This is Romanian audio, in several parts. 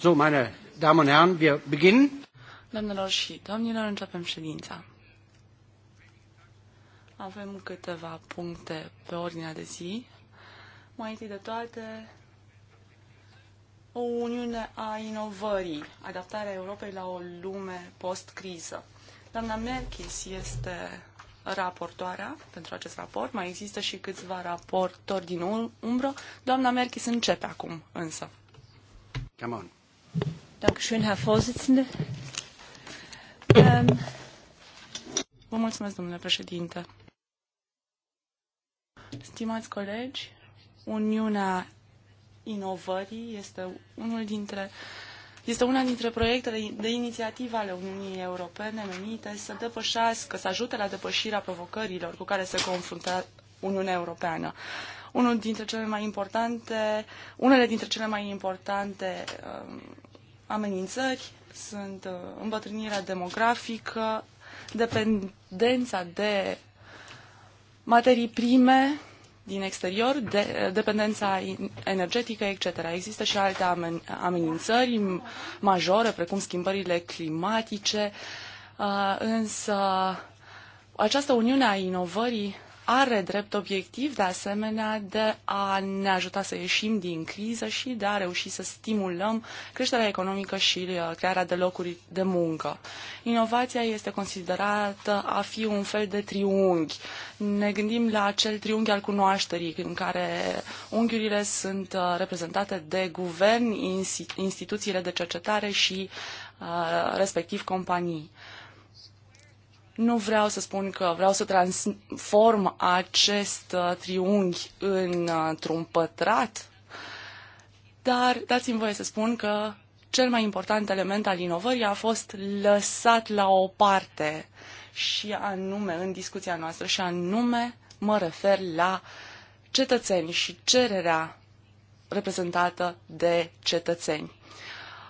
So, meine Damen und Herren, wir beginnen. Doamnelor și domnilor, începem ședința. Avem câteva puncte pe ordinea de zi. Mai întâi de toate, o uniune a inovării, adaptarea Europei la o lume post-criză. Doamna Merkis este raportoarea pentru acest raport. Mai există și câțiva raportori din um-, umbră. Doamna Merkis începe acum, însă. Come on. Dankeschön, Herr Vorsitzende. Ähm, Vă mulțumesc, domnule președinte. Stimați colegi, Uniunea Inovării este unul dintre este una dintre proiectele de inițiativă ale Uniunii Europene menite să depășească, să ajute la depășirea provocărilor cu care se confruntă Uniunea Europeană. Unul dintre cele mai importante, unele dintre cele mai importante um, amenințări sunt uh, îmbătrânirea demografică, dependența de materii prime din exterior, de, dependența energetică, etc. Există și alte amen, amenințări majore, precum schimbările climatice, uh, însă această uniune a inovării are drept obiectiv, de asemenea, de a ne ajuta să ieșim din criză și de a reuși să stimulăm creșterea economică și uh, crearea de locuri de muncă. Inovația este considerată a fi un fel de triunghi. Ne gândim la acel triunghi al cunoașterii, în care unghiurile sunt uh, reprezentate de guvern, instituțiile de cercetare și uh, respectiv companii. Nu vreau să spun că vreau să transform acest uh, triunghi într-un pătrat, dar dați-mi voie să spun că cel mai important element al inovării a fost lăsat la o parte și anume în discuția noastră și anume mă refer la cetățeni și cererea reprezentată de cetățeni.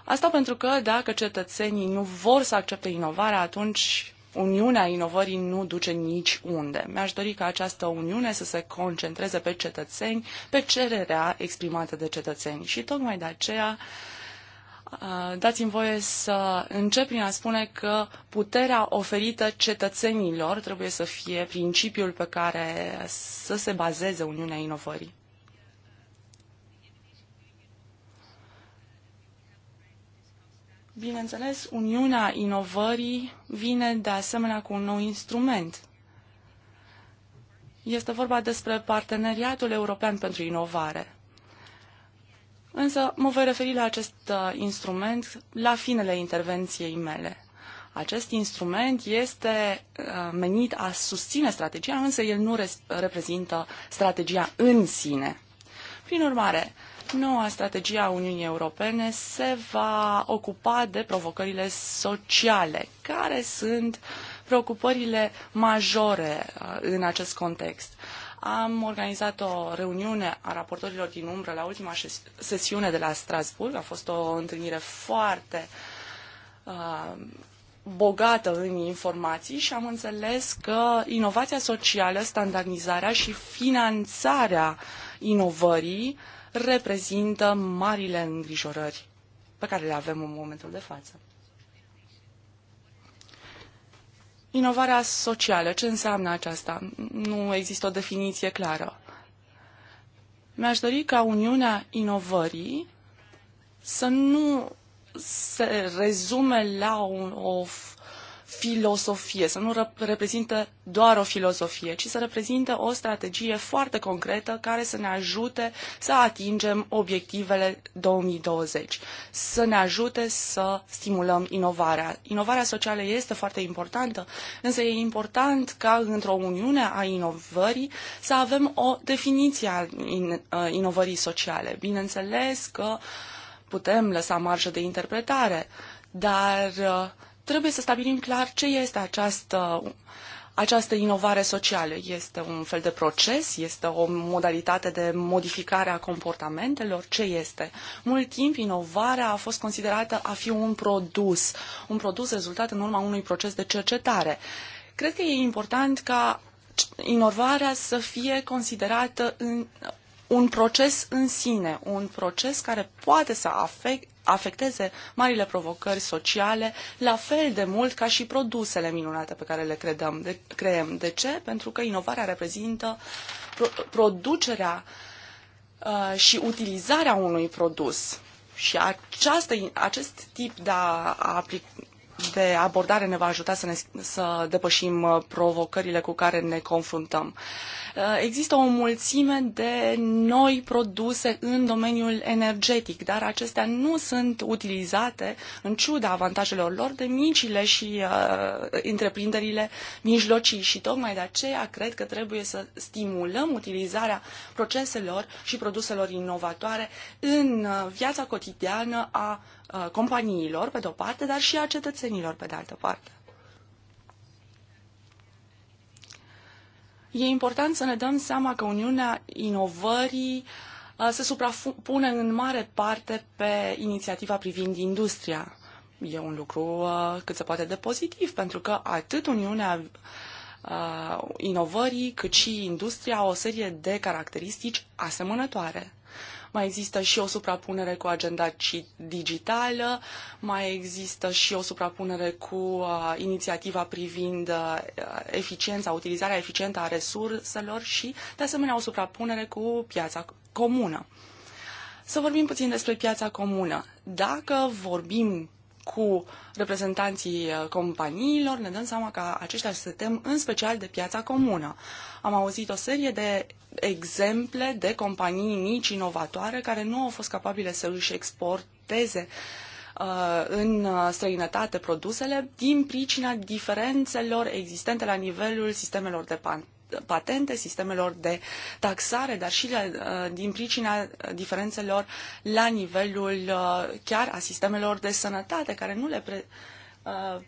Asta pentru că dacă cetățenii nu vor să accepte inovarea, atunci Uniunea Inovării nu duce nici unde. Mi-aș dori ca această Uniune să se concentreze pe cetățeni, pe cererea exprimată de cetățeni. Și tocmai de aceea dați-mi voie să încep prin a spune că puterea oferită cetățenilor trebuie să fie principiul pe care să se bazeze Uniunea Inovării. Bineînțeles, Uniunea Inovării vine de asemenea cu un nou instrument. Este vorba despre Parteneriatul European pentru Inovare. Însă mă voi referi la acest uh, instrument la finele intervenției mele. Acest instrument este uh, menit a susține strategia, însă el nu reprezintă strategia în sine. Prin urmare, Noua strategie a Uniunii Europene se va ocupa de provocările sociale. Care sunt preocupările majore uh, în acest context? Am organizat o reuniune a raportorilor din umbră la ultima sesiune de la Strasburg. A fost o întâlnire foarte uh, bogată în informații și am înțeles că inovația socială, standardizarea și finanțarea inovării uh, reprezintă marile îngrijorări pe care le avem în momentul de față. Inovarea socială, ce înseamnă aceasta? Nu există o definiție clară. Mi-aș dori ca Uniunea Inovării să nu se rezume la o, o filosofie, să nu reprezinte doar o filozofie, ci să reprezinte o strategie foarte concretă care să ne ajute să atingem obiectivele 2020, să ne ajute să stimulăm inovarea. Inovarea socială este foarte importantă, însă e important ca într-o uniune a inovării să avem o definiție a uh, inovării sociale. Bineînțeles că putem lăsa marjă de interpretare, dar uh, trebuie să stabilim clar ce este această, această inovare socială. Este un fel de proces, este o modalitate de modificare a comportamentelor, ce este? Mult timp inovarea a fost considerată a fi un produs, un produs rezultat în urma unui proces de cercetare. Cred că e important ca inovarea să fie considerată în, un proces în sine, un proces care poate să afecte afecteze marile provocări sociale la fel de mult ca și produsele minunate pe care le credem, de, creăm. De ce? Pentru că inovarea reprezintă pro, producerea uh, și utilizarea unui produs. Și această, acest tip de a, a, de abordare ne va ajuta să, ne, să depășim uh, provocările cu care ne confruntăm. Uh, există o mulțime de noi produse în domeniul energetic, dar acestea nu sunt utilizate, în ciuda avantajelor lor, de micile și uh, întreprinderile mijlocii. Și tocmai de aceea cred că trebuie să stimulăm utilizarea proceselor și produselor inovatoare în uh, viața cotidiană a Uh, companiilor, pe de-o parte, dar și a cetățenilor, pe de altă parte. E important să ne dăm seama că Uniunea Inovării uh, se suprapune în mare parte pe inițiativa privind industria. E un lucru uh, cât se poate de pozitiv, pentru că atât Uniunea Uh, inovării, cât și industria au o serie de caracteristici asemănătoare. Mai există și o suprapunere cu agenda digitală, mai există și o suprapunere cu uh, inițiativa privind uh, eficiența, utilizarea eficientă a resurselor și, de asemenea, o suprapunere cu piața comună. Să vorbim puțin despre piața comună. Dacă vorbim cu reprezentanții uh, companiilor, ne dăm seama că aceștia se tem în special de piața comună. Am auzit o serie de exemple de companii mici, inovatoare, care nu au fost capabile să își exporteze uh, în uh, străinătate produsele din pricina diferențelor existente la nivelul sistemelor de patente, sistemelor de taxare, dar și uh, din pricina diferențelor la nivelul uh, chiar a sistemelor de sănătate, care nu le pre, uh,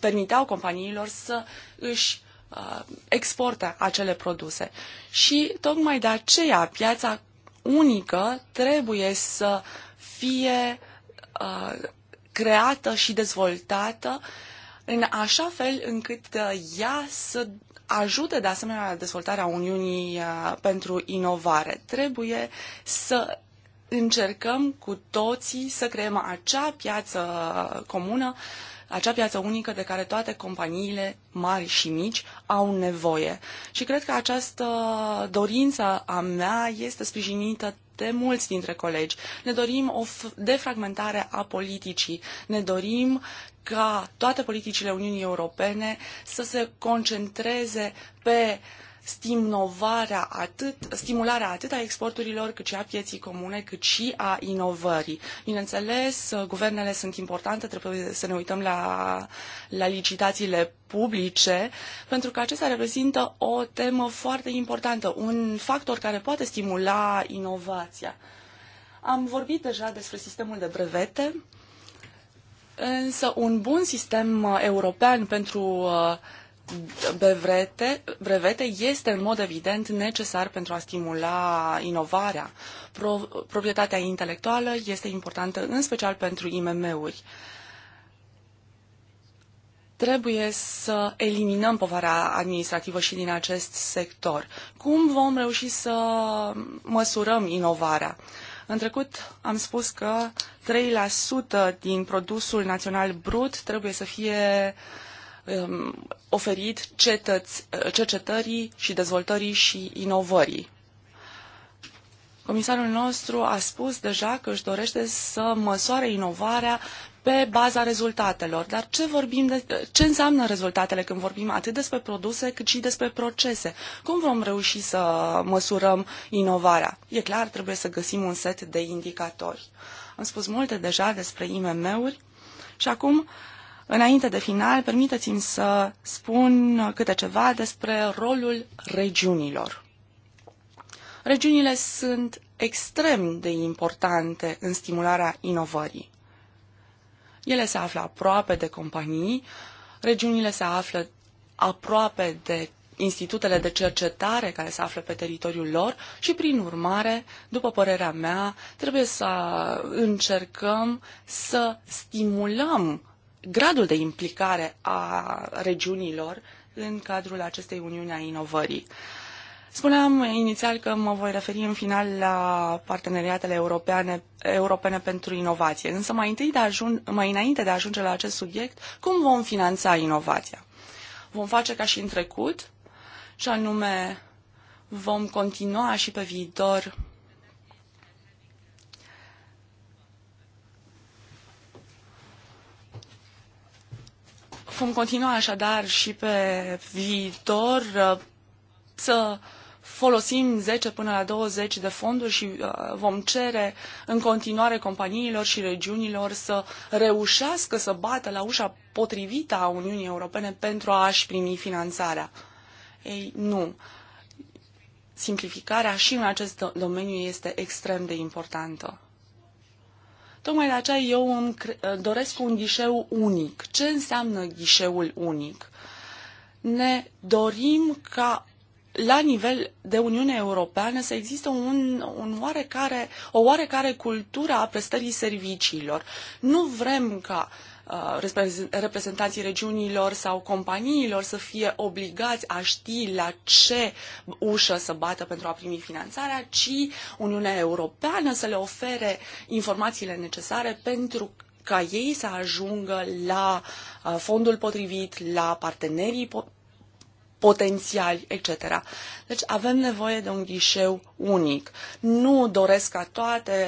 permiteau companiilor să își exporte acele produse. Și tocmai de aceea piața unică trebuie să fie uh, creată și dezvoltată în așa fel încât ea să ajută, de asemenea la dezvoltarea Uniunii uh, pentru inovare. Trebuie să încercăm cu toții să creăm acea piață comună, acea piață unică de care toate companiile mari și mici au nevoie. Și cred că această dorință a mea este sprijinită de mulți dintre colegi. Ne dorim o defragmentare a politicii, ne dorim ca toate politicile Uniunii Europene să se concentreze pe stimularea atât, stimularea atât a exporturilor, cât și a pieții comune, cât și a inovării. Bineînțeles, guvernele sunt importante, trebuie să ne uităm la, la licitațiile publice, pentru că acestea reprezintă o temă foarte importantă, un factor care poate stimula inovația. Am vorbit deja despre sistemul de brevete, Însă un bun sistem uh, european pentru uh, brevete, brevete este în mod evident necesar pentru a stimula inovarea. Pro, proprietatea intelectuală este importantă în special pentru IMM-uri. Trebuie să eliminăm povara administrativă și din acest sector. Cum vom reuși să măsurăm inovarea? Uh, în trecut am spus că 3% din produsul național brut trebuie să fie um, oferit cetăți, cercetării și dezvoltării și inovării. Comisarul nostru a spus deja că își dorește să măsoare inovarea pe baza rezultatelor. Dar ce, vorbim de, ce înseamnă rezultatele când vorbim atât despre produse cât și despre procese? Cum vom reuși să măsurăm inovarea? E clar, trebuie să găsim un set de indicatori. Am spus multe deja despre IMM-uri și acum, înainte de final, permiteți-mi să spun câte ceva despre rolul regiunilor. Regiunile sunt extrem de importante în stimularea inovării. Ele se află aproape de companii, regiunile se află aproape de institutele de cercetare care se află pe teritoriul lor și, prin urmare, după părerea mea, trebuie să încercăm să stimulăm gradul de implicare a regiunilor în cadrul acestei Uniuni a Inovării. Spuneam inițial că mă voi referi în final la parteneriatele europeane, europene pentru inovație, însă mai, întâi de ajun, mai înainte de a ajunge la acest subiect, cum vom finanța inovația? Vom face ca și în trecut, și anume vom continua și pe viitor vom continua așadar și pe viitor uh, să folosim 10 până la 20 de fonduri și uh, vom cere în continuare companiilor și regiunilor să reușească să bată la ușa potrivită a Uniunii Europene pentru a-și primi finanțarea. Ei, nu. Simplificarea și în acest domeniu este extrem de importantă. Tocmai de aceea eu îmi uh, doresc un ghișeu unic. Ce înseamnă ghișeul unic? Ne dorim ca la nivel de Uniune Europeană să există un, un oarecare, o oarecare cultură a prestării serviciilor. Nu vrem ca uh, reprezentanții regiunilor sau companiilor să fie obligați a ști la ce ușă să bată pentru a primi finanțarea, ci Uniunea Europeană să le ofere informațiile necesare pentru ca ei să ajungă la uh, fondul potrivit, la partenerii potențiali, etc. Deci avem nevoie de un ghișeu unic. Nu doresc ca toate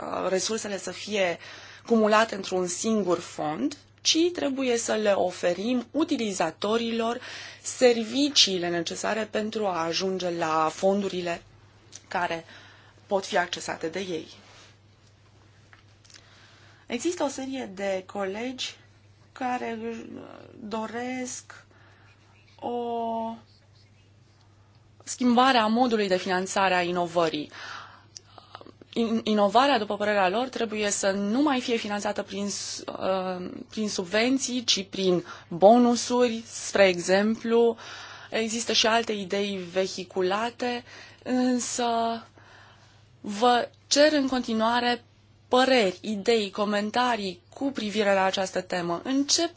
uh, resursele să fie cumulate într-un singur fond, ci trebuie să le oferim utilizatorilor serviciile necesare pentru a ajunge la fondurile care pot fi accesate de ei. Există o serie de colegi care doresc o schimbare a modului de finanțare a inovării. Inovarea, după părerea lor, trebuie să nu mai fie finanțată prin, uh, prin subvenții, ci prin bonusuri, spre exemplu. Există și alte idei vehiculate, însă vă cer în continuare păreri, idei, comentarii cu privire la această temă. Încep.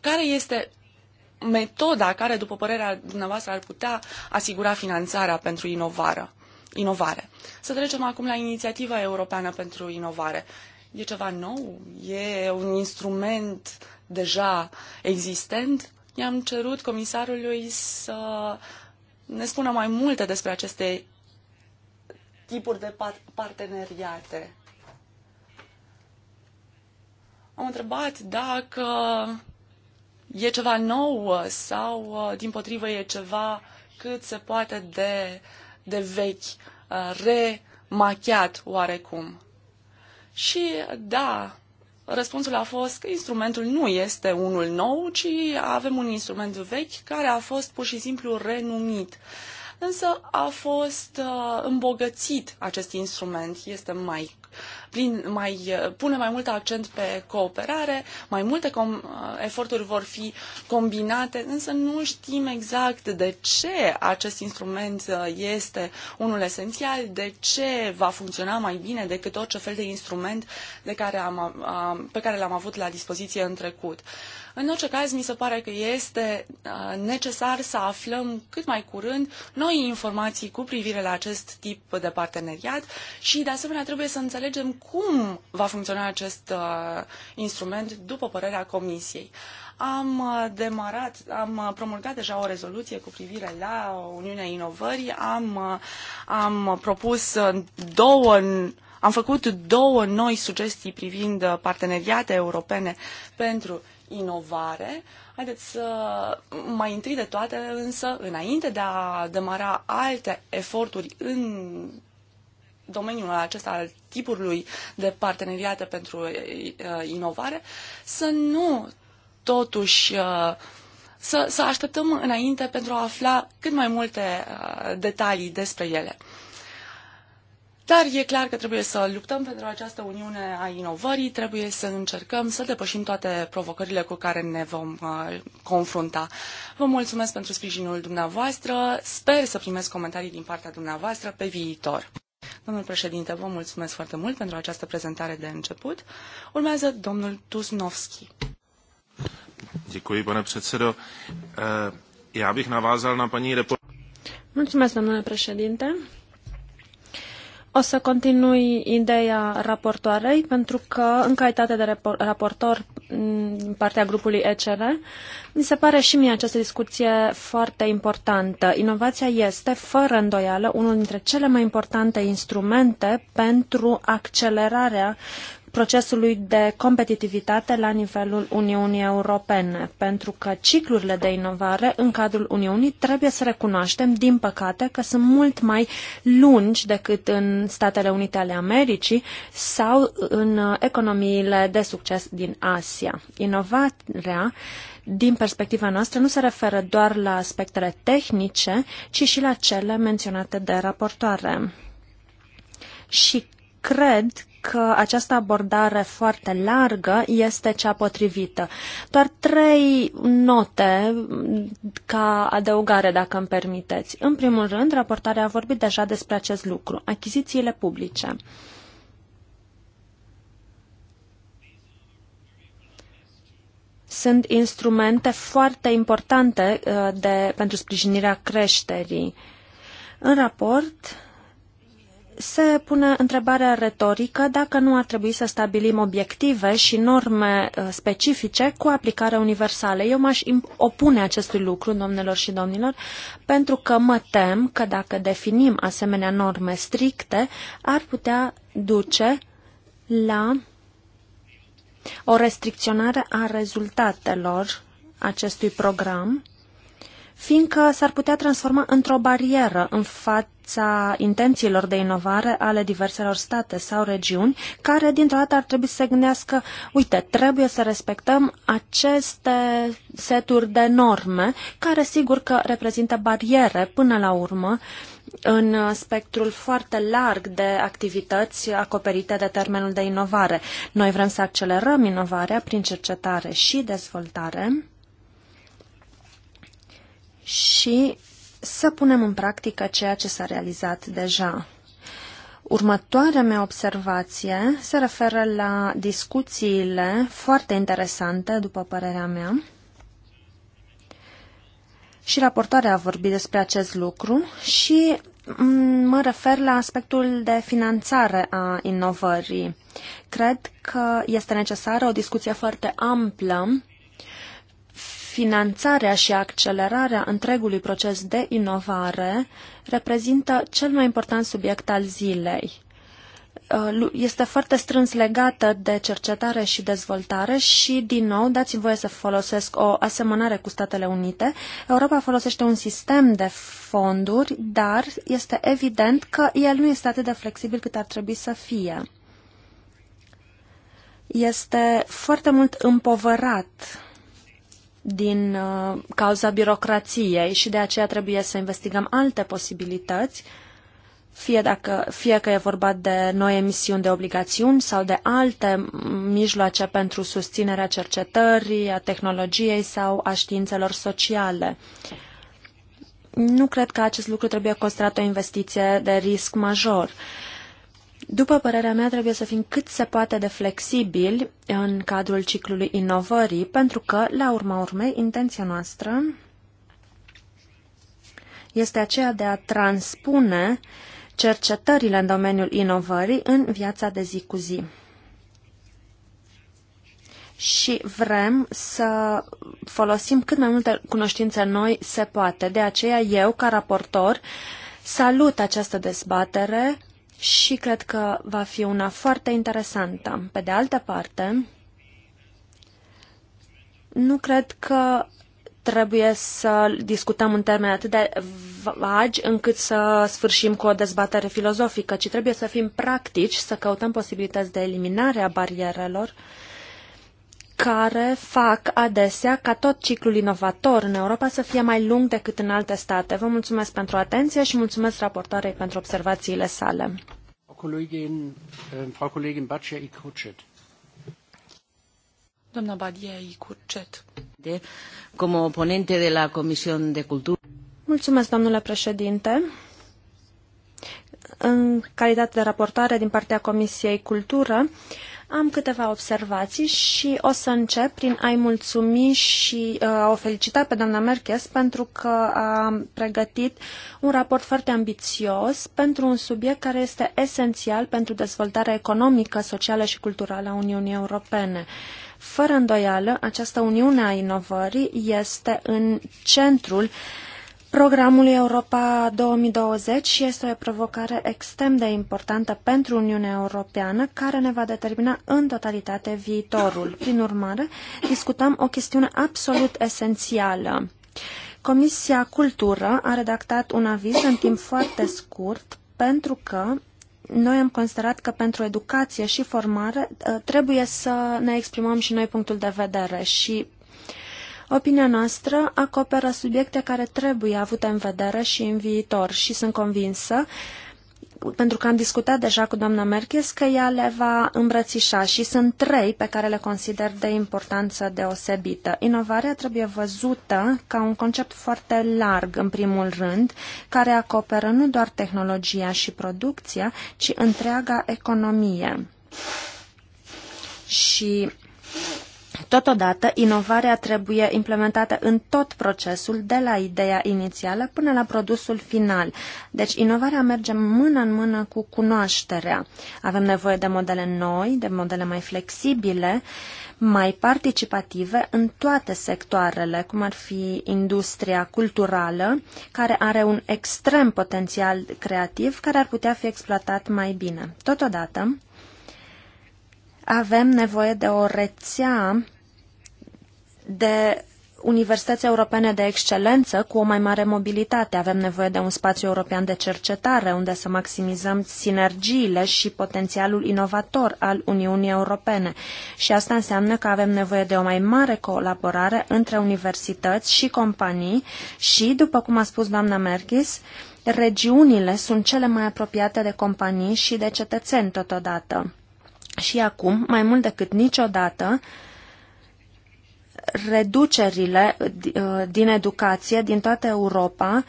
care este metoda care, după părerea dumneavoastră, ar putea asigura finanțarea pentru inovare. inovare. Să trecem acum la inițiativa europeană pentru inovare. E ceva nou? E un instrument deja existent? I-am cerut comisarului să ne spună mai multe despre aceste tipuri de parteneriate. Am întrebat dacă e ceva nou uh, sau, uh, din potrivă, e ceva cât se poate de, de vechi, uh, remachiat oarecum. Și da, răspunsul a fost că instrumentul nu este unul nou, ci avem un instrument vechi care a fost pur și simplu renumit. Însă a fost îmbogățit acest instrument, este mai prin mai, pune mai mult accent pe cooperare, mai multe com, eforturi vor fi combinate, însă nu știm exact de ce acest instrument uh, este unul esențial, de ce va funcționa mai bine decât orice fel de instrument de care am, pe care l-am avut la dispoziție în trecut. În orice caz, mi se pare că este uh, necesar să aflăm cât mai curând noi informații cu privire la acest tip de parteneriat și, de asemenea, trebuie să înțelegem cum va funcționa acest uh, instrument după părerea Comisiei. Am uh, demarat, am uh, promulgat deja o rezoluție cu privire la Uniunea Inovării, am, uh, am propus două, am făcut două noi sugestii privind parteneriate europene pentru inovare. Haideți să mai întâi de toate însă, înainte de a demara alte eforturi în domeniul acesta al tipului de parteneriate pentru uh, inovare, să nu totuși uh, să, să așteptăm înainte pentru a afla cât mai multe uh, detalii despre ele. Dar e clar că trebuie să luptăm pentru această uniune a inovării, trebuie să încercăm să depășim toate provocările cu care ne vom uh, confrunta. Vă mulțumesc pentru sprijinul dumneavoastră, sper să primesc comentarii din partea dumneavoastră pe viitor. Domnul președinte, vă mulțumesc foarte mult pentru această prezentare de început. Urmează domnul Tusnovski. Děkuji, pane předsedo. Eh, já bych navázal na paní Mulțumesc, domnule președinte. O să continui ideea raportoarei, pentru că, în calitate de raportor mm, din partea grupului ECR, mi se pare și mie această discuție foarte importantă. Inovația este, fără îndoială, unul dintre cele mai importante instrumente pentru accelerarea procesului de competitivitate la nivelul Uniunii Europene, pentru că ciclurile de inovare în cadrul Uniunii trebuie să recunoaștem, din păcate, că sunt mult mai lungi decât în Statele Unite ale Americii sau în economiile de succes din Asia. Inovarea din perspectiva noastră, nu se referă doar la aspectele tehnice, ci și la cele menționate de raportoare. Și cred că această abordare foarte largă este cea potrivită. Doar trei note ca adăugare, dacă îmi permiteți. În primul rând, raportarea a vorbit deja despre acest lucru, achizițiile publice. Sunt instrumente foarte importante uh, de, pentru sprijinirea creșterii. În raport, se pune întrebarea retorică dacă nu ar trebui să stabilim obiective și norme uh, specifice cu aplicare universală. Eu m-aș opune acestui lucru, domnilor și domnilor, pentru că mă tem că dacă definim asemenea norme stricte, ar putea duce la o restricționare a rezultatelor acestui program fiindcă s-ar putea transforma într-o barieră în fața intențiilor de inovare ale diverselor state sau regiuni, care dintr-o dată ar trebui să se gândească, uite, trebuie să respectăm aceste seturi de norme, care sigur că reprezintă bariere până la urmă, în spectrul foarte larg de activități acoperite de termenul de inovare. Noi vrem să accelerăm inovarea prin cercetare și dezvoltare și să punem în practică ceea ce s-a realizat deja. Următoarea mea observație se referă la discuțiile foarte interesante, după părerea mea, și raportoarea a vorbit despre acest lucru și mm, mă refer la aspectul de finanțare a inovării. Cred că este necesară o discuție foarte amplă finanțarea și accelerarea întregului proces de inovare reprezintă cel mai important subiect al zilei. Uh, este foarte strâns legată de cercetare și dezvoltare și, din nou, dați-mi voie să folosesc o asemănare cu Statele Unite. Europa folosește un sistem de fonduri, dar este evident că el nu este atât de flexibil cât ar trebui să fie. Este foarte mult împovărat din uh, cauza birocrației și de aceea trebuie să investigăm alte posibilități, fie, dacă, fie că e vorba de noi emisiuni de obligațiuni sau de alte mijloace pentru susținerea cercetării, a tehnologiei sau a științelor sociale. Nu cred că acest lucru trebuie considerat o investiție de risc major. Uh, după părerea mea, trebuie să fim cât se poate de flexibili în cadrul ciclului inovării, pentru că, la urma urmei, intenția noastră este aceea de a transpune cercetările în domeniul inovării în viața de zi cu zi. Și vrem să folosim cât mai multe cunoștințe noi se poate. De aceea eu, ca raportor, salut această dezbatere și cred că va fi una foarte interesantă. Pe de altă parte, nu cred că trebuie să discutăm în termeni atât de vagi încât să sfârșim cu o dezbatere filozofică, ci trebuie să fim practici, să căutăm posibilități de eliminare a barierelor care fac adesea ca tot ciclul inovator în Europa să fie mai lung decât în alte state. Vă mulțumesc pentru atenție și mulțumesc raportoarei pentru observațiile sale. Eh, Doamna Badia Icurcet. De, cum oponente de la Comisiune de cultură. Mulțumesc, domnule președinte. În calitate de raportare din partea Comisiei Cultură, am câteva observații și o să încep prin a-i mulțumi și uh, a o felicita pe doamna Merkes pentru că a pregătit un raport foarte ambițios pentru un subiect care este esențial pentru dezvoltarea economică, socială și culturală a Uniunii Europene. Fără îndoială, această Uniune a Inovării este în centrul uh, programului Europa 2020 și este o provocare extrem de importantă pentru Uniunea Europeană, care ne va determina în totalitate viitorul. Prin urmare, discutăm o chestiune absolut esențială. Comisia Cultură a redactat un aviz în timp foarte scurt pentru că noi am considerat că pentru educație și formare ă, trebuie să ne exprimăm și noi punctul de vedere și Opinia noastră acoperă subiecte care trebuie avute în vedere și în viitor și sunt convinsă pentru că am discutat deja cu doamna Merkes că ea le va îmbrățișa și sunt trei pe care le consider de importanță deosebită. Inovarea trebuie văzută ca un concept foarte larg, în primul rând, care acoperă nu doar tehnologia și producția, ci întreaga economie. Și Totodată, inovarea trebuie implementată în tot procesul, de la ideea inițială până la produsul final. Deci, inovarea merge mână în mână cu cunoașterea. Avem nevoie de modele noi, de modele mai flexibile, mai participative în toate sectoarele, cum ar fi industria culturală, care are un extrem potențial creativ care ar putea fi exploatat mai bine. Totodată, avem nevoie de o rețea de universități europene de excelență cu o mai mare mobilitate. Avem nevoie de un spațiu european de cercetare unde să maximizăm sinergiile și potențialul inovator al Uniunii Europene. Și asta înseamnă că avem nevoie de o mai mare colaborare între universități și companii și, după cum a spus doamna Merghis, regiunile sunt cele mai apropiate de companii și de cetățeni totodată. Și acum, mai mult decât niciodată, reducerile uh, din educație din toată Europa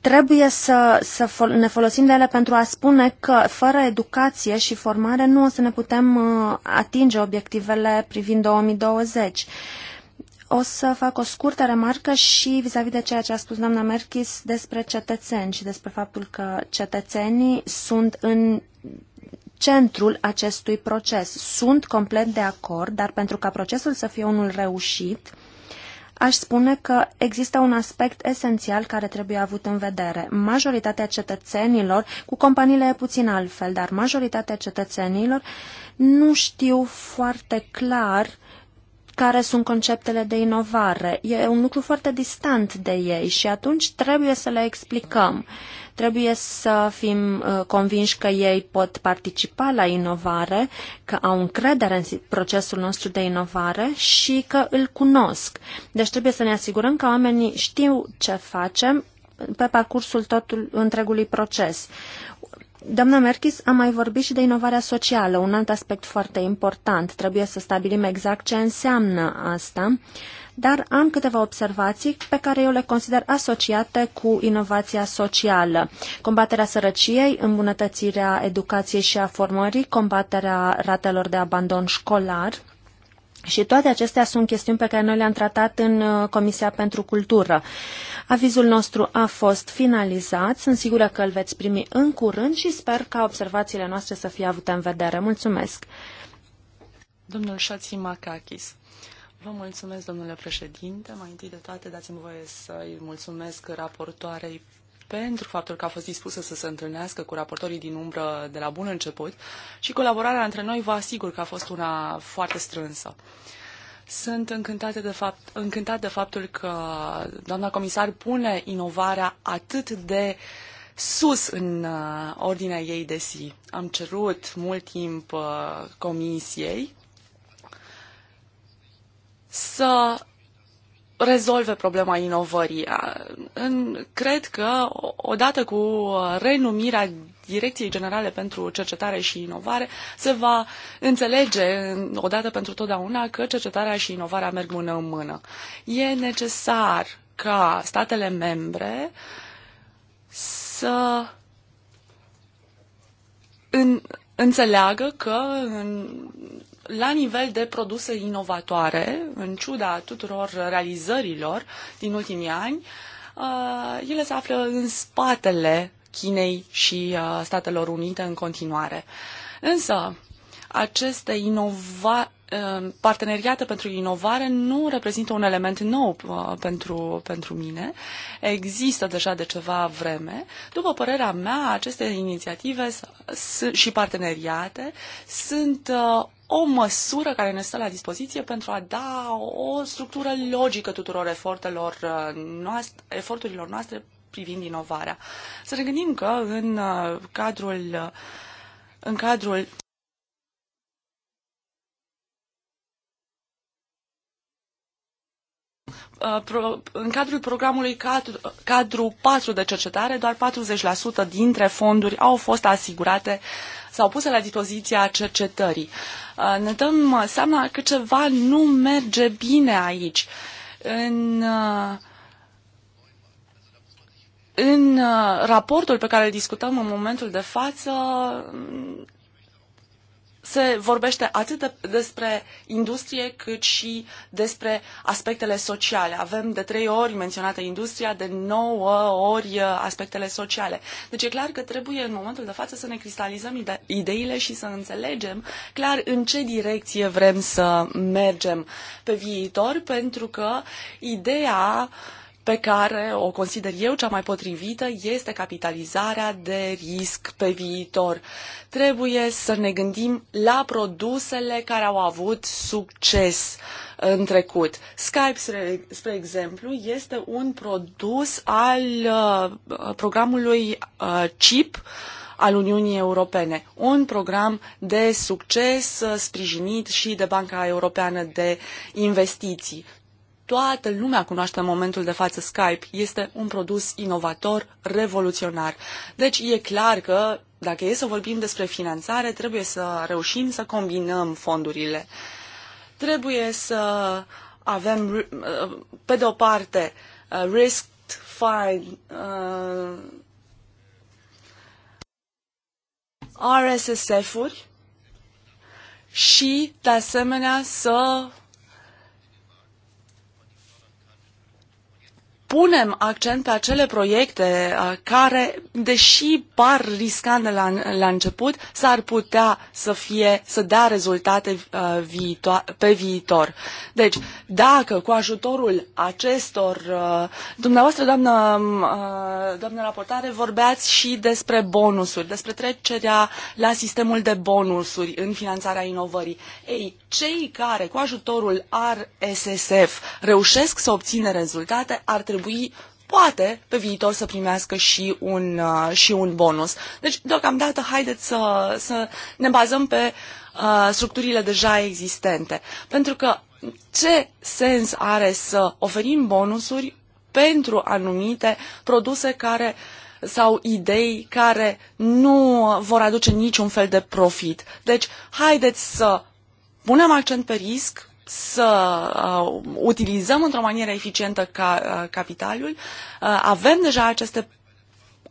trebuie să, să ne folosim de ele pentru a spune că fără educație și formare nu o să ne putem uh, atinge obiectivele privind 2020. O să fac o scurtă remarcă și vis-a-vis -vis de ceea ce a spus doamna merkis despre cetățeni și despre faptul că cetățenii sunt în centrul acestui proces. Sunt complet de acord, dar pentru ca procesul să fie unul reușit, aș spune că există un aspect esențial care trebuie avut în vedere. Majoritatea cetățenilor, cu companiile e puțin altfel, dar majoritatea cetățenilor nu știu foarte clar care sunt conceptele de inovare. E un lucru foarte distant de ei și atunci trebuie să le explicăm. Trebuie să fim uh, convinși că ei pot participa la inovare, că au încredere în procesul nostru de inovare și că îl cunosc. Deci trebuie să ne asigurăm că oamenii știu ce facem pe parcursul totul întregului proces. Uh, Doamna Merkis a mai vorbit și de inovarea socială, un alt aspect foarte important. Trebuie să stabilim exact ce înseamnă asta, dar am câteva observații pe care eu le consider asociate cu inovația socială. Combaterea sărăciei, îmbunătățirea educației și a formării, combaterea ratelor de abandon școlar, și toate acestea sunt chestiuni pe care noi le-am tratat în uh, Comisia pentru Cultură. Avizul nostru a fost finalizat, sunt sigură că îl veți primi în curând și sper ca observațiile noastre să fie avute în vedere. Mulțumesc! Domnul Șații Macachis, Vă mulțumesc, domnule președinte. Mai întâi de toate, dați-mi voie să-i mulțumesc raportoarei pentru faptul că a fost dispusă să se întâlnească cu raportorii din umbră de la bun început și colaborarea între noi vă asigur că a fost una foarte strânsă. Sunt încântată de, fapt, încântat de faptul că doamna comisar pune inovarea atât de sus în uh, ordinea ei de zi. Am cerut mult timp uh, comisiei să rezolve problema inovării. Cred că odată cu renumirea Direcției Generale pentru Cercetare și Inovare se va înțelege odată pentru totdeauna că cercetarea și inovarea merg mână în mână. E necesar ca statele membre să în, înțeleagă că în la nivel de produse inovatoare, în ciuda tuturor realizărilor din ultimii ani, uh, ele se află în spatele Chinei și uh, Statelor Unite în continuare. Însă, aceste inova- uh, parteneriate pentru inovare nu reprezintă un element nou pentru, pentru mine. Există deja de ceva vreme. După părerea mea, aceste inițiative și parteneriate sunt o măsură care ne stă la dispoziție pentru a da o structură logică tuturor efortelor uh, noastre, eforturilor noastre privind inovarea. Să ne gândim că în uh, cadrul uh, în cadrul în cadrul programului cadru, cadru 4 de cercetare, doar 40% dintre fonduri au fost asigurate sau puse la dispoziția cercetării. Uh, ne dăm seama că ceva nu merge bine aici. În uh, în uh, raportul pe care îl discutăm în momentul de față se vorbește atât despre industrie cât și despre aspectele sociale. Avem de trei ori menționată industria, de nouă ori uh, aspectele sociale. Deci e clar că trebuie în momentul de față să ne cristalizăm ide- ideile și să înțelegem clar în ce direcție vrem să mergem pe viitor, pentru că ideea uh, pe care o consider eu cea mai potrivită este capitalizarea de risc pe viitor. Trebuie să ne gândim la produsele care au avut succes în trecut. Skype, spre exemplu, este un produs al uh, programului uh, CIP al Uniunii Europene. Un program de succes uh, sprijinit și de Banca Europeană de Investiții. Toată lumea cunoaște în momentul de față Skype. Este un produs inovator, revoluționar. Deci e clar că dacă e să vorbim despre finanțare, trebuie să reușim să combinăm fondurile. Trebuie să avem, pe de o parte, uh, risk fine, uh, RSSF-uri și, de asemenea, să punem accent pe acele proiecte uh, care, deși par riscante la, la început, s-ar putea să fie, să dea rezultate uh, pe viitor. Deci, dacă cu ajutorul acestor, uh, dumneavoastră, doamnă, mm, doamnă raportare, vorbeați și despre bonusuri, despre trecerea la sistemul de bonusuri în finanțarea inovării. Ei, cei care cu ajutorul RSSF reușesc să obțină rezultate ar trebui poate pe viitor să primească și un, uh, și un bonus. Deci, deocamdată, haideți să, să ne bazăm pe uh, structurile deja existente. Pentru că ce sens are să oferim bonusuri pentru anumite produse care sau idei care nu vor aduce niciun fel de profit. Deci, haideți să punem accent pe risc, să uh, utilizăm într-o manieră eficientă ca, uh, capitalul. Uh, avem deja aceste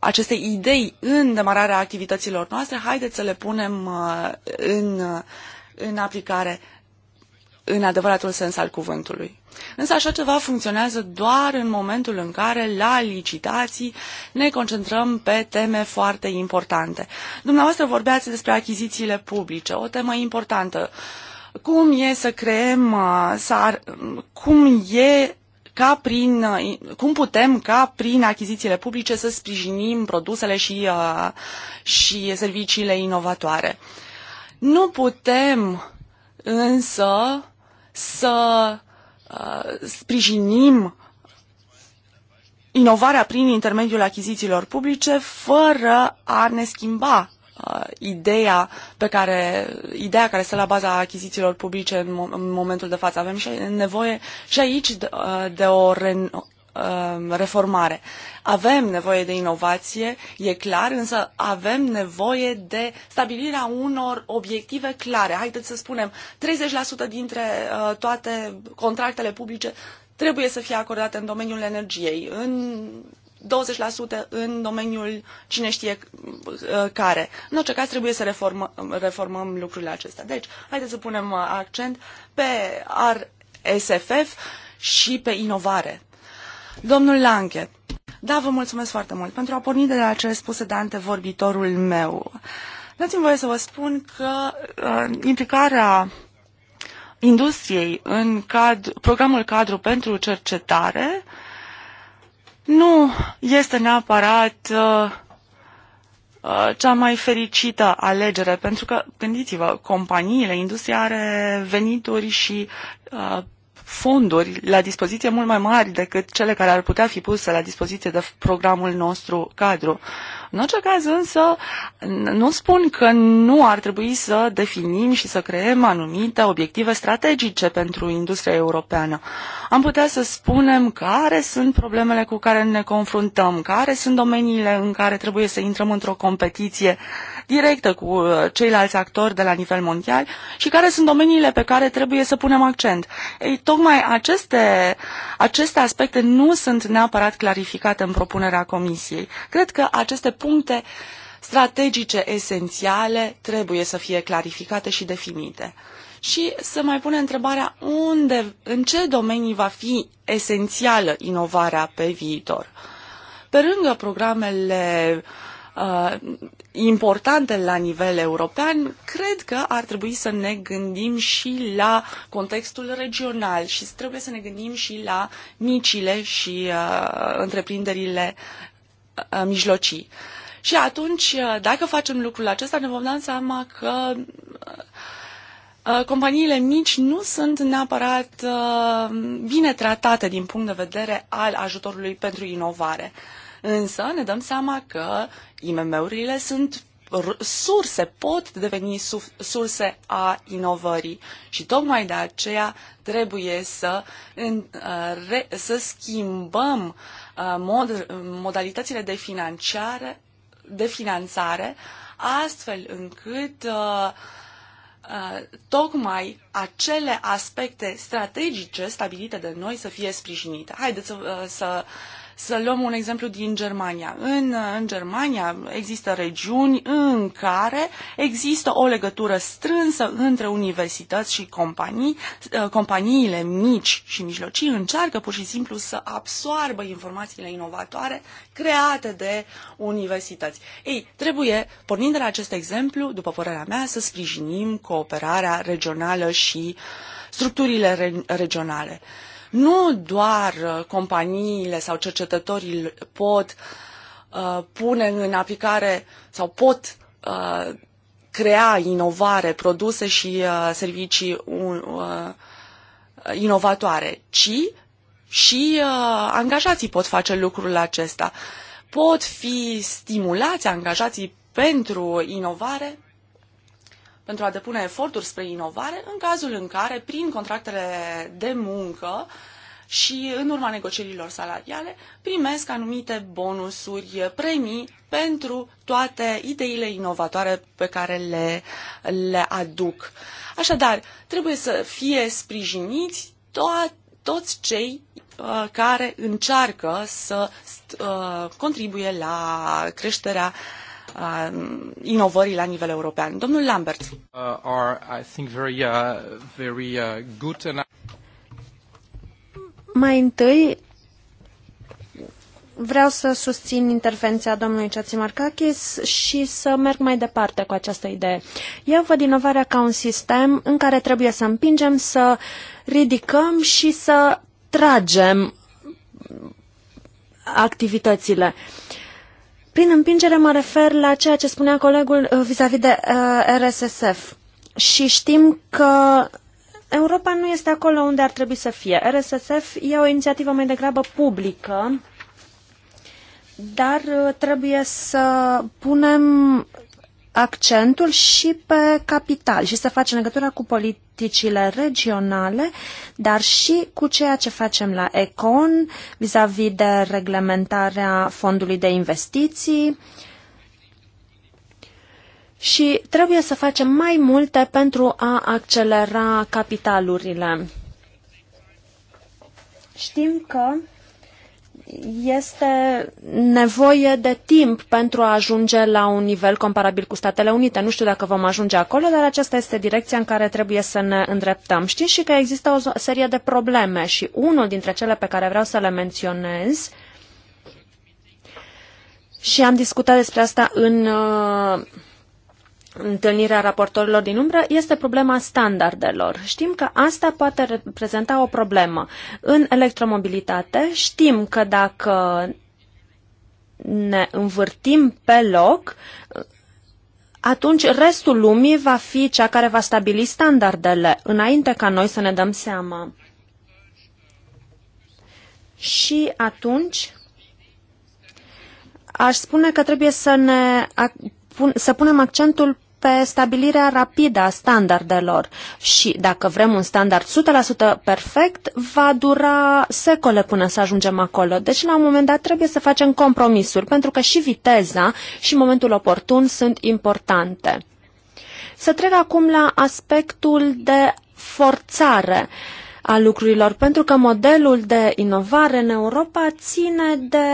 aceste idei în demararea activităților noastre, haideți să le punem uh, în, uh, în aplicare în adevăratul sens al cuvântului. Însă așa ceva funcționează doar în momentul în care la licitații ne concentrăm pe teme foarte importante. Dumneavoastră vorbeați despre achizițiile publice, o temă importantă. Uh, cum e să creăm, uh, să, cum e ca prin, uh, cum putem ca prin achizițiile publice să sprijinim produsele și, uh, și serviciile inovatoare. Nu putem însă să sprijinim inovarea prin intermediul achizițiilor publice fără a ne schimba uh, ideea pe care, ideea care stă la baza achizițiilor publice în, mo- în momentul de față. Avem și nevoie și aici de, uh, de o uh, reformare. Avem nevoie de inovație, e clar, însă avem nevoie de stabilirea unor obiective clare. Haideți să spunem, 30% dintre uh, toate contractele publice trebuie să fie acordate în domeniul energiei, în 20% în domeniul cine știe uh, care. În orice caz trebuie să reformăm, reformăm lucrurile acestea. Deci, haideți să punem uh, accent pe RSFF și pe inovare. Domnul Lanche, da, vă mulțumesc foarte mult pentru a porni de la ce spuse de antevorbitorul meu. Dați-mi voie să vă spun că uh, implicarea industriei în cad- programul cadru pentru cercetare uh, nu este neapărat uh, uh, cea mai fericită alegere, pentru că, gândiți-vă, companiile, industria are venituri și uh, fonduri la dispoziție mult mai mari decât cele care ar putea fi puse la dispoziție de programul nostru cadru. În orice caz însă, nu spun că nu ar trebui să definim și să creăm anumite obiective strategice pentru industria europeană. Am putea să spunem care sunt problemele cu care ne confruntăm, care sunt domeniile în care trebuie să intrăm într-o competiție directă cu uh, ceilalți actori de la nivel mondial și care sunt domeniile pe care trebuie să punem accent. Ei, tocmai aceste, aceste aspecte nu sunt neapărat clarificate în propunerea Comisiei. Cred că aceste puncte strategice esențiale trebuie să fie clarificate și definite. Și să mai pune întrebarea unde, în ce domenii va fi esențială inovarea pe viitor. Pe lângă programele uh, uh, importante la nivel european, cred că ar trebui să ne gândim și la contextul regional și trebuie să ne gândim și la micile și uh, întreprinderile uh, mijlocii. Și atunci, uh, dacă facem lucrul acesta, ne vom da seama că uh, companiile mici nu sunt neapărat uh, bine tratate din punct de vedere al ajutorului pentru inovare. Însă ne dăm seama că IMM-urile sunt surse, pot deveni surse a inovării și tocmai de aceea trebuie să, în, re, să schimbăm mod, modalitățile de, finanțare, de finanțare astfel încât tocmai acele aspecte strategice stabilite de noi să fie sprijinite. Haideți să, să să luăm un exemplu din Germania. În, în Germania există regiuni în care există o legătură strânsă între universități și companii. Ă, companiile mici și mijlocii încearcă pur și simplu să absoarbă informațiile inovatoare create de universități. Ei, trebuie, pornind de la acest exemplu, după părerea mea, să sprijinim cooperarea regională și structurile re- regionale. Nu doar uh, companiile sau cercetătorii pot uh, pune în aplicare sau pot uh, crea inovare, produse și servicii inovatoare, ci și angajații pot face lucrul acesta. Pot fi stimulați angajații pentru inovare pentru a depune eforturi spre inovare în cazul în care, prin contractele de muncă și în urma negocierilor salariale, primesc anumite bonusuri, premii pentru toate ideile inovatoare pe care le, le aduc. Așadar, trebuie să fie sprijiniți to- toți cei uh, care încearcă să uh, contribuie la creșterea uh, Um, inovării la nivel european. Domnul Lambert. Mai întâi, vreau să susțin intervenția domnului Ceațimarcachis și să merg mai departe cu această idee. Eu văd inovarea ca un sistem în care trebuie să împingem, să ridicăm și să tragem activitățile. Uh, prin împingere mă refer la ceea ce spunea colegul uh, vis-a-vis -vis de uh, RSSF. Și știm că Europa nu este acolo unde ar trebui să fie. RSSF e o inițiativă mai degrabă publică, dar uh, trebuie să punem accentul și pe capital și să face legătura cu politicile regionale, dar și cu ceea ce facem la Econ vis-a-vis -vis de reglementarea fondului de investiții. Și trebuie să facem mai multe pentru a accelera capitalurile. Știm că este nevoie de timp pentru a ajunge la un nivel comparabil cu Statele Unite. Nu știu dacă vom ajunge acolo, dar aceasta este direcția în care trebuie să ne îndreptăm. Știți și că există o serie de probleme și unul dintre cele pe care vreau să le menționez și am discutat despre asta în uh, întâlnirea raportorilor din umbră este problema standardelor. Știm că asta poate reprezenta o problemă. În electromobilitate știm că dacă ne învârtim pe loc, atunci restul lumii va fi cea care va stabili standardele, înainte ca noi să ne dăm seama. Și atunci aș spune că trebuie să ne să punem accentul pe stabilirea rapidă a standardelor și dacă vrem un standard 100% perfect, va dura secole până să ajungem acolo. Deci la un moment dat trebuie să facem compromisuri, pentru că și viteza și momentul oportun sunt importante. Să trec acum la aspectul de forțare a lucrurilor, pentru că modelul de inovare în Europa ține de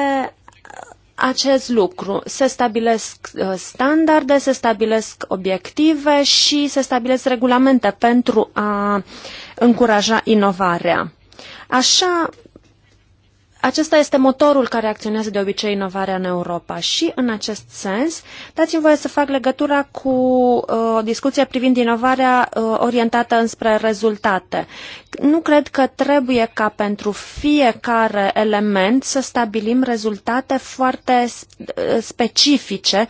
acest lucru. Se stabilesc uh, standarde, se stabilesc obiective și se stabilesc regulamente pentru a încuraja inovarea. Așa acesta este motorul care acționează de obicei inovarea în Europa și, în acest sens, dați-mi voie să fac legătura cu uh, discuția privind inovarea uh, orientată înspre rezultate. Nu cred că trebuie ca pentru fiecare element să stabilim rezultate foarte uh, specifice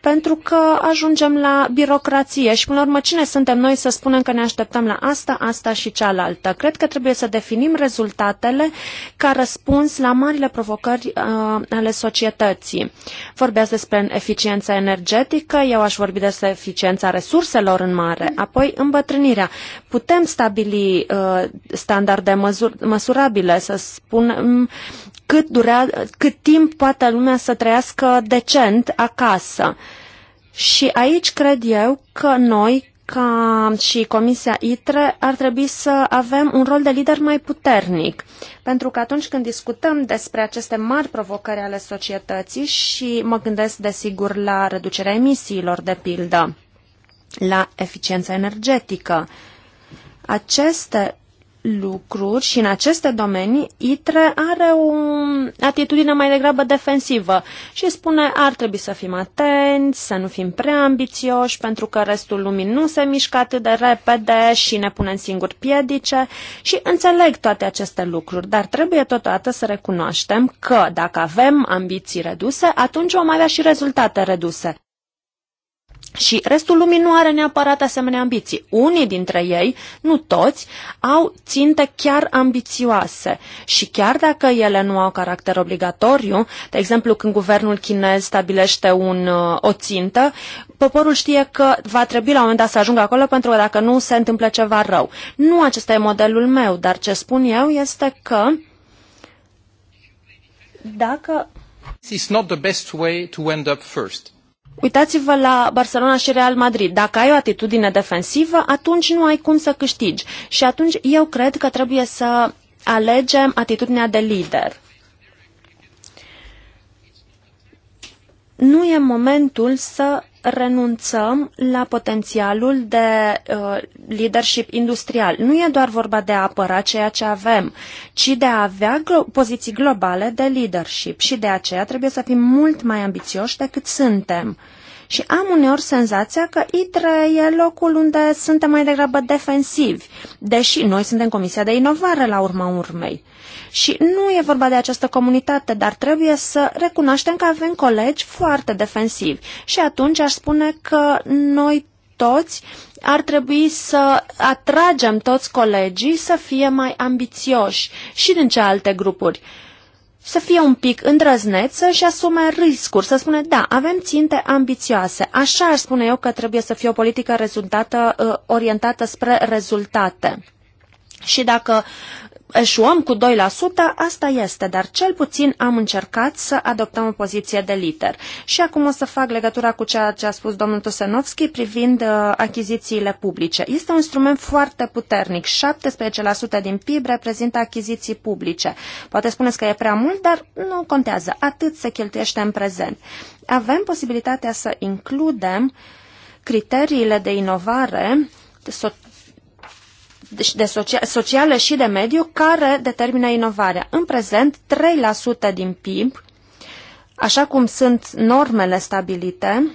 pentru că ajungem la birocrație și, până la urmă, cine suntem noi să spunem că ne așteptăm la asta, asta și cealaltă? Cred că trebuie să definim rezultatele ca răspuns la marile provocări uh, ale societății. Vorbeați despre eficiența energetică, eu aș vorbi despre eficiența resurselor în mare, apoi îmbătrânirea. Putem stabili uh, standarde măsurabile, să spunem cât, durea, cât timp poate lumea să trăiască decent acasă. Și aici cred eu că noi, ca și Comisia ITRE, ar trebui să avem un rol de lider mai puternic. Pentru că atunci când discutăm despre aceste mari provocări ale societății și mă gândesc desigur la reducerea emisiilor, de pildă, la eficiența energetică, aceste lucruri și în aceste domenii ITRE are o atitudine mai degrabă defensivă și spune ar trebui să fim atenți, să nu fim prea ambițioși pentru că restul lumii nu se mișcă atât de repede și ne punem singuri piedice și înțeleg toate aceste lucruri, dar trebuie totodată să recunoaștem că dacă avem ambiții reduse, atunci vom avea și rezultate reduse. Și restul lumii nu are neapărat asemenea ambiții. Unii dintre ei, nu toți, au ținte chiar ambițioase. Și chiar dacă ele nu au caracter obligatoriu, de exemplu când guvernul chinez stabilește un, uh, o țintă, poporul știe că va trebui la un moment dat să ajungă acolo pentru că dacă nu se întâmplă ceva rău. Nu acesta e modelul meu, dar ce spun eu este că dacă... This is not the best way to end up first. Uitați-vă la Barcelona și Real Madrid. Dacă ai o atitudine defensivă, atunci nu ai cum să câștigi. Și atunci eu cred că trebuie să alegem atitudinea de lider. Nu e momentul să renunțăm la potențialul de uh, leadership industrial. Nu e doar vorba de a apăra ceea ce avem, ci de a avea glo- poziții globale de leadership și de aceea trebuie să fim mult mai ambițioși decât suntem. Și am uneori senzația că ITRE e locul unde suntem mai degrabă defensivi, deși noi suntem Comisia de Inovare la urma urmei. Și nu e vorba de această comunitate, dar trebuie să recunoaștem că avem colegi foarte defensivi. Și atunci aș spune că noi toți ar trebui să atragem toți colegii să fie mai ambițioși și din cealaltă grupuri să fie un pic îndrăzneț, să-și asume riscuri, să spune, da, avem ținte ambițioase. Așa aș spune eu că trebuie să fie o politică rezultată, uh, orientată spre rezultate. Și dacă eșuăm cu 2%, asta este, dar cel puțin am încercat să adoptăm o poziție de lider. Și acum o să fac legătura cu ceea ce a spus domnul Tosenovski privind uh, achizițiile publice. Este un instrument foarte puternic. 17% din PIB reprezintă achiziții publice. Poate spuneți că e prea mult, dar nu contează. Atât se cheltuiește în prezent. Avem posibilitatea să includem criteriile de inovare deci de socia sociale și de mediu care determină inovarea. În prezent, 3% din PIB, așa cum sunt normele stabilite,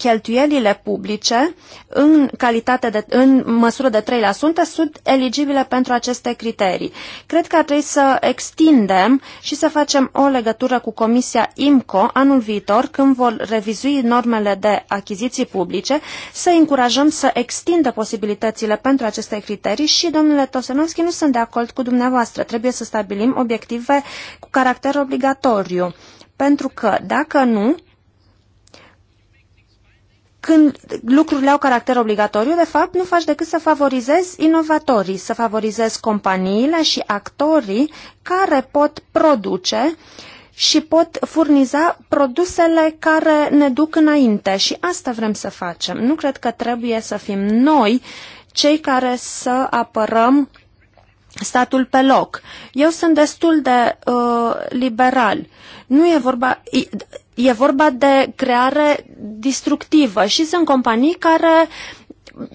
cheltuielile publice în, calitate de, în măsură de 3% sunt eligibile pentru aceste criterii. Cred că ar trebui să extindem și să facem o legătură cu Comisia IMCO anul viitor, când vor revizui normele de achiziții publice, să încurajăm să extindă posibilitățile pentru aceste criterii și, domnule Tosenovski, nu sunt de acord cu dumneavoastră. Trebuie să stabilim obiective cu caracter obligatoriu. Pentru că, dacă nu, când lucrurile au caracter obligatoriu, de fapt, nu faci decât să favorizezi inovatorii, să favorizezi companiile și actorii care pot produce și pot furniza produsele care ne duc înainte. Și asta vrem să facem. Nu cred că trebuie să fim noi cei care să apărăm statul pe loc. Eu sunt destul de uh, liberal. Nu e vorba E vorba de creare distructivă și sunt companii care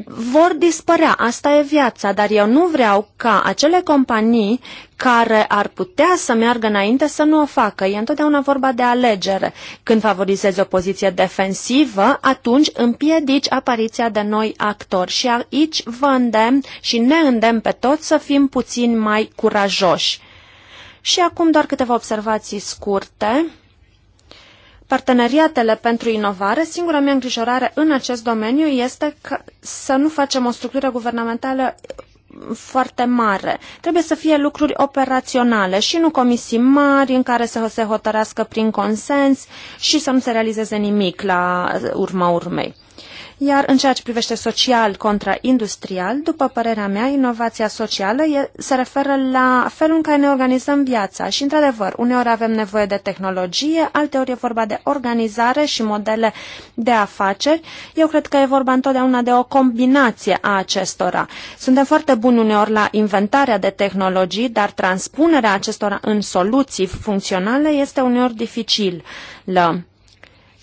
vor dispărea, asta e viața, dar eu nu vreau ca acele companii care ar putea să meargă înainte să nu o facă. E întotdeauna vorba de alegere. Când favorizezi o poziție defensivă, atunci împiedici apariția de noi actori și aici vă îndemn și ne îndemn pe toți să fim puțin mai curajoși. Și acum doar câteva observații scurte parteneriatele pentru inovare, singura mea îngrijorare în acest domeniu este că să nu facem o structură guvernamentală uh, foarte mare. Trebuie să fie lucruri operaționale și nu comisii mari în care să se hotărească prin consens și să nu se realizeze nimic la uh, urma urmei. Iar în ceea ce privește social contra industrial, după părerea mea, inovația socială e, se referă la felul în care ne organizăm viața și, într-adevăr, uneori avem nevoie de tehnologie, alteori e vorba de organizare și modele de afaceri. Eu cred că e vorba întotdeauna de o combinație a acestora. Suntem foarte buni uneori la inventarea de tehnologii, dar transpunerea acestora în soluții funcționale este uneori dificilă.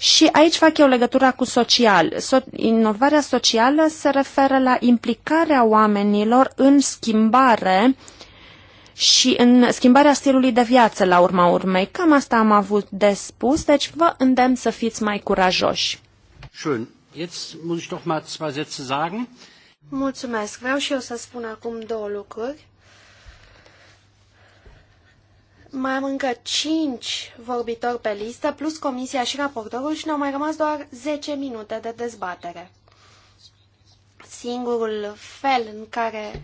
Și aici fac eu legătura cu social. So- inovarea socială se referă la implicarea oamenilor în schimbare și în schimbarea stilului de viață la urma urmei. Cam asta am avut de spus, deci vă îndemn să fiți mai curajoși. Schön. Jetzt muss ich doch mal zwei Sätze sagen. Mulțumesc. Vreau și eu să spun acum două lucruri. Mai am încă 5 vorbitori pe listă, plus comisia și raportorul și ne-au mai rămas doar 10 minute de dezbatere. Singurul fel în care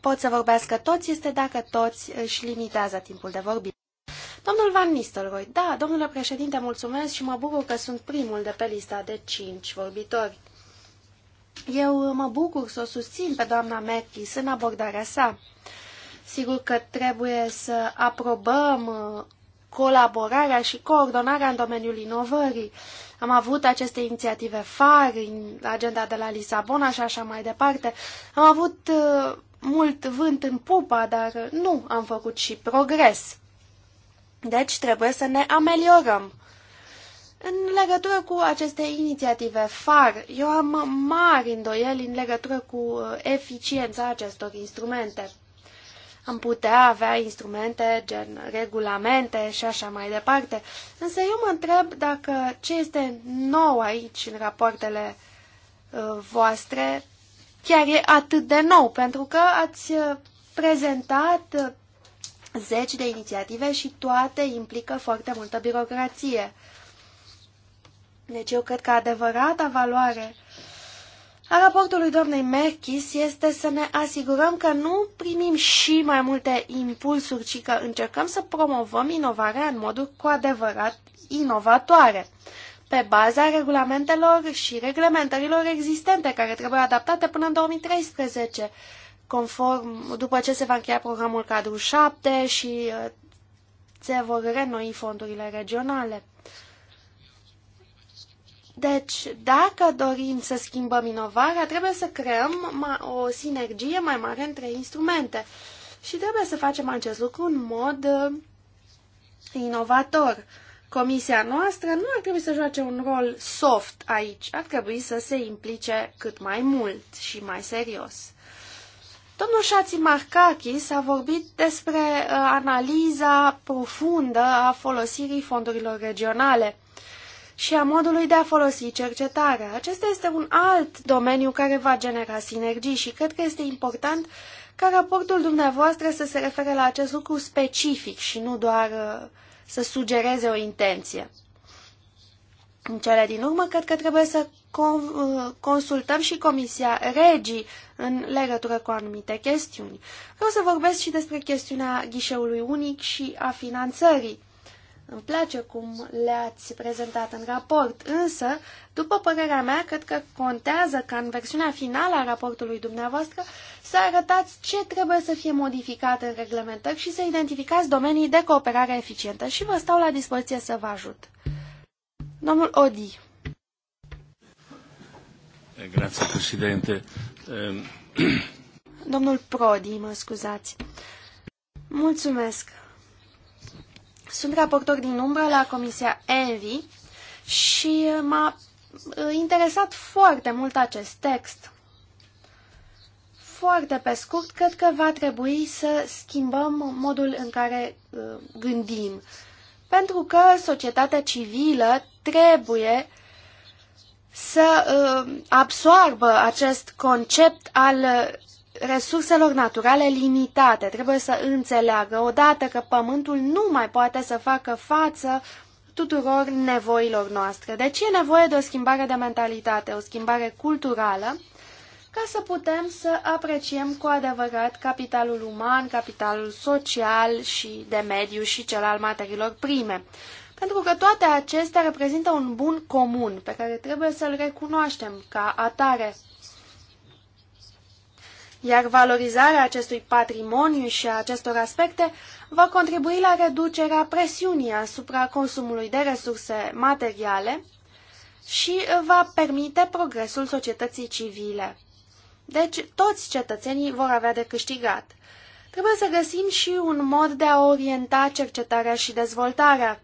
pot să vorbească toți este dacă toți își limitează timpul de vorbire. Domnul Van Nistelrooy, da, domnule președinte, mulțumesc și mă bucur că sunt primul de pe lista de 5 vorbitori. Eu mă bucur să o susțin pe doamna Merkis în abordarea sa. Sigur că trebuie să aprobăm uh, colaborarea și coordonarea în domeniul inovării. Am avut aceste inițiative FAR, agenda de la Lisabona și așa mai departe. Am avut uh, mult vânt în pupa, dar uh, nu am făcut și progres. Deci trebuie să ne ameliorăm. În legătură cu aceste inițiative FAR, eu am mari îndoieli în legătură cu eficiența acestor instrumente am putea avea instrumente gen regulamente și așa mai departe. Însă eu mă întreb dacă ce este nou aici în rapoartele uh, voastre chiar e atât de nou, pentru că ați uh, prezentat uh, zeci de inițiative și toate implică foarte multă birocrație. Deci eu cred că adevărata valoare a raportului doamnei Merkis este să ne asigurăm că nu primim și mai multe impulsuri, ci că încercăm să promovăm inovarea în moduri cu adevărat inovatoare, pe baza regulamentelor și reglementărilor existente, care trebuie adaptate până în 2013, conform, după ce se va încheia programul cadru 7 și uh, se vor renoi fondurile regionale. Deci, dacă dorim să schimbăm inovarea, trebuie să creăm o sinergie mai mare între instrumente. Și trebuie să facem acest lucru în mod uh, inovator. Comisia noastră nu ar trebui să joace un rol soft aici, ar trebui să se implice cât mai mult și mai serios. Domnul Șații Markakis a vorbit despre uh, analiza profundă a folosirii fondurilor regionale și a modului de a folosi cercetarea. Acesta este un alt domeniu care va genera sinergii și cred că este important ca raportul dumneavoastră să se refere la acest lucru specific și nu doar uh, să sugereze o intenție. În cele din urmă, cred că trebuie să uh, consultăm și Comisia Regii în legătură cu anumite chestiuni. Vreau să vorbesc și despre chestiunea ghișeului unic și a finanțării. Îmi place cum le-ați prezentat în raport, însă, după părerea mea, cred că contează ca în versiunea finală a raportului dumneavoastră să arătați ce trebuie să fie modificat în reglementări și să identificați domenii de cooperare eficientă și vă stau la dispoziție să vă ajut. Domnul Odi. Eh, grazie, președinte. Ehm, Domnul Prodi, mă scuzați. Mulțumesc. Sunt raportor din umbră la Comisia ENVI și m-a uh, interesat foarte mult acest text. Foarte pe scurt, cred că va trebui să schimbăm modul în care uh, gândim. Pentru că societatea civilă trebuie să uh, absoarbă acest concept al resurselor naturale limitate. Trebuie să înțeleagă odată că pământul nu mai poate să facă față tuturor nevoilor noastre. Deci e nevoie de o schimbare de mentalitate, o schimbare culturală, ca să putem să apreciem cu adevărat capitalul uman, capitalul social și de mediu și cel al materiilor prime. Pentru că toate acestea reprezintă un bun comun pe care trebuie să-l recunoaștem ca atare iar valorizarea acestui patrimoniu și a acestor aspecte va contribui la reducerea presiunii asupra consumului de resurse materiale și va permite progresul societății civile. Deci toți cetățenii vor avea de câștigat. Trebuie să găsim și un mod de a orienta cercetarea și dezvoltarea.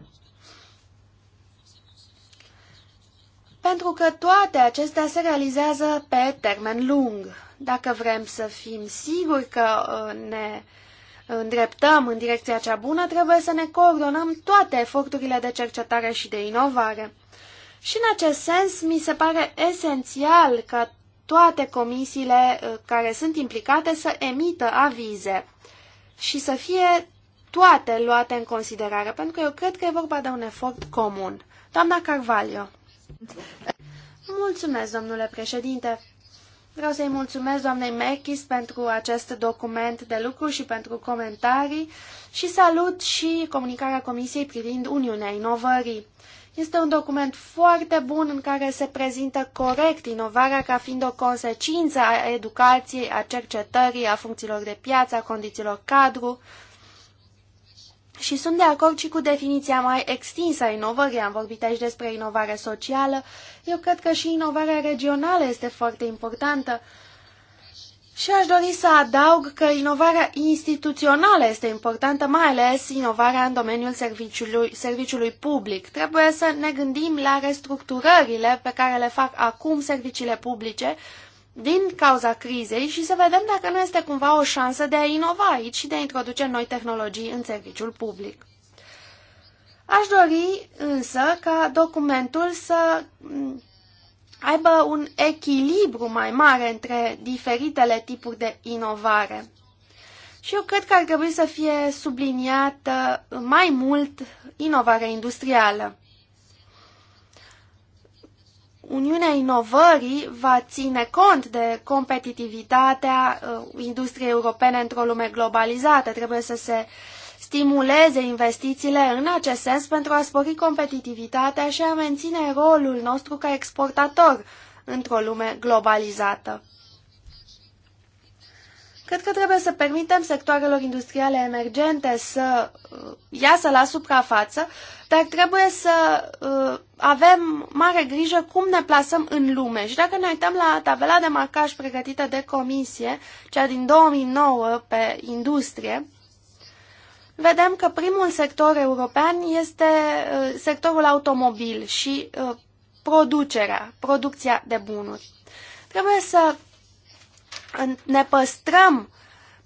Pentru că toate acestea se realizează pe termen lung dacă vrem să fim siguri că uh, ne îndreptăm în direcția cea bună, trebuie să ne coordonăm toate eforturile de cercetare și de inovare. Și în acest sens, mi se pare esențial ca toate comisiile uh, care sunt implicate să emită avize și să fie toate luate în considerare, pentru că eu cred că e vorba de un efort comun. Doamna Carvalho. Mulțumesc, domnule președinte. Vreau să-i mulțumesc doamnei Mechis pentru acest document de lucru și pentru comentarii și salut și comunicarea Comisiei privind Uniunea Inovării. Este un document foarte bun în care se prezintă corect inovarea ca fiind o consecință a educației, a cercetării, a funcțiilor de piață, a condițiilor cadru și sunt de acord și cu definiția mai extinsă a inovării. Am vorbit aici despre inovare socială. Eu cred că și inovarea regională este foarte importantă. Și aș dori să adaug că inovarea instituțională este importantă, mai ales inovarea în domeniul serviciului, serviciului public. Trebuie să ne gândim la restructurările pe care le fac acum serviciile publice din cauza crizei și să vedem dacă nu este cumva o șansă de a inova aici și de a introduce noi tehnologii în serviciul public. Aș dori însă ca documentul să aibă un echilibru mai mare între diferitele tipuri de inovare. Și eu cred că ar trebui să fie subliniată mai mult inovarea industrială. Uniunea inovării va ține cont de competitivitatea uh, industriei europene într-o lume globalizată. Trebuie să se stimuleze investițiile în acest sens pentru a spori competitivitatea și a menține rolul nostru ca exportator într-o lume globalizată. Cred că trebuie să permitem sectoarelor industriale emergente să uh, iasă la suprafață, dar trebuie să uh, avem mare grijă cum ne plasăm în lume. Și dacă ne uităm la tabela de marcaj pregătită de comisie, cea din 2009 pe industrie, vedem că primul sector european este uh, sectorul automobil și producerea, producția de bunuri. Trebuie să ne păstrăm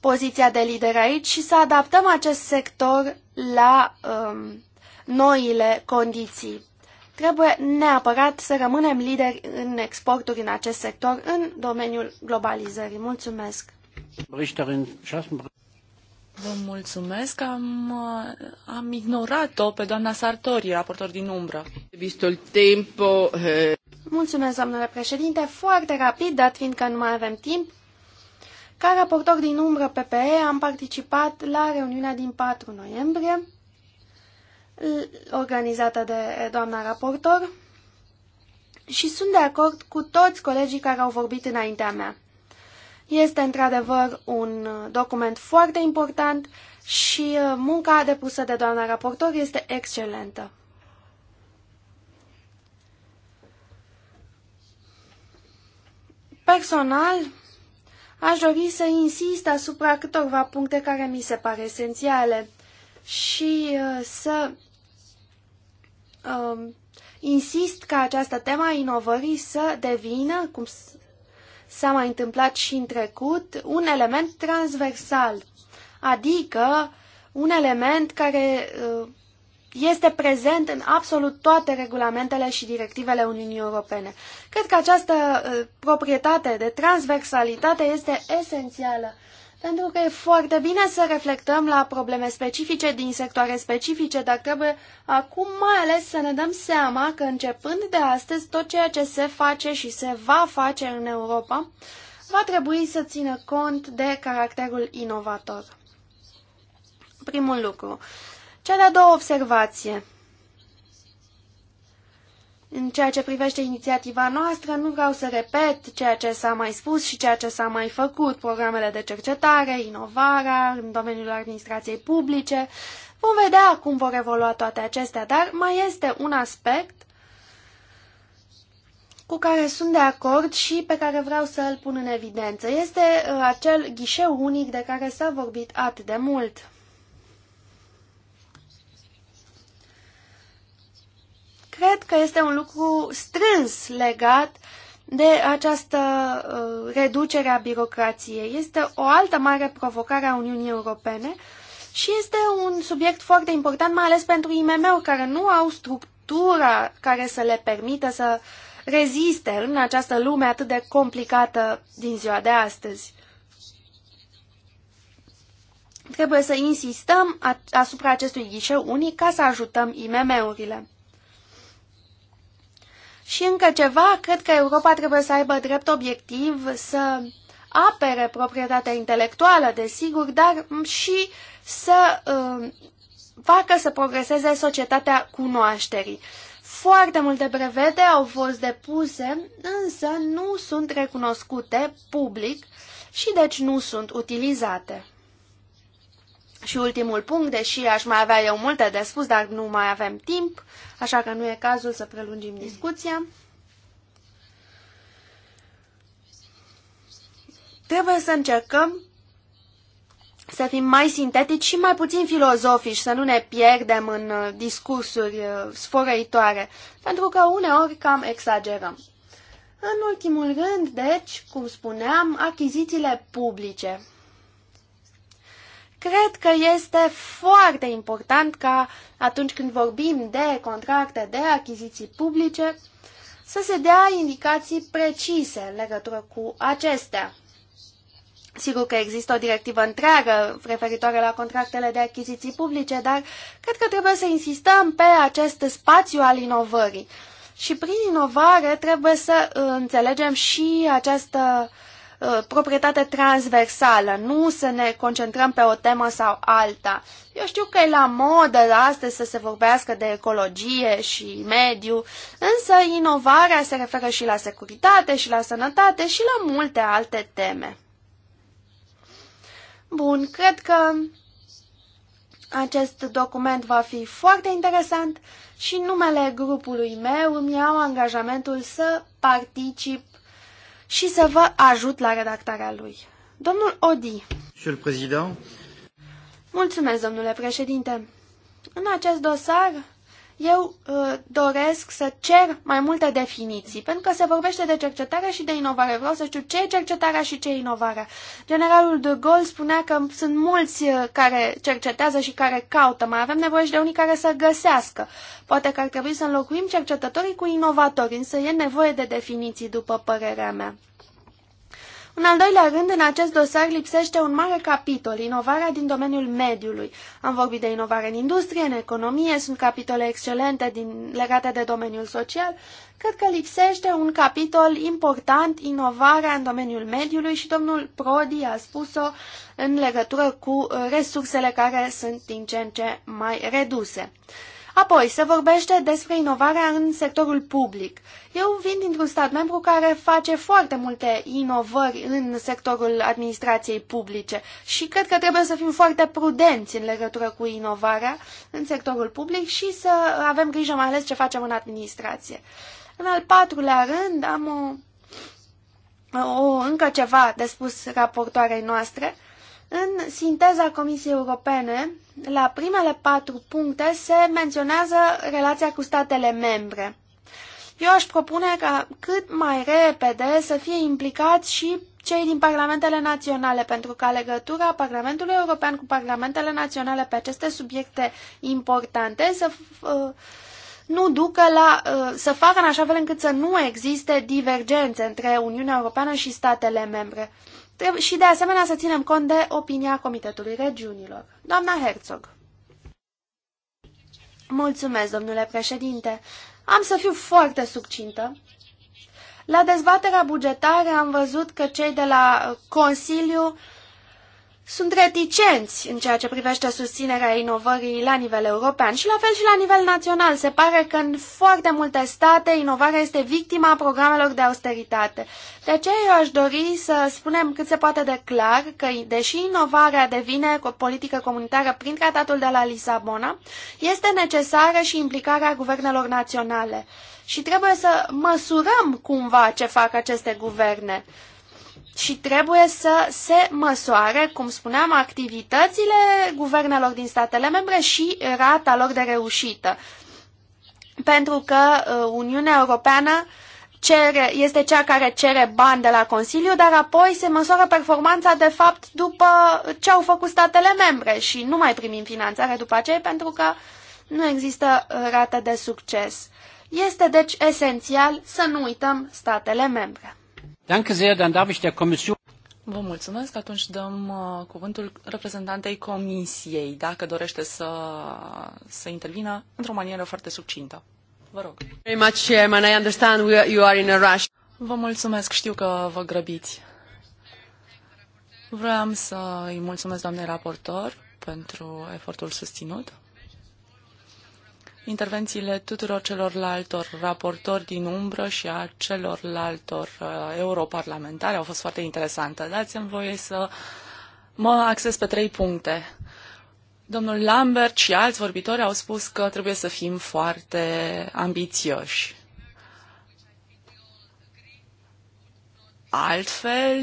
poziția de lider aici și să adaptăm acest sector la um, noile condiții. Trebuie neapărat să rămânem lideri în exporturi în acest sector, în domeniul globalizării. Mulțumesc! Vă mulțumesc. Am, uh, am ignorat-o pe doamna Sartori, raportor din umbră. Eh. Mulțumesc, domnule președinte. Foarte rapid, dat fiindcă nu mai avem timp, ca raportor din umbră PPE am participat la reuniunea din 4 noiembrie, organizată de doamna raportor, și sunt de acord cu toți colegii care au vorbit înaintea mea. Este într-adevăr un document foarte important și uh, munca depusă de doamna raportor este excelentă. Personal, Aș dori să insist asupra câtorva puncte care mi se pare esențiale și uh, să uh, insist ca această temă a inovării să devină, cum s-a mai întâmplat și în trecut, un element transversal, adică un element care uh, este prezent în absolut toate regulamentele și directivele Uniunii Europene. Cred că această uh, proprietate de transversalitate este esențială, pentru că e foarte bine să reflectăm la probleme specifice din sectoare specifice, dar trebuie acum mai ales să ne dăm seama că începând de astăzi tot ceea ce se face și se va face în Europa va trebui să țină cont de caracterul inovator. Primul lucru. Cea de-a doua observație. În ceea ce privește inițiativa noastră, nu vreau să repet ceea ce s-a mai spus și ceea ce s-a mai făcut, programele de cercetare, inovarea în domeniul administrației publice. Vom vedea cum vor evolua toate acestea, dar mai este un aspect cu care sunt de acord și pe care vreau să îl pun în evidență. Este uh, acel ghișeu unic de care s-a vorbit atât de mult. Cred că este un lucru strâns legat de această uh, reducere a birocrației. Este o altă mare provocare a Uniunii Europene și este un subiect foarte important, mai ales pentru IMM-uri care nu au structura care să le permită să reziste în această lume atât de complicată din ziua de astăzi. Trebuie să insistăm asupra acestui ghișeu unic ca să ajutăm IMM-urile. Și încă ceva, cred că Europa trebuie să aibă drept obiectiv să apere proprietatea intelectuală, desigur, dar și să uh, facă să progreseze societatea cunoașterii. Foarte multe brevete au fost depuse, însă nu sunt recunoscute public și deci nu sunt utilizate. Și ultimul punct, deși aș mai avea eu multe de spus, dar nu mai avem timp, așa că nu e cazul să prelungim discuția. Trebuie să încercăm să fim mai sintetici și mai puțin filozofici, să nu ne pierdem în uh, discursuri uh, sfărăitoare, pentru că uneori cam exagerăm. În ultimul rând, deci, cum spuneam, achizițiile publice. Cred că este foarte important ca atunci când vorbim de contracte de achiziții publice să se dea indicații precise în legătură cu acestea. Sigur că există o directivă întreagă referitoare la contractele de achiziții publice, dar cred că trebuie să insistăm pe acest spațiu al inovării. Și prin inovare trebuie să înțelegem și această uh, Uh, proprietate transversală, nu să ne concentrăm pe o temă sau alta. Eu știu că e la modă astăzi să se vorbească de ecologie și mediu, însă inovarea se referă și la securitate, și la sănătate, și la multe alte teme. Bun, cred că acest document va fi foarte interesant și numele grupului meu îmi iau angajamentul să particip și să vă ajut la redactarea lui. Domnul Odi. Mulțumesc, domnule președinte. În acest dosar eu uh, doresc să cer mai multe definiții, pentru că se vorbește de cercetare și de inovare. Vreau să știu ce e cercetarea și ce e inovarea. Generalul de Gaulle spunea că sunt mulți uh, care cercetează și care caută. Mai avem nevoie și de unii care să găsească. Poate că ar trebui să înlocuim cercetătorii cu inovatori, însă e nevoie de definiții, după părerea mea. În al doilea rând, în acest dosar lipsește un mare capitol, inovarea din domeniul mediului. Am vorbit de inovare în industrie, în economie, sunt capitole excelente din, legate de domeniul social. Cred că lipsește un capitol important, inovarea în domeniul mediului și domnul Prodi a spus-o în legătură cu resursele care sunt din ce în ce mai reduse. Apoi, se vorbește despre inovarea în sectorul public. Eu vin dintr-un stat membru care face foarte multe inovări în sectorul administrației publice și cred că trebuie să fim foarte prudenți în legătură cu inovarea în sectorul public și să avem grijă mai ales ce facem în administrație. În al patrulea rând am o, o, încă ceva de spus raportoarei noastre în sinteza Comisiei Europene, la primele patru puncte se menționează relația cu statele membre. Eu aș propune ca cât mai repede să fie implicați și cei din parlamentele naționale, pentru ca legătura Parlamentului European cu parlamentele naționale pe aceste subiecte importante să uh, nu ducă la uh, să facă în așa fel încât să nu existe divergențe între Uniunea Europeană și statele membre și de asemenea să ținem cont de opinia Comitetului Regiunilor. Doamna Herzog. Mulțumesc, domnule președinte. Am să fiu foarte succintă. La dezbaterea bugetară am văzut că cei de la Consiliu sunt reticenți în ceea ce privește susținerea inovării la nivel european și la fel și la nivel național. Se pare că în foarte multe state inovarea este victima programelor de austeritate. De aceea eu aș dori să spunem cât se poate de clar că, deși inovarea devine o politică comunitară prin tratatul de la Lisabona, este necesară și implicarea guvernelor naționale. Și trebuie să măsurăm cumva ce fac aceste guverne și trebuie să se măsoare, cum spuneam, activitățile guvernelor din statele membre și rata lor de reușită. Pentru că uh, Uniunea Europeană cere, este cea care cere bani de la Consiliu, dar apoi se măsoară performanța de fapt după ce au făcut statele membre și nu mai primim finanțare după aceea pentru că nu există rată de succes. Este deci esențial să nu uităm statele membre. Danke sehr, dann darf ich der Kommission... Vă mulțumesc. Atunci dăm uh, cuvântul reprezentantei Comisiei, dacă dorește să, să intervină într-o manieră foarte succintă. Vă rog. Very much, Chairman. I understand you are in a rush. Vă mulțumesc. Știu că vă grăbiți. Vreau să îi mulțumesc doamnei raportor pentru efortul susținut intervențiile tuturor celorlaltor raportori din umbră și a celorlaltor uh, europarlamentari au fost foarte interesante. Dați-mi voie să mă acces pe trei puncte. Domnul Lambert și alți vorbitori au spus că trebuie să fim foarte ambițioși. Altfel,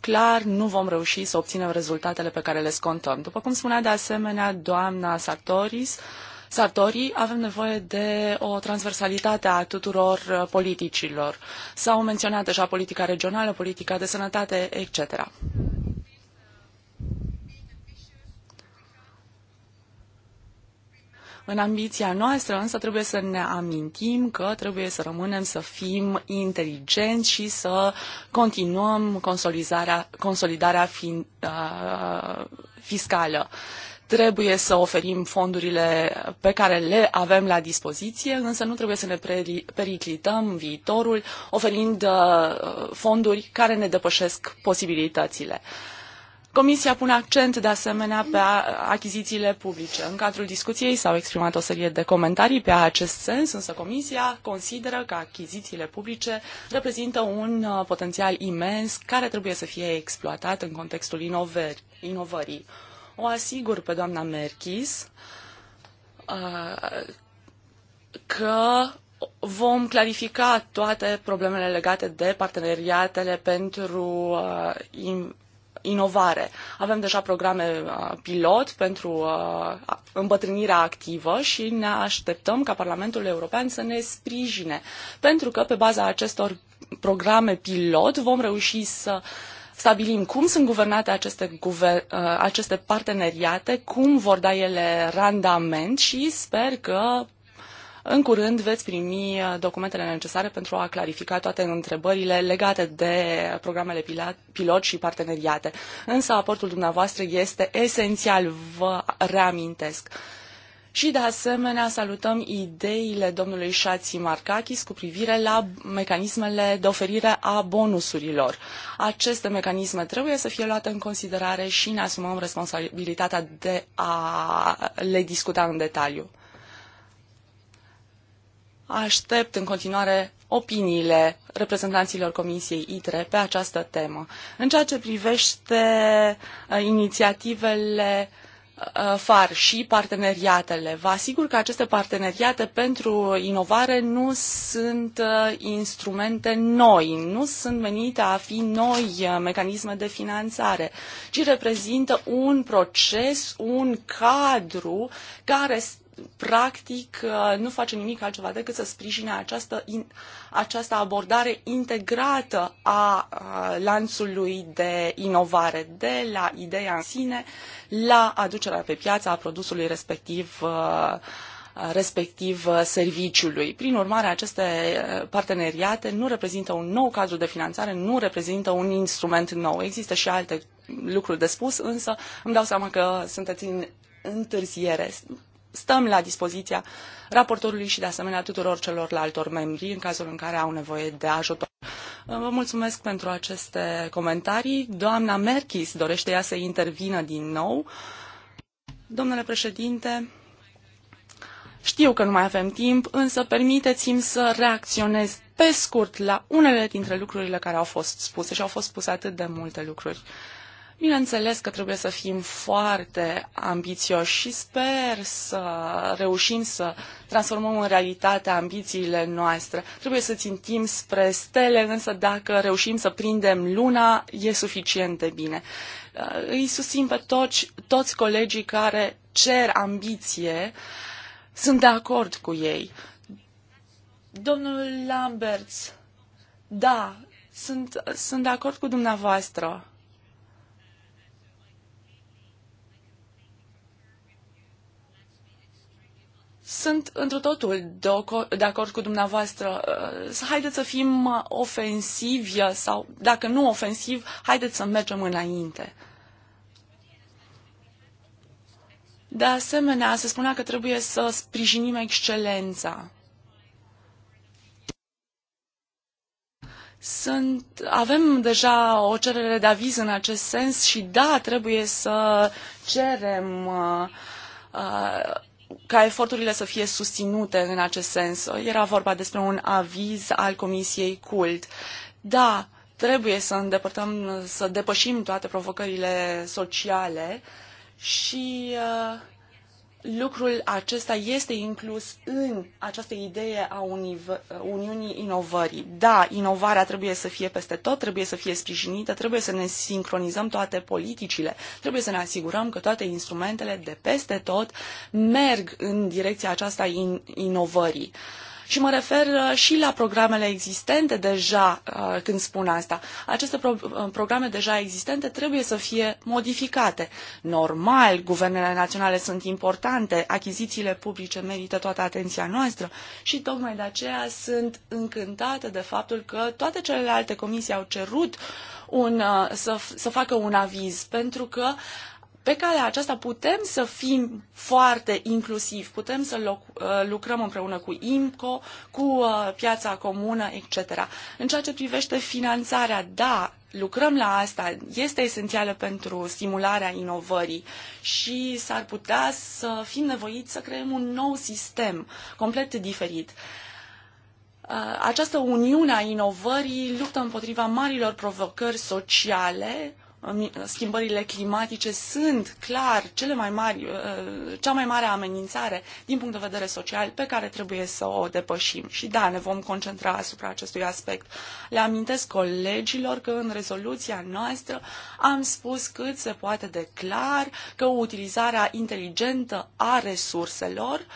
clar nu vom reuși să obținem rezultatele pe care le scontăm. După cum spunea de asemenea doamna Sartoris, uh, Sartori, avem nevoie de o transversalitate a tuturor uh, politicilor. S-au menționat deja politica regională, politica de sănătate, etc. În ambiția noastră însă trebuie să ne amintim că trebuie să rămânem să fim inteligenți și să continuăm consolidarea, consolidarea fin, uh, fiscală. Trebuie să oferim fondurile pe care le avem la dispoziție, însă nu trebuie să ne periclităm viitorul oferind uh, fonduri care ne depășesc posibilitățile. Comisia pune accent de asemenea pe achizițiile publice. În cadrul discuției s-au exprimat o serie de comentarii pe acest sens, însă Comisia consideră că achizițiile publice reprezintă un uh, potențial imens care trebuie să fie exploatat în contextul inovării. O asigur pe doamna Merchis uh, că vom clarifica toate problemele legate de parteneriatele pentru uh, inovare. Avem deja programe uh, pilot pentru îmbătrânirea activă și ne așteptăm ca Parlamentul European să ne sprijine, pentru că pe baza acestor programe pilot vom reuși să uh, stabilim cum sunt guvernate aceste, guver, uh, aceste parteneriate, cum vor da ele randament și sper că în curând veți primi uh, documentele necesare pentru a clarifica toate întrebările legate de programele pilot și parteneriate. Însă aportul dumneavoastră este esențial, vă reamintesc și de asemenea salutăm ideile domnului Șați Marcachis cu privire la mecanismele de oferire a bonusurilor. Aceste mecanisme trebuie să fie luate în considerare și ne asumăm responsabilitatea de a le discuta în detaliu. Aștept în continuare opiniile reprezentanților Comisiei ITRE pe această temă. În ceea ce privește uh, inițiativele uh, Uh, far și parteneriatele. Vă asigur că aceste parteneriate pentru inovare nu sunt uh, instrumente noi, nu sunt menite a fi noi uh, mecanisme de finanțare, ci reprezintă un proces, un cadru care practic uh, nu face nimic altceva decât să sprijine această, această abordare integrată a lanțului de inovare, de la ideea în sine la aducerea pe piață a produsului respectiv uh, respectiv uh, serviciului. Prin urmare, aceste parteneriate nu reprezintă un nou cadru de finanțare, nu reprezintă un instrument nou. Există și alte lucruri de spus, însă îmi dau seama că sunteți în întârziere stăm la dispoziția raportorului și de asemenea tuturor celorlaltor membri în cazul în care au nevoie de ajutor. Vă mulțumesc pentru aceste comentarii. Doamna Merkis dorește ea să intervină din nou. Domnule președinte, știu că nu mai avem timp, însă permiteți-mi să reacționez pe scurt la unele dintre lucrurile care au fost spuse și au fost spuse atât de multe lucruri. Uh, Bineînțeles că trebuie să fim foarte ambițioși și sper să reușim să transformăm în realitate ambițiile noastre. Trebuie să țintim spre stele, însă dacă reușim să prindem luna, e suficient de bine. Uh, îi susțin pe toți, toți colegii care cer ambiție, sunt de acord cu ei. Domnul Lamberts, da, sunt, sunt de acord cu dumneavoastră. Sunt întru totul de acord cu dumneavoastră. Să haideți să fim ofensivi sau, dacă nu ofensiv, haideți să mergem înainte. De asemenea, se spunea că trebuie să sprijinim excelența. Sunt, avem deja o cerere de aviz în acest sens și da, trebuie să cerem uh, uh, ca eforturile să fie susținute în acest sens. Era vorba despre un aviz al Comisiei CULT. Da, trebuie să îndepărtăm, să depășim toate provocările sociale și uh, lucrul acesta este inclus în această idee a Uniunii Inovării. Da, inovarea trebuie să fie peste tot, trebuie să fie sprijinită, trebuie să ne sincronizăm toate politicile, trebuie să ne asigurăm că toate instrumentele de peste tot merg în direcția aceasta in- inovării. Uh, și mă refer uh, și la programele existente deja uh, când spun asta. Aceste pro- uh, programe deja existente trebuie să fie modificate. Normal, guvernele naționale sunt importante, achizițiile publice merită toată atenția noastră și tocmai de aceea sunt încântată de faptul că toate celelalte comisii au cerut un, să, să facă un aviz, pentru că pe calea aceasta putem să fim foarte inclusivi, putem să loc, uh, lucrăm împreună cu IMCO, cu uh, piața comună, etc. În ceea ce privește finanțarea, da, lucrăm la asta, este esențială pentru stimularea inovării și s-ar putea să fim nevoiți să creăm un nou sistem complet diferit. Uh, această uniune a inovării luptă împotriva marilor provocări sociale schimbările climatice sunt clar cele mai mari, uh, cea mai mare amenințare din punct de vedere social pe care trebuie să o depășim. Și da, ne vom concentra asupra acestui aspect. Le amintesc colegilor că în rezoluția noastră am spus cât se poate de clar că utilizarea inteligentă a resurselor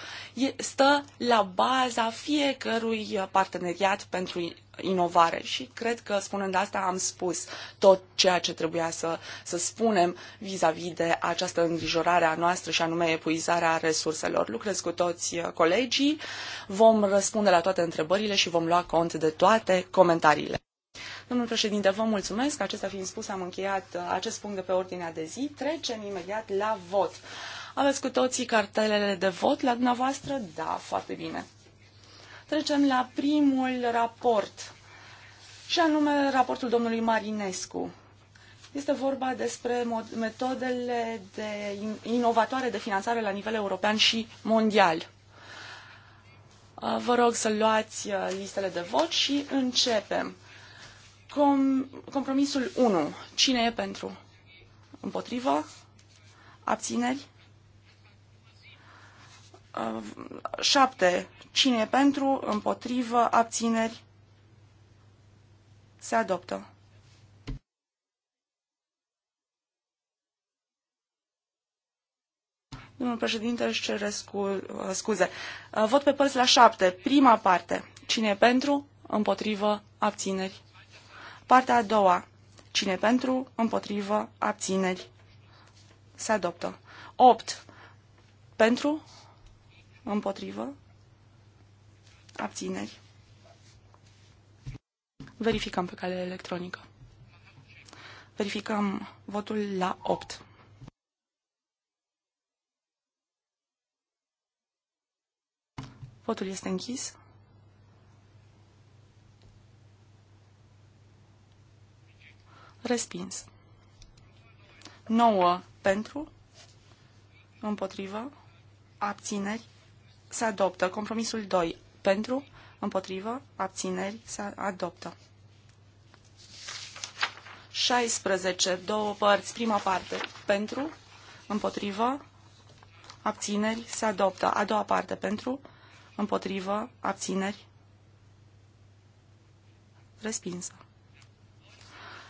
stă la baza fiecărui parteneriat pentru inovare. Și cred că spunând asta am spus tot ceea ce trebuia să, să spunem vis-a-vis -vis de această îngrijorare a noastră și anume epuizarea resurselor. Lucrez cu toți uh, colegii, vom răspunde la toate întrebările și vom lua cont de toate comentariile. Domnul președinte, vă mulțumesc. Acesta fiind spus, am încheiat uh, acest punct de pe ordinea de zi. Trecem imediat la vot. Aveți cu toții cartelele de vot la dumneavoastră? Da, foarte bine trecem la primul raport, și anume raportul domnului Marinescu. Este vorba despre metodele de inovatoare de finanțare la nivel european și mondial. Uh, vă rog să luați uh, listele de vot și începem. Com compromisul 1. Cine e pentru? Împotrivă? Abțineri? 7. Cine pentru? Împotrivă? Abțineri? Se adoptă. Domnul președinte își cere scu uh, scuze. Uh, vot pe părți la 7. Prima parte. Cine e pentru? Împotrivă? Abțineri? Partea a doua. Cine pentru? Împotrivă? Abțineri? Se adoptă. 8. Pentru? Împotrivă? Abțineri? Verificăm pe cale electronică. Verificăm votul la 8. Votul este închis. Respins. 9 pentru, împotrivă, abțineri, se adoptă. Compromisul 2 pentru, împotrivă, abțineri, se adoptă. 16, două părți, prima parte, pentru, împotrivă, abțineri, se adoptă. A doua parte, pentru, împotrivă, abțineri, respinsă.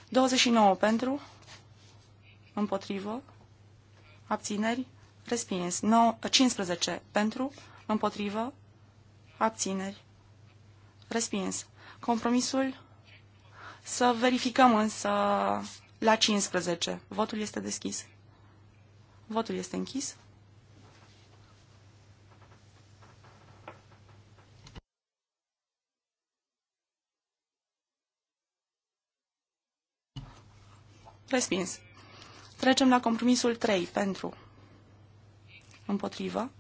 29 pentru, împotrivă, abțineri, respins. 15 pentru, Împotrivă. Abțineri. Respins. Compromisul. Să verificăm însă la 15. Votul este deschis. Votul este închis. Respins. Trecem la compromisul 3 pentru împotrivă,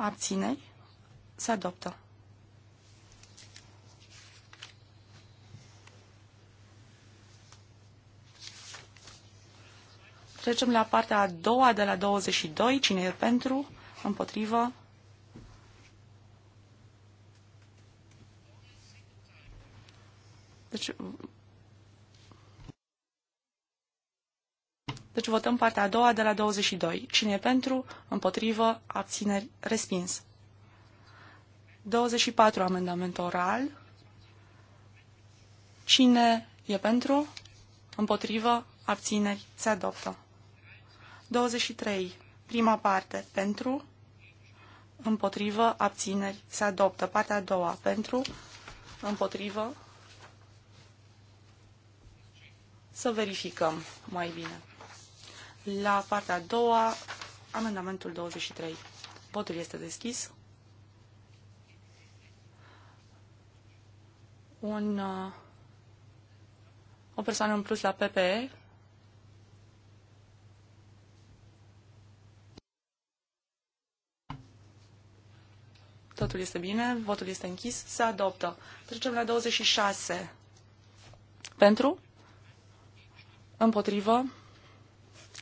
abțineri, se adoptă. Trecem la partea a doua de la 22. Cine e pentru? Împotrivă? Deci Deci votăm partea a doua de la 22. Cine e pentru? Împotrivă? Abțineri? Respins. 24 amendament oral. Cine e pentru? Împotrivă? Abțineri? Se adoptă. 23. Prima parte. Pentru? Împotrivă? Abțineri? Se adoptă. Partea a doua. Pentru? Împotrivă? Să verificăm mai bine la partea a doua, amendamentul 23. Votul este deschis. Un, uh, o persoană în plus la PPE. Totul este bine, votul este închis, se adoptă. Trecem la 26. Pentru? Împotrivă?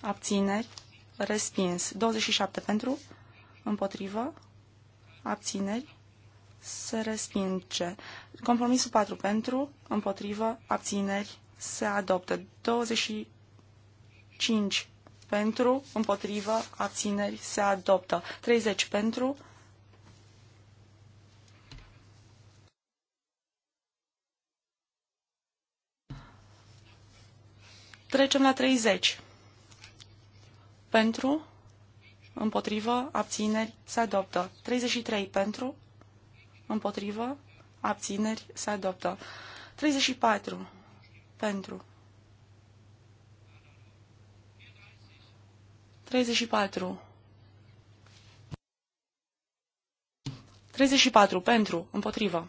abțineri, respins. 27 pentru, împotrivă, abțineri, se respinge. Compromisul 4 pentru, împotrivă, abțineri, se adoptă. 25 pentru, împotrivă, abțineri, se adoptă. 30 pentru, Trecem la 30 pentru, împotrivă, abțineri, se adoptă. 33 pentru, împotrivă, abțineri, se adoptă. 34 pentru. 34 34 pentru, împotrivă.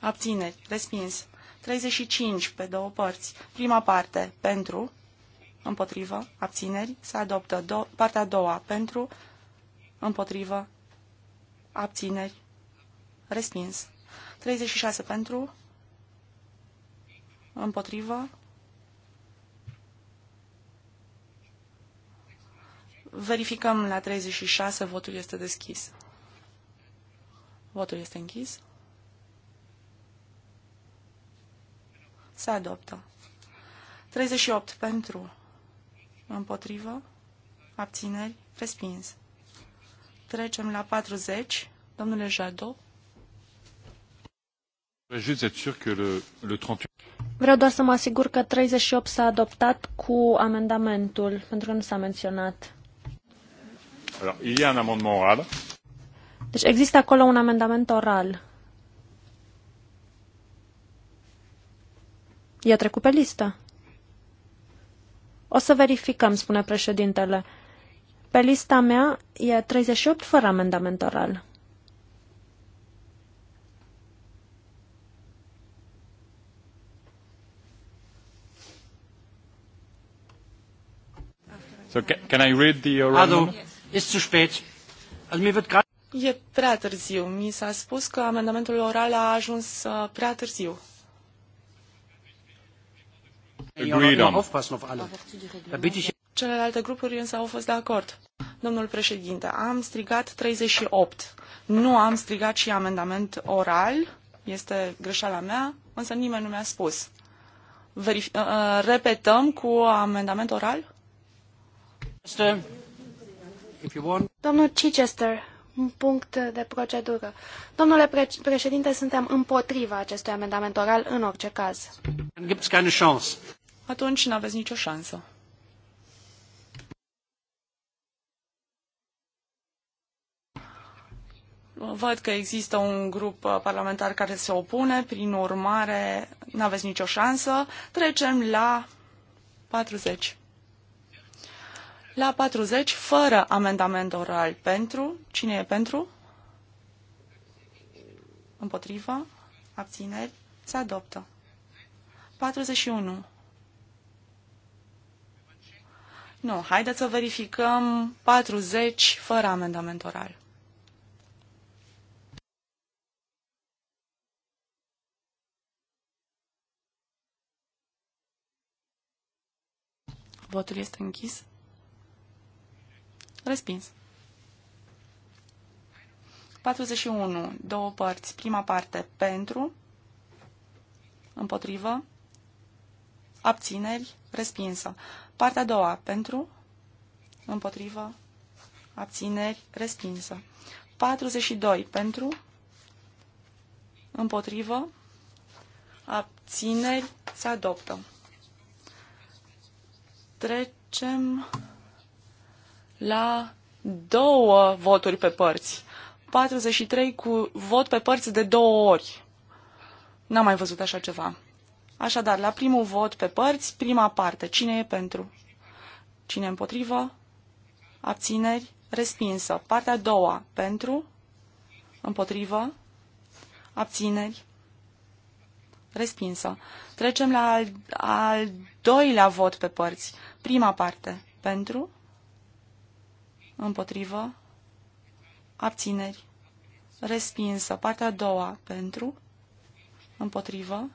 Abțineri, respins. 35 pe două părți. Prima parte, pentru, împotrivă, abțineri, se adoptă. Do partea a doua, pentru, împotrivă, abțineri, respins. 36 pentru, împotrivă, verificăm la 36, votul este deschis. Votul este închis. Se adoptă. 38 pentru, Împotrivă? Abțineri? Respins. Trecem la 40. Domnule Jado. Vreau doar să mă asigur că 38 s-a adoptat cu amendamentul, pentru că nu s-a menționat. Alors, il y a un amendement oral. Deci există acolo un amendament oral. I-a trecut pe listă. O să verificăm, spune președintele. Pe lista mea e 38 fără amendament oral. So can I read the oral Adu, este zu spät. Also mir wird E prea târziu. Mi s-a spus că amendamentul oral a ajuns uh, prea târziu. Celelalte grupuri însă au fost de acord. Domnul președinte, am strigat 38. Nu am strigat și amendament oral, este greșeala mea, însă nimeni nu mi-a spus. Verif uh, uh repetăm cu amendament oral? Domnul Chichester, un punct de procedură. Domnule pre președinte, suntem împotriva acestui amendament oral în orice caz atunci n-aveți nicio șansă. Văd că există un grup parlamentar care se opune, prin urmare n-aveți nicio șansă. Trecem la 40. La 40, fără amendament oral pentru. Cine e pentru? Împotrivă? Abțineri? Se adoptă. 41. Nu, haideți să verificăm 40 fără amendament oral. Votul este închis. Respins. 41. Două părți. Prima parte pentru, împotrivă, abțineri, respinsă. Partea a doua, pentru, împotrivă, abțineri, respinsă. 42, pentru, împotrivă, abțineri, se adoptă. Trecem la două voturi pe părți. 43 cu vot pe părți de două ori. N-am mai văzut așa ceva. Așadar, la primul vot pe părți, prima parte, cine e pentru? Cine împotrivă? Abțineri? Respinsă. Partea a doua, pentru? Împotrivă? Abțineri? Respinsă. Trecem la al, al doilea vot pe părți. Prima parte, pentru? Împotrivă? Abțineri? Respinsă. Partea a doua, pentru? Împotrivă?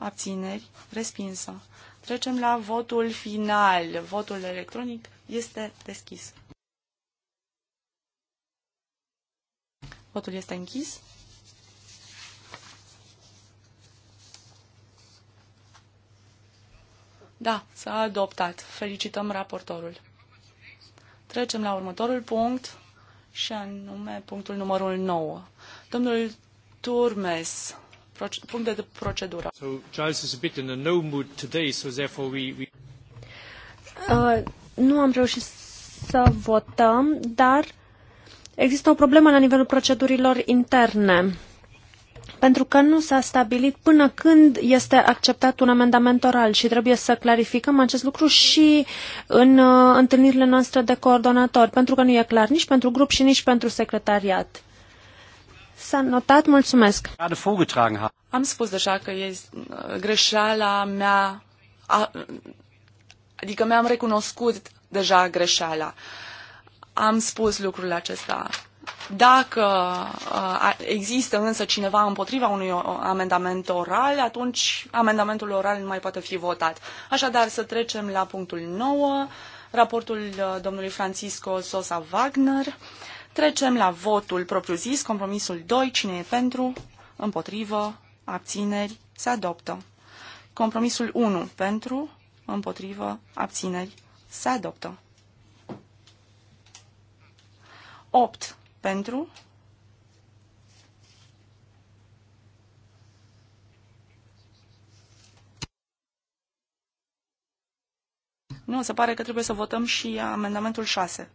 abțineri, respinsă. Trecem la votul final. Votul electronic este deschis. Votul este închis. Da, s-a adoptat. Felicităm raportorul. Trecem la următorul punct și anume punctul numărul 9. Domnul Turmes punct de procedură. So is a bit in a no mood today, so therefore we, we... Uh, nu am reușit să votăm, dar există o problemă la nivelul procedurilor interne pentru că nu s-a stabilit până când este acceptat un amendament oral și trebuie să clarificăm acest lucru și în uh, întâlnirile noastre de coordonatori, pentru că nu e clar nici pentru grup și nici pentru secretariat. S-a notat, mulțumesc. Am spus deja că e uh, greșeala mea, adică mi-am recunoscut deja greșeala. Am spus lucrul acesta. Dacă uh, există însă cineva împotriva unui amendament oral, atunci amendamentul oral nu mai poate fi votat. Așadar, să trecem la punctul 9, raportul uh, domnului Francisco Sosa Wagner. Trecem la votul propriu-zis, compromisul 2, cine e pentru, împotrivă, abțineri, se adoptă. Compromisul 1, pentru, împotrivă, abțineri, se adoptă. 8, pentru, Nu, se pare că trebuie să votăm și amendamentul 6.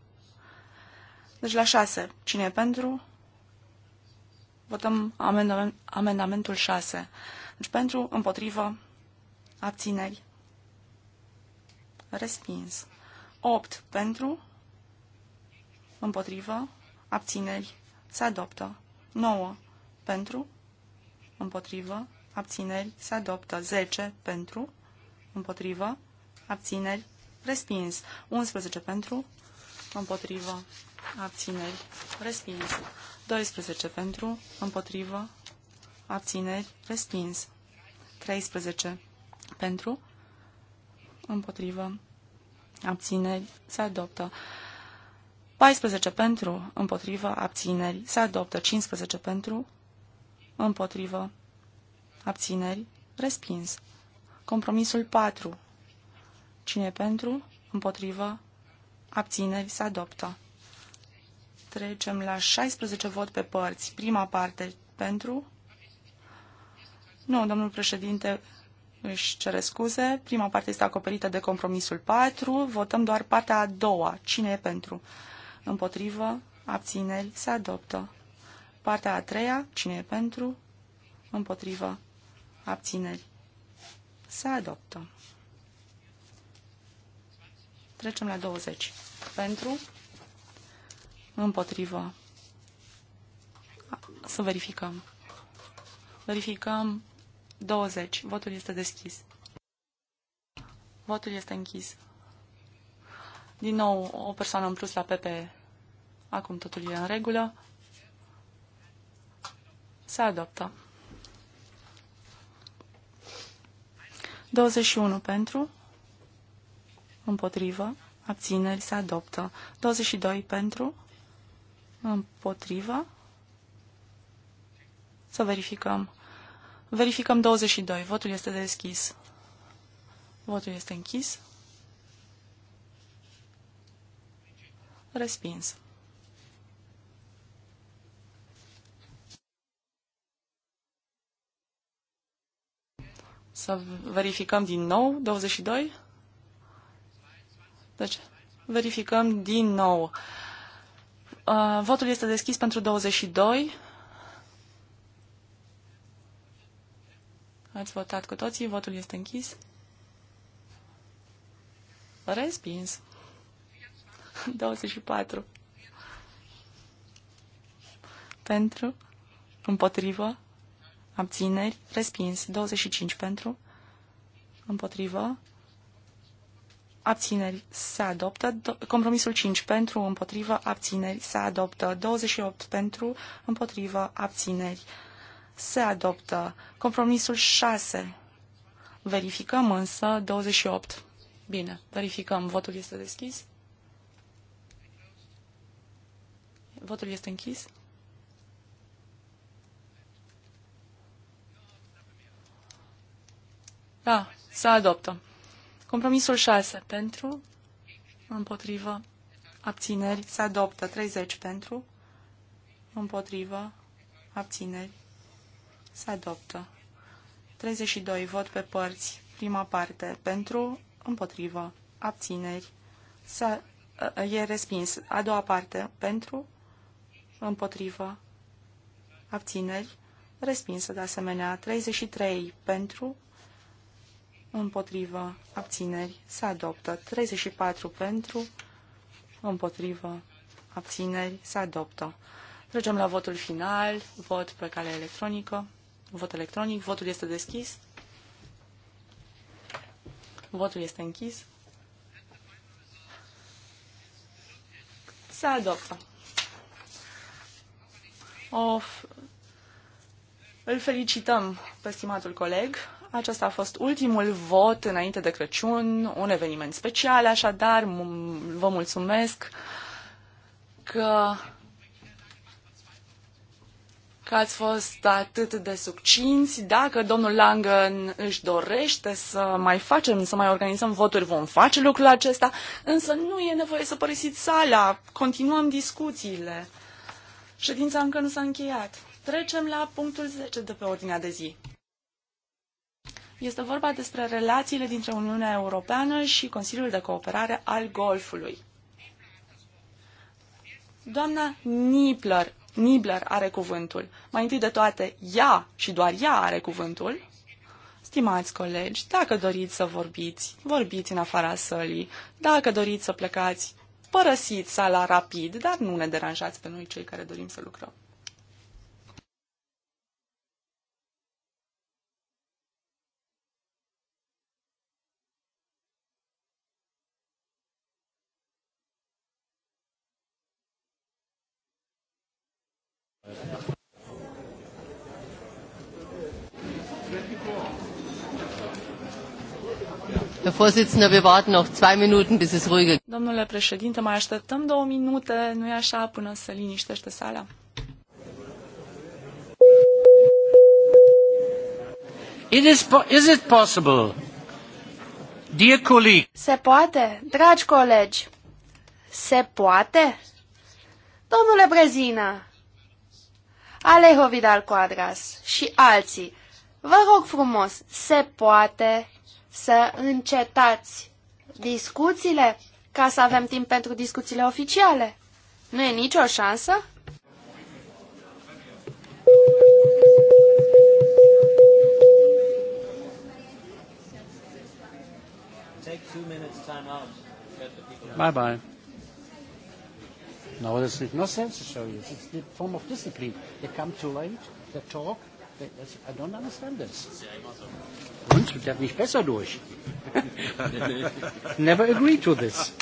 Deci la 6. Cine e pentru? Votăm amendament, amendamentul 6. Deci pentru, împotrivă, abțineri. Respins. 8. Pentru, împotrivă, abțineri. Se adoptă. 9. Pentru, împotrivă, abțineri. Se adoptă. 10. Pentru, împotrivă, abțineri. Respins. 11. Pentru, împotrivă, abțineri, respins. 12 pentru, împotrivă, abțineri, respins. 13 pentru, împotrivă, abțineri, se adoptă. 14 pentru, împotrivă, abțineri, se adoptă. 15 pentru, împotrivă, abțineri, respins. Compromisul 4. Cine pentru, împotrivă, abțineri, se adoptă. Trecem la 16 vot pe părți. Prima parte pentru. Nu, domnul președinte își cere scuze. Prima parte este acoperită de compromisul 4. Votăm doar partea a doua. Cine e pentru? Împotrivă? Abțineri? Se adoptă. Partea a treia. Cine e pentru? Împotrivă? Abțineri? Se adoptă. Trecem la 20. Pentru? împotrivă. Să verificăm. Verificăm 20. Votul este deschis. Votul este închis. Din nou, o persoană în plus la PP. Acum totul e în regulă. Se adoptă. 21 pentru, împotrivă, abțineri, se adoptă. 22 pentru, Împotrivă. Să verificăm. Verificăm 22. Votul este deschis. Votul este închis. Respins. Să verificăm din nou 22. Deci, verificăm din nou. Uh, votul este deschis pentru 22. Ați votat cu toții, votul este închis. Respins. 24. Pentru. Împotrivă. Abțineri. Respins. 25 pentru. Împotrivă abțineri se adoptă, compromisul 5 pentru, împotrivă, abțineri se adoptă, 28 pentru, împotrivă, abțineri se adoptă, compromisul 6. Verificăm însă 28. Bine, verificăm. Votul este deschis. Votul este închis. Da, se adoptă. Compromisul 6 pentru, împotrivă, abțineri, se adoptă 30 pentru, împotrivă, abțineri, se adoptă. 32 vot pe părți, prima parte, pentru, împotrivă, abțineri, se, e respins. A doua parte, pentru, împotrivă, abțineri, respinsă de asemenea. 33 pentru, împotrivă, abțineri, se adoptă. 34 pentru, împotrivă, abțineri, se adoptă. Trecem la votul final, vot pe cale electronică, vot electronic, votul este deschis, votul este închis, se adoptă. Of, îl felicităm pe stimatul coleg. Acesta a fost ultimul vot înainte de Crăciun, un eveniment special, așadar vă mulțumesc că, că ați fost atât de succinți. Dacă domnul Langen își dorește să mai facem, să mai organizăm voturi, vom face lucrul acesta, însă nu e nevoie să părăsiți sala, continuăm discuțiile. Ședința încă nu s-a încheiat. Trecem la punctul 10 de pe ordinea de zi. Este vorba despre relațiile dintre Uniunea Europeană și Consiliul de Cooperare al Golfului. Doamna Nibler, Nibler are cuvântul. Mai întâi de toate, ea și doar ea are cuvântul. Stimați colegi, dacă doriți să vorbiți, vorbiți în afara sălii. Dacă doriți să plecați, părăsiți sala rapid, dar nu ne deranjați pe noi cei care dorim să lucrăm. Domnule președinte, mai așteptăm două minute, nu-i așa, până se liniștește sala. It is, is it possible, dear colleague? Se poate, dragi colegi, se poate? Domnule Brezina, Alejo Vidal Quadras și alții, vă rog frumos, se poate să încetați discuțiile ca să avem timp pentru discuțiile oficiale? Nu e nicio șansă? Bye bye. No, there's no sense to show you. It's the form of discipline. They come too late, they talk, Das, I don't understand this. Und? Der nicht besser durch. Never agree to this.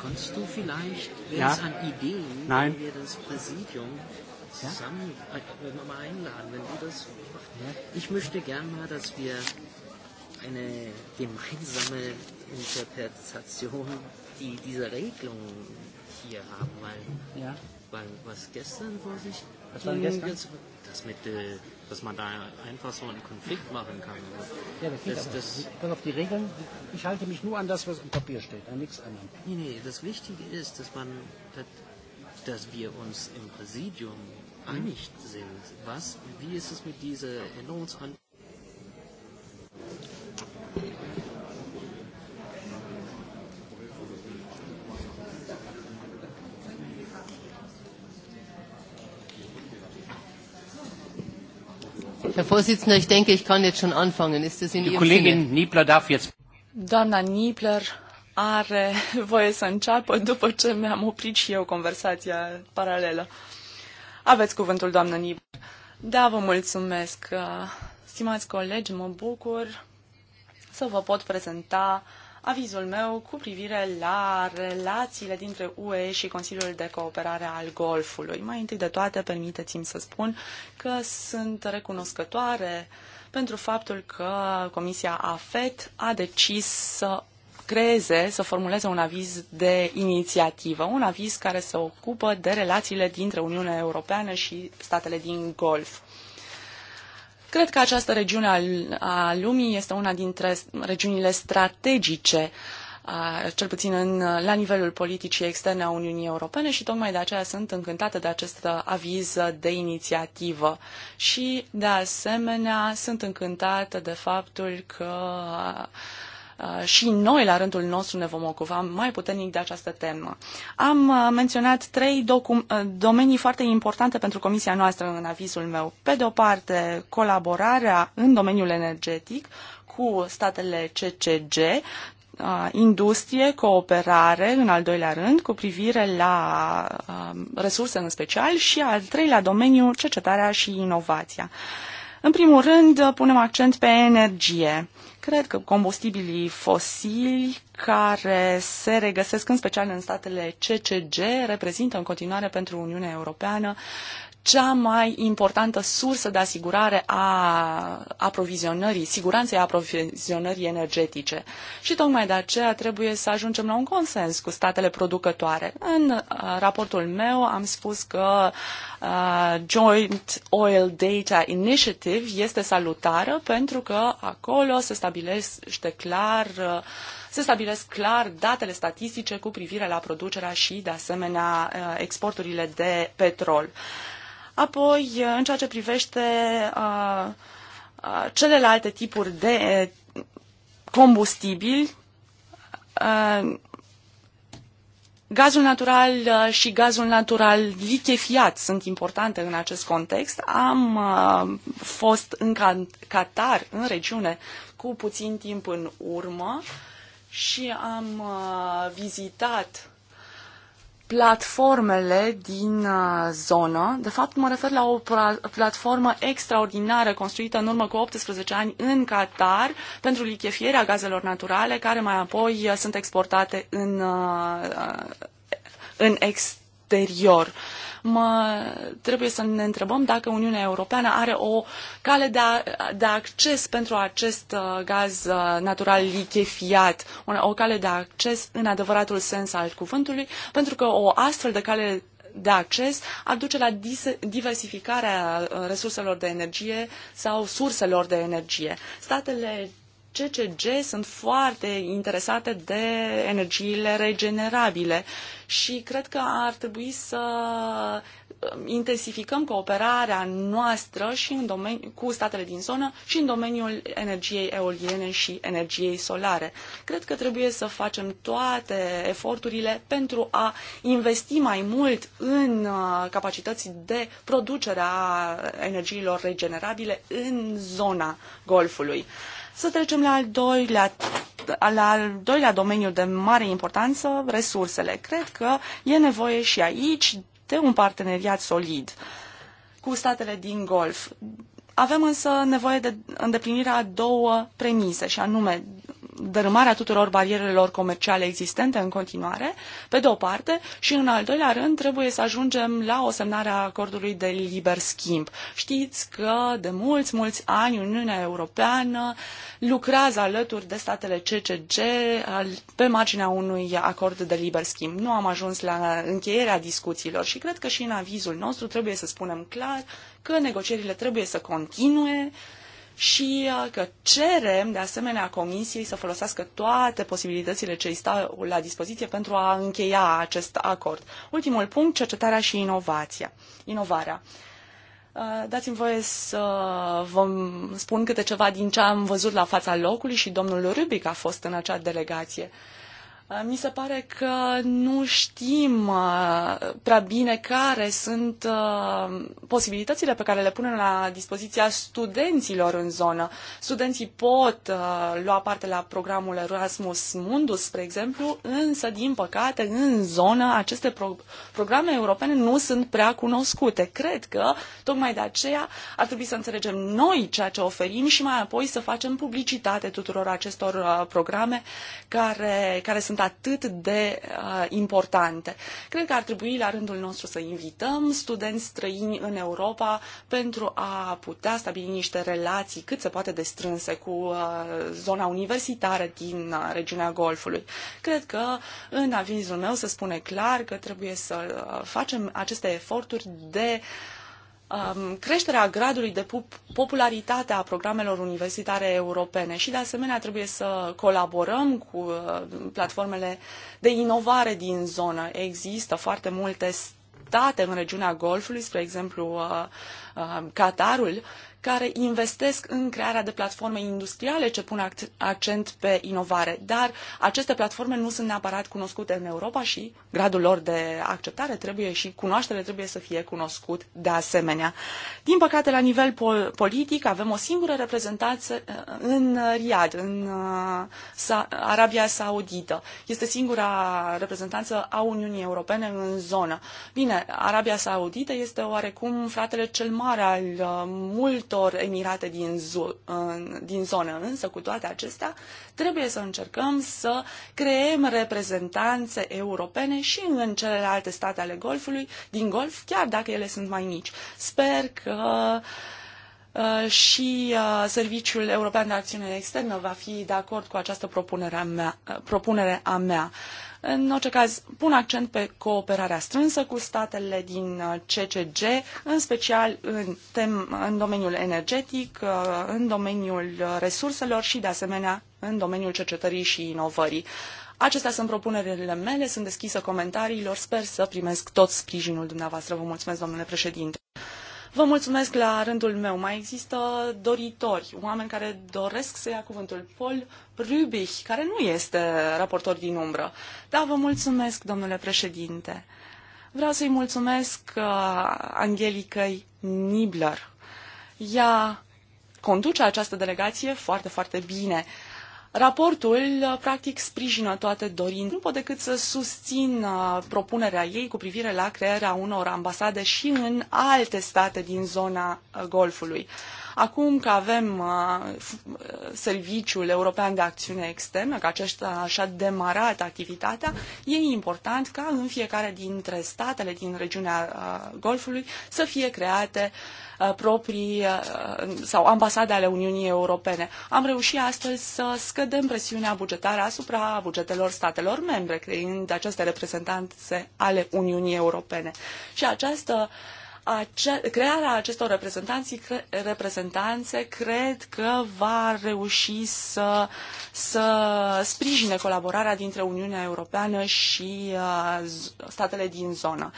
Konntest du vielleicht, wenn ja? es an Ideen, Nein. wenn wir das Präsidium zusammen ja? äh, nochmal einladen, wenn du das machst. Ja? Ich möchte gern mal, dass wir eine gemeinsame Interpretation die, dieser Regelung hier haben, weil, ja? weil was gestern vor sich Was war denn gestern? Jetzt, das mit, äh, dass man da einfach so einen Konflikt machen kann. Ja, das geht das, aber. Das Pass auf die Regeln. Ich halte mich nur an das, was im Papier steht, an nichts anderem. Nee, nee, das Wichtige ist, dass man, dass wir uns im Präsidium hm? einig sind. Was, wie ist es mit dieser Änderungsantrag? Herr Vorsitzender, ich denke, ich kann jetzt schon anfangen. Ist das in Die Ihrem Kollegin Sinne? Niebler darf jetzt. Doamna Niebler are voie să înceapă după ce mi-am oprit și eu conversația paralelă. Aveți cuvântul, doamnă Niebler. Da, vă mulțumesc. Stimați colegi, mă bucur să vă pot prezenta uh, avizul meu cu privire la relațiile dintre UE și Consiliul de Cooperare al Golfului. Mai întâi de toate, permiteți-mi să spun că sunt recunoscătoare pentru faptul că Comisia AFET a decis să creeze, să formuleze un aviz de inițiativă, un aviz care se ocupă de relațiile dintre Uniunea Europeană și statele din Golf. Cred că această regiune a lumii este una dintre regiunile strategice cel puțin în, la nivelul politicii externe a Uniunii Europene și tocmai de aceea sunt încântată de acest aviz de inițiativă. Și, de asemenea, sunt încântată de faptul că Uh, și noi, la rândul nostru, ne vom ocupa mai puternic de această temă. Am uh, menționat trei uh, domenii foarte importante pentru comisia noastră în avizul meu. Pe de o parte, colaborarea în domeniul energetic cu statele CCG, industrie, cooperare, în al doilea rând, cu privire la resurse în special și al treilea domeniu, cercetarea și inovația. În primul rând, punem accent pe energie cred că combustibilii fosili care se regăsesc în special în statele CCG reprezintă în continuare pentru Uniunea Europeană uh, cea mai importantă sursă de asigurare a aprovizionării, siguranței aprovizionării energetice. Și tocmai de aceea trebuie să ajungem la un consens cu statele producătoare. În uh, raportul meu am spus că uh, Joint Oil Data Initiative este salutară pentru că acolo se stabilește clar uh, se stabilesc clar datele statistice cu privire la producerea și, de asemenea, exporturile de petrol. Apoi, în ceea ce privește uh, uh, celelalte tipuri de uh, combustibili, Gazul natural și gazul natural lichefiat sunt importante în acest context. Am fost în Qatar, în regiune, cu puțin timp în urmă și am vizitat platformele din uh, zonă. De fapt, mă refer la o platformă extraordinară construită în urmă cu 18 ani în Qatar pentru lichefierea gazelor naturale, care mai apoi uh, sunt exportate în, uh, în exterior exterior. Mă, trebuie să ne întrebăm dacă Uniunea Europeană are o cale de, a, de acces pentru acest uh, gaz uh, natural lichefiat, o cale de acces în adevăratul sens al cuvântului, pentru că o astfel de cale de acces ar duce la diversificarea uh, resurselor de energie sau surselor de energie. Statele CCG sunt foarte interesate de energiile regenerabile și cred că ar trebui să intensificăm cooperarea noastră și în domeniu cu statele din zonă și în domeniul energiei eoliene și energiei solare. Cred că trebuie să facem toate eforturile pentru a investi mai mult în uh, capacități de producere a energiilor regenerabile în zona Golfului. Să trecem la al doilea la al doilea domeniu de mare importanță, resursele. Cred că e nevoie și aici de un parteneriat solid cu statele din Golf. Avem însă nevoie de îndeplinirea a două premise, și anume dărâmarea tuturor barierelor comerciale existente în continuare, pe de o parte, și în al doilea rând trebuie să ajungem la o semnare a acordului de liber schimb. Știți că de mulți, mulți ani Uniunea Europeană lucrează alături de statele CCG pe marginea unui acord de liber schimb. Nu am ajuns la încheierea discuțiilor și cred că și în avizul nostru trebuie să spunem clar că negocierile trebuie să continue, și uh, că cerem de asemenea Comisiei să folosească toate posibilitățile ce îi stau la dispoziție pentru a încheia acest acord. Ultimul punct, cercetarea și inovația. inovarea. Uh, dați-mi voie să vă spun câte ceva din ce am văzut la fața locului și domnul Rubic a fost în acea delegație. Uh, mi se pare că nu știm uh, prea bine care sunt uh, posibilitățile pe care le punem la dispoziția studenților în zonă. Studenții pot lua parte la programul Erasmus Mundus, spre exemplu, însă, din păcate, în zonă aceste pro- programe europene nu sunt prea cunoscute. Cred că, tocmai de aceea, ar trebui să înțelegem noi ceea ce oferim și mai apoi să facem publicitate tuturor acestor programe care, care sunt sunt atât de uh, importante. Cred că ar trebui la rândul nostru să invităm studenți străini în Europa pentru a putea stabili niște relații cât se poate de strânse cu uh, zona universitară din uh, regiunea Golfului. Cred că în avizul meu se spune clar că trebuie să uh, facem aceste eforturi de uh, Um, creșterea gradului de popularitate a programelor universitare europene și, de asemenea, trebuie să colaborăm cu uh, platformele de inovare din zonă. Există foarte multe state în regiunea Golfului, spre exemplu uh, uh, Qatarul, care investesc în crearea de platforme industriale ce pun accent pe inovare, dar aceste platforme nu sunt neapărat cunoscute în Europa și gradul lor de acceptare trebuie și cunoaștere trebuie să fie cunoscut de asemenea. Din păcate, la nivel pol- politic avem o singură reprezentanță uh, în Riad, în uh, Arabia Saudită. Este singura reprezentanță a Uniunii Europene în zonă. Bine, Arabia Saudită este oarecum fratele cel mare al uh, multor viitor emirate din, din zonă. Însă, cu toate acestea, trebuie să încercăm să creăm reprezentanțe europene și în celelalte state ale Golfului, din Golf, chiar dacă ele sunt mai mici. Sper că uh, și uh, Serviciul European de Acțiune Externă va fi de acord cu această propunere a mea. Uh, propunere a mea. În orice caz, pun accent pe cooperarea strânsă cu statele din uh, CCG, în special în, tem- în domeniul energetic, uh, în domeniul uh, resurselor și, de asemenea, în domeniul cercetării și inovării. Acestea sunt propunerile mele, sunt deschisă comentariilor, sper să primesc tot sprijinul dumneavoastră. Vă mulțumesc, domnule președinte. Vă mulțumesc la rândul meu. Mai există doritori, oameni care doresc să ia cuvântul. Paul Rübich, care nu este raportor din umbră. Da, vă mulțumesc, domnule președinte. Vreau să-i mulțumesc uh, Angelicăi Nibler. Ea conduce această delegație foarte, foarte bine. Uh, Raportul, uh, practic, sprijină toate dorințele. Nu pot decât să susțin uh, propunerea ei cu privire la crearea unor ambasade și în alte state din zona uh, Golfului. Acum că avem uh, uh, Serviciul European de Acțiune Externă, că acesta așa demarat activitatea, e important ca în fiecare dintre statele din regiunea uh, Golfului să fie create proprii sau ambasade ale Uniunii Europene. Am reușit astfel să scădem presiunea bugetară asupra bugetelor statelor membre, creând aceste reprezentanțe ale Uniunii Europene. Și această uh, Ace- crearea acestor reprezentanții, cre- reprezentanțe cred că va reuși să, să sprijine colaborarea dintre Uniunea Europeană și uh, statele din zonă.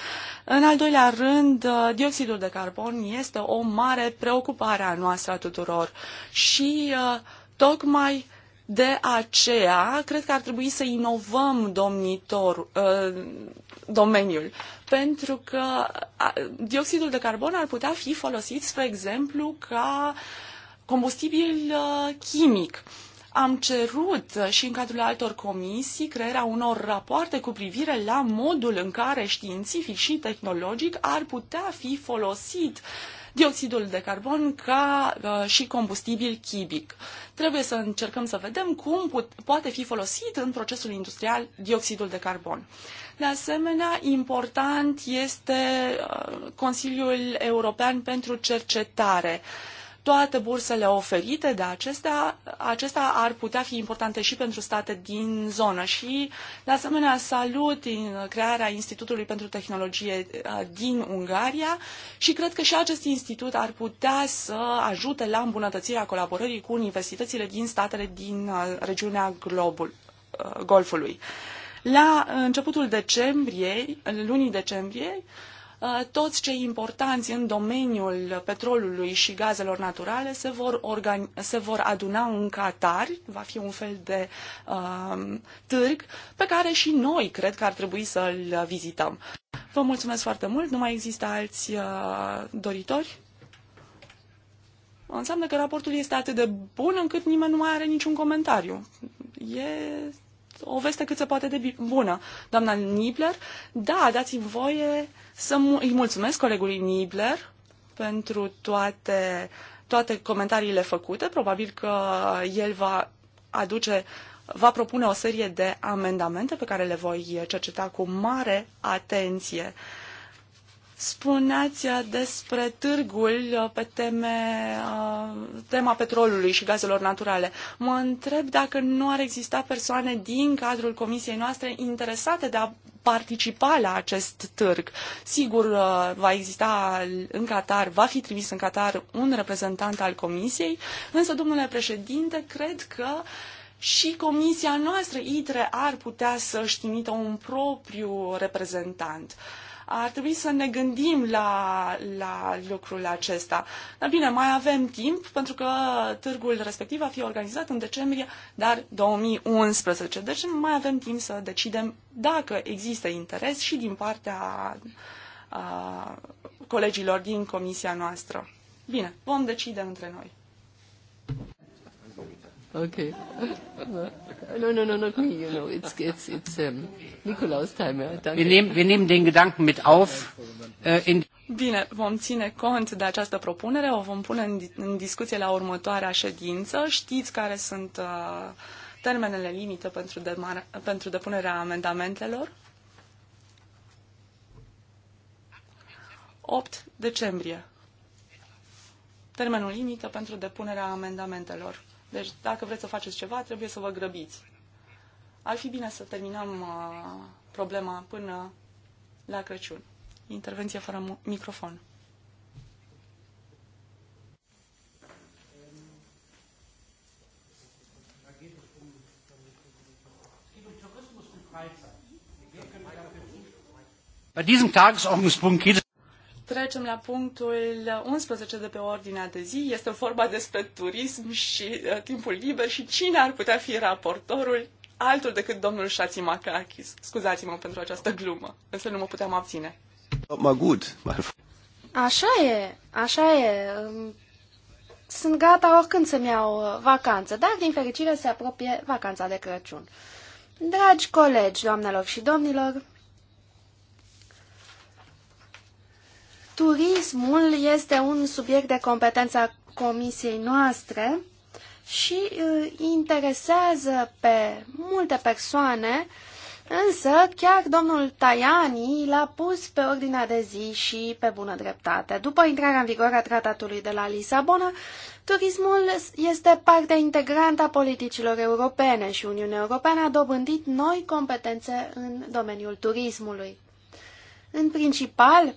În al doilea rând, uh, dioxidul de carbon este o mare preocupare a noastră a tuturor și uh, tocmai uh, de aceea, cred că ar trebui să inovăm domnitor, uh, domeniul, pentru că uh, dioxidul de carbon ar putea fi folosit, spre exemplu, ca combustibil uh, chimic am cerut și în cadrul altor comisii crearea unor rapoarte cu privire la modul în care științific și tehnologic ar putea fi folosit dioxidul de carbon ca uh, și combustibil chimic trebuie să încercăm să vedem cum put, poate fi folosit în procesul industrial dioxidul de carbon. De asemenea, important este uh, Consiliul European pentru Cercetare. Uh, toate bursele oferite de acestea, acestea ar putea fi importante și pentru state din zonă și, de asemenea, salut în crearea Institutului pentru Tehnologie uh, din Ungaria și cred că și acest institut ar putea să ajute la îmbunătățirea colaborării cu universitățile din statele din uh, regiunea globul, uh, Golfului. La începutul decembrie, lunii decembrie, Uh, toți cei importanți în domeniul petrolului și gazelor naturale se vor, organi- se vor aduna în Qatar, va fi un fel de uh, târg pe care și noi cred că ar trebui să-l vizităm. Vă mulțumesc foarte mult, nu mai există alți uh, doritori? Înseamnă că raportul este atât de bun încât nimeni nu mai are niciun comentariu. E o veste cât se poate de bună. Doamna Nibler, da, dați-mi voie să îi mulțumesc colegului Nibler pentru toate, toate comentariile făcute. Probabil că el va aduce va propune o serie de amendamente pe care le voi cerceta cu mare atenție. Spuneați uh, despre târgul uh, pe teme, uh, tema petrolului și gazelor naturale. Mă întreb dacă nu ar exista persoane din cadrul comisiei noastre interesate de a participa la acest târg. Sigur, va exista în Qatar, va fi trimis în Qatar un reprezentant al comisiei, însă, domnule președinte, cred că și comisia noastră, ITRE, ar putea să-și trimită un propriu reprezentant. Uh, ar trebui să ne gândim la, la lucrul acesta. Dar bine, mai avem timp pentru că târgul respectiv va fi organizat în decembrie, dar 2011. Deci mai avem timp să decidem dacă există interes și din partea a, colegilor din comisia noastră. Bine, vom decide între noi. Okay. No, no, no, not me, you know. It's, it's, it's um, Nikolaus time, yeah? Danke. Wir nehmen, wir nehmen den Gedanken mit auf. Uh, in Bine, vom ține cont de această propunere, o vom pune în, în discuție la următoarea ședință. Știți care sunt uh, termenele limită pentru, demar, pentru depunerea amendamentelor? 8 decembrie. Termenul limită pentru depunerea amendamentelor. Deci, dacă vreți să faceți ceva, trebuie să vă grăbiți. Ar fi bine să terminăm uh, problema până la Crăciun. Intervenție fără microfon. Bei diesem Tagesordnungspunkt geht es Trecem la punctul 11 de pe ordinea de zi. Este vorba despre turism și uh, timpul liber și cine ar putea fi raportorul altul decât domnul Makakis. Scuzați-mă pentru această glumă, însă nu mă puteam abține. Mă Așa e, așa e. Sunt gata oricând să-mi iau uh, vacanță, dar din fericire se apropie vacanța de Crăciun. Dragi colegi, doamnelor și domnilor, Turismul este un subiect de competență a comisiei noastre și interesează pe multe persoane, însă chiar domnul Tajani l-a pus pe ordinea de zi și pe bună dreptate. După intrarea în vigoare a tratatului de la Lisabona, turismul este parte integrantă a politicilor europene și Uniunea Europeană a dobândit noi competențe în domeniul turismului. În principal,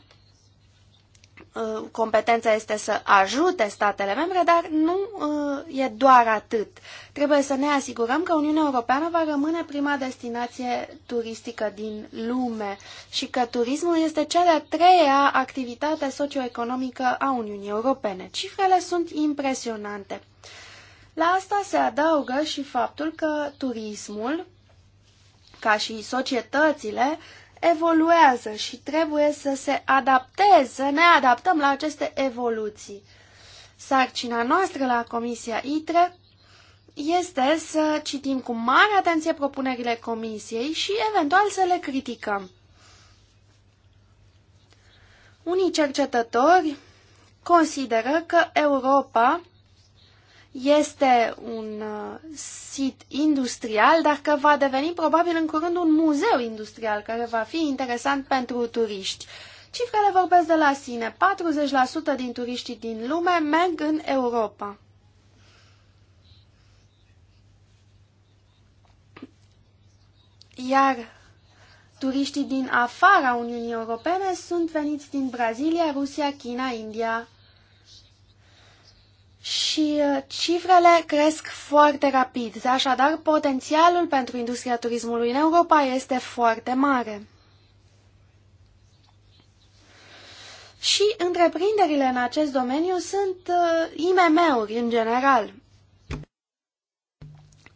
Uh, competența este să ajute statele membre, dar nu uh, e doar atât. Trebuie să ne asigurăm că Uniunea Europeană va rămâne prima destinație turistică din lume și că turismul este cea de-a treia activitate socioeconomică a Uniunii Europene. Cifrele sunt impresionante. La asta se adaugă și faptul că turismul, ca și societățile, uh, evoluează și trebuie să se adapteze, să ne adaptăm la aceste evoluții. Sarcina noastră la Comisia ITRE este să citim cu mare atenție propunerile Comisiei și eventual să le criticăm. Unii cercetători consideră că Europa este un uh, sit industrial, dar că va deveni probabil în curând un muzeu industrial care va fi interesant pentru turiști. Cifrele vorbesc de la sine. 40% din turiștii din lume merg în Europa. Iar turiștii din afara Uniunii Europene sunt veniți din Brazilia, Rusia, China, India și uh, cifrele cresc foarte rapid, așadar potențialul pentru industria turismului în Europa este foarte mare. Și întreprinderile în acest domeniu sunt uh, IMM-uri în general,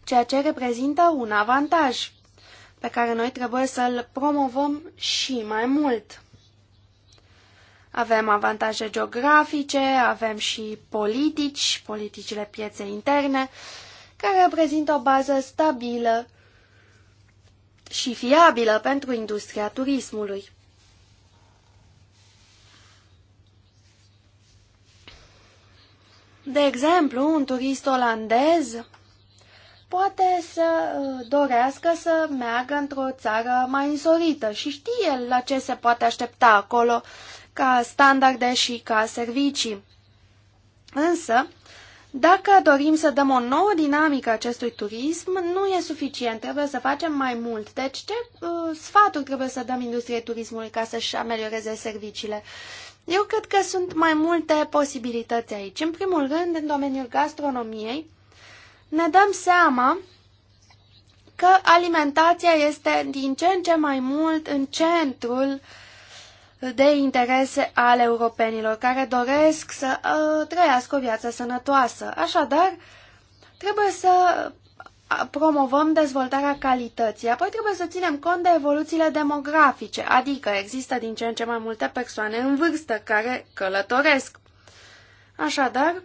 ceea ce reprezintă un avantaj pe care noi trebuie să-l promovăm și mai mult. Avem avantaje geografice, avem și politici, politicile pieței interne, care reprezintă o bază stabilă și fiabilă pentru industria turismului. De exemplu, un turist olandez poate să uh, dorească să meargă într-o țară mai însorită și știe la ce se poate aștepta acolo ca standarde și ca servicii. Însă, dacă dorim să dăm o nouă dinamică acestui turism, nu e suficient, trebuie să facem mai mult. Deci, ce uh, sfaturi trebuie să dăm industriei turismului ca să-și amelioreze serviciile? Eu cred că sunt mai multe posibilități aici. În primul rând, în domeniul gastronomiei, ne dăm seama că alimentația este din ce în ce mai mult în centrul uh, de interese ale europenilor care doresc să uh, trăiască o viață sănătoasă. Așadar, trebuie să promovăm dezvoltarea calității, apoi trebuie să ținem cont de evoluțiile demografice, adică există din ce în ce mai multe persoane în vârstă care călătoresc. Așadar,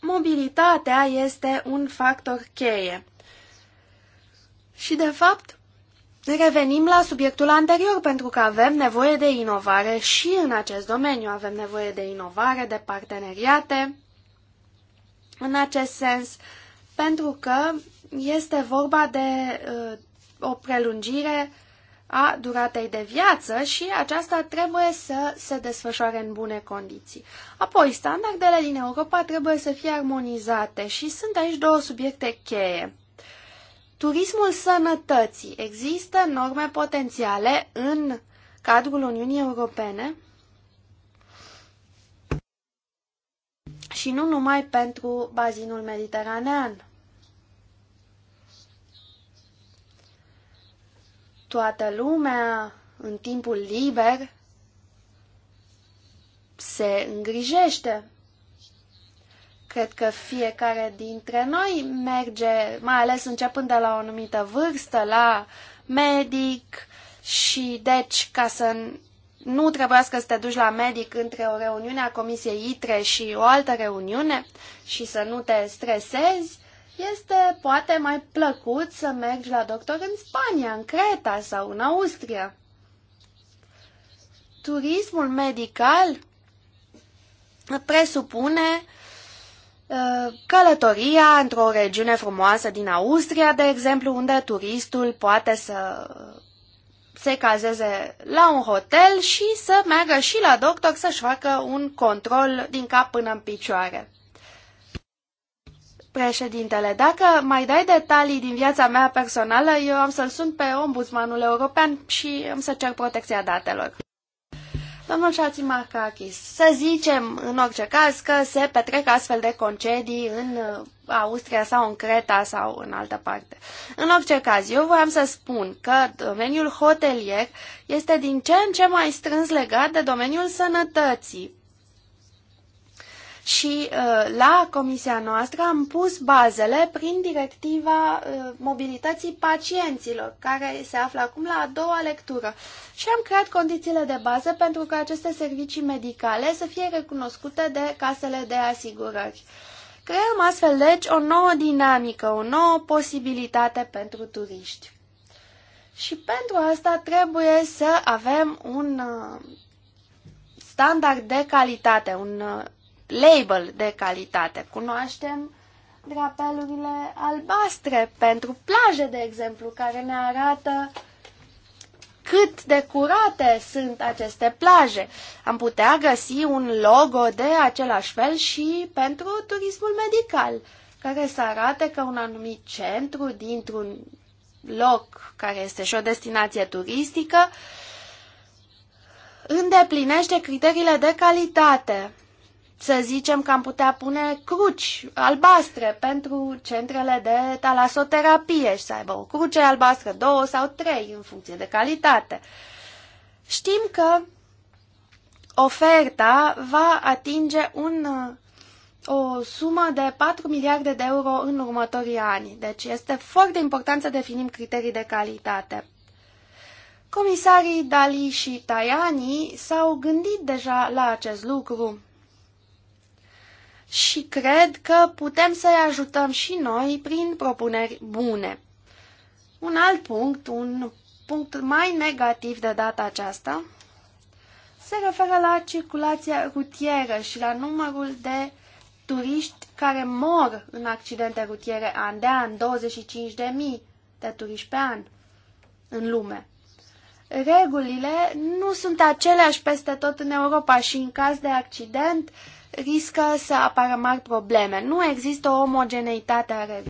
mobilitatea este un factor cheie. Și, de fapt, Revenim la subiectul anterior, pentru că avem nevoie de inovare și în acest domeniu. Avem nevoie de inovare, de parteneriate în acest sens, pentru că este vorba de uh, o prelungire a duratei de viață și aceasta trebuie să se desfășoare în bune condiții. Apoi, standardele din Europa trebuie să fie armonizate și sunt aici două subiecte cheie. Turismul sănătății. Există norme potențiale în cadrul Uniunii Europene și nu numai pentru bazinul mediteranean. Toată lumea, în timpul liber, se îngrijește Cred că fiecare dintre noi merge, mai ales începând de la o anumită vârstă, la medic și deci ca să nu trebuiască să te duci la medic între o reuniune a Comisiei ITRE și o altă reuniune și să nu te stresezi, este poate mai plăcut să mergi la doctor în Spania, în Creta sau în Austria. Turismul medical presupune Uh, călătoria într-o regiune frumoasă din Austria, de exemplu, unde turistul poate să se cazeze la un hotel și să meargă și la doctor să-și facă un control din cap până în picioare. Președintele, dacă mai dai detalii din viața mea personală, eu am să-l sun pe ombudsmanul european și am să cer protecția datelor. Domnul Șațimacachis, să zicem în orice caz că se petrec astfel de concedii în uh, Austria sau în Creta sau în altă parte. În orice caz, eu voiam să spun că domeniul hotelier este din ce în ce mai strâns legat de domeniul sănătății și uh, la comisia noastră am pus bazele prin directiva uh, mobilității pacienților, care se află acum la a doua lectură. Și am creat condițiile de bază pentru că aceste servicii medicale să fie recunoscute de casele de asigurări. Creăm astfel, deci, o nouă dinamică, o nouă posibilitate pentru turiști. Și pentru asta trebuie să avem un uh, standard de calitate, un label de calitate. Cunoaștem drapelurile albastre pentru plaje, de exemplu, care ne arată cât de curate sunt aceste plaje. Am putea găsi un logo de același fel și pentru turismul medical, care să arate că un anumit centru dintr-un loc care este și o destinație turistică îndeplinește criteriile de calitate să zicem că am putea pune cruci albastre pentru centrele de talasoterapie și să aibă o cruce albastră, două sau trei, în funcție de calitate. Știm că oferta va atinge un, o sumă de 4 miliarde de euro în următorii ani. Deci este foarte important să definim criterii de calitate. Comisarii Dali și Tajani s-au gândit deja la acest lucru și cred că putem să-i ajutăm și noi prin propuneri bune. Un alt punct, un punct mai negativ de data aceasta, se referă la circulația rutieră și la numărul de turiști care mor în accidente rutiere an de an, 25.000 de turiști pe an în lume. Regulile nu sunt aceleași peste tot în Europa și în caz de accident, uh, riscă să apară mari probleme. Nu există o omogeneitate a regulilor.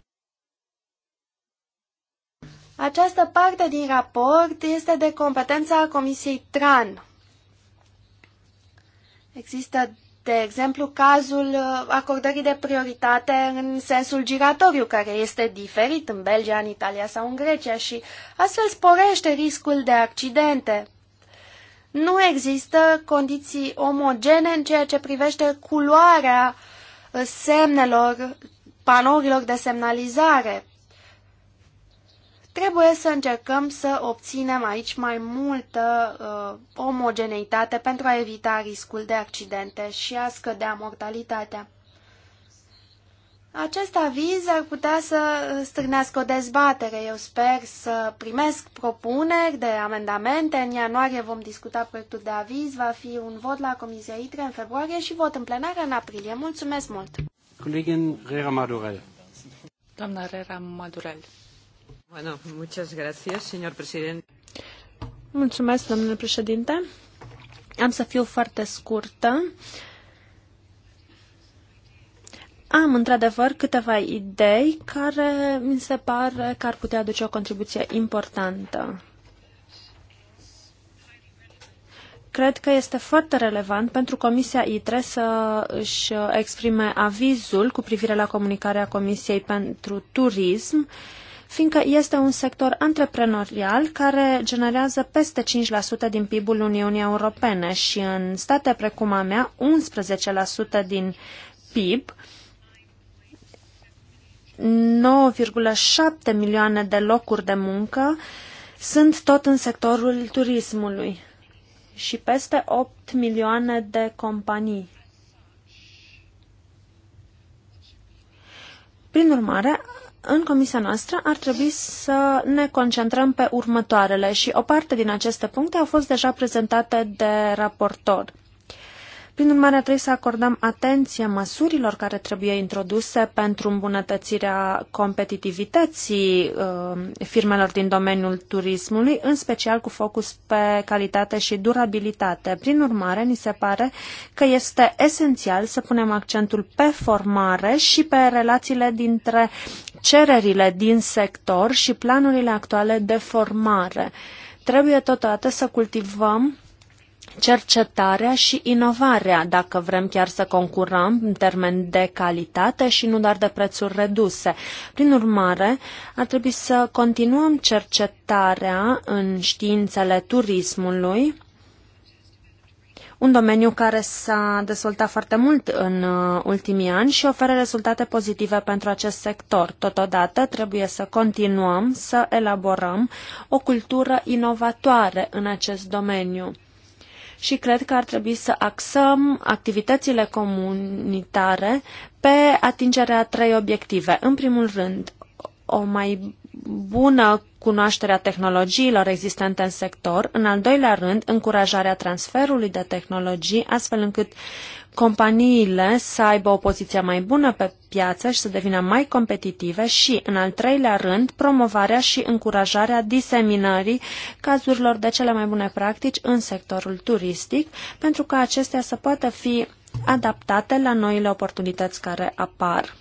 Această parte din raport este de competența Comisiei TRAN. Există, de exemplu, cazul acordării de prioritate în sensul giratoriu, care este diferit în Belgia, în Italia sau în Grecia și astfel sporește riscul de accidente nu există condiții omogene în ceea ce privește culoarea uh, semnelor, panourilor de semnalizare. Trebuie să încercăm să obținem aici mai multă uh, omogeneitate pentru a evita riscul de accidente și a scădea mortalitatea. Acest aviz ar putea să strânească o dezbatere. Eu sper să primesc propuneri de amendamente. În ianuarie vom discuta proiectul de aviz, va fi un vot la Comisia ITRE în februarie și vot în plenară în aprilie. Mulțumesc mult! Colegin Rera Madurel. Doamna Rera Madurel. Bueno, muchas gracias, señor presidente. Mulțumesc, domnule președinte. Am să fiu foarte scurtă. Uh, am într-adevăr câteva idei care mi se pare că ar putea aduce o contribuție importantă. Cred că este foarte relevant pentru Comisia ITRE să își exprime avizul cu privire la comunicarea Comisiei pentru Turism, fiindcă este un sector antreprenorial care generează peste 5% din PIB-ul Uniunii Europene și în state precum a mea, 11% din PIB, 9,7 milioane de locuri de muncă sunt tot în sectorul turismului și peste 8 milioane de companii. Prin urmare, în comisia noastră ar trebui să ne concentrăm pe următoarele și o parte din aceste puncte au fost deja prezentate de raportor. Prin urmare, trebuie să acordăm atenție măsurilor care trebuie introduse pentru îmbunătățirea competitivității uh, firmelor din domeniul turismului, în special cu focus pe calitate și durabilitate. Prin urmare, ni se pare că este esențial să punem accentul pe formare și pe relațiile dintre cererile din sector și planurile actuale de formare. Trebuie totodată să cultivăm cercetarea și inovarea, dacă vrem chiar să concurăm în termen de calitate și nu doar de prețuri reduse. Prin urmare, ar trebui să continuăm cercetarea în științele turismului, un domeniu care s-a dezvoltat foarte mult în uh, ultimii ani și oferă rezultate pozitive pentru acest sector. Totodată trebuie să continuăm să elaborăm o cultură inovatoare în acest domeniu și cred că ar trebui să axăm activitățile comunitare pe atingerea trei obiective. În primul rând, o mai bună cunoașterea tehnologiilor existente în sector, în al doilea rând, încurajarea transferului de tehnologii, astfel încât companiile să aibă o poziție mai bună pe piață și să devină mai competitive și, în al treilea rând, promovarea și încurajarea diseminării cazurilor de cele mai bune practici în sectorul turistic, pentru ca acestea să poată fi adaptate la noile oportunități care apar.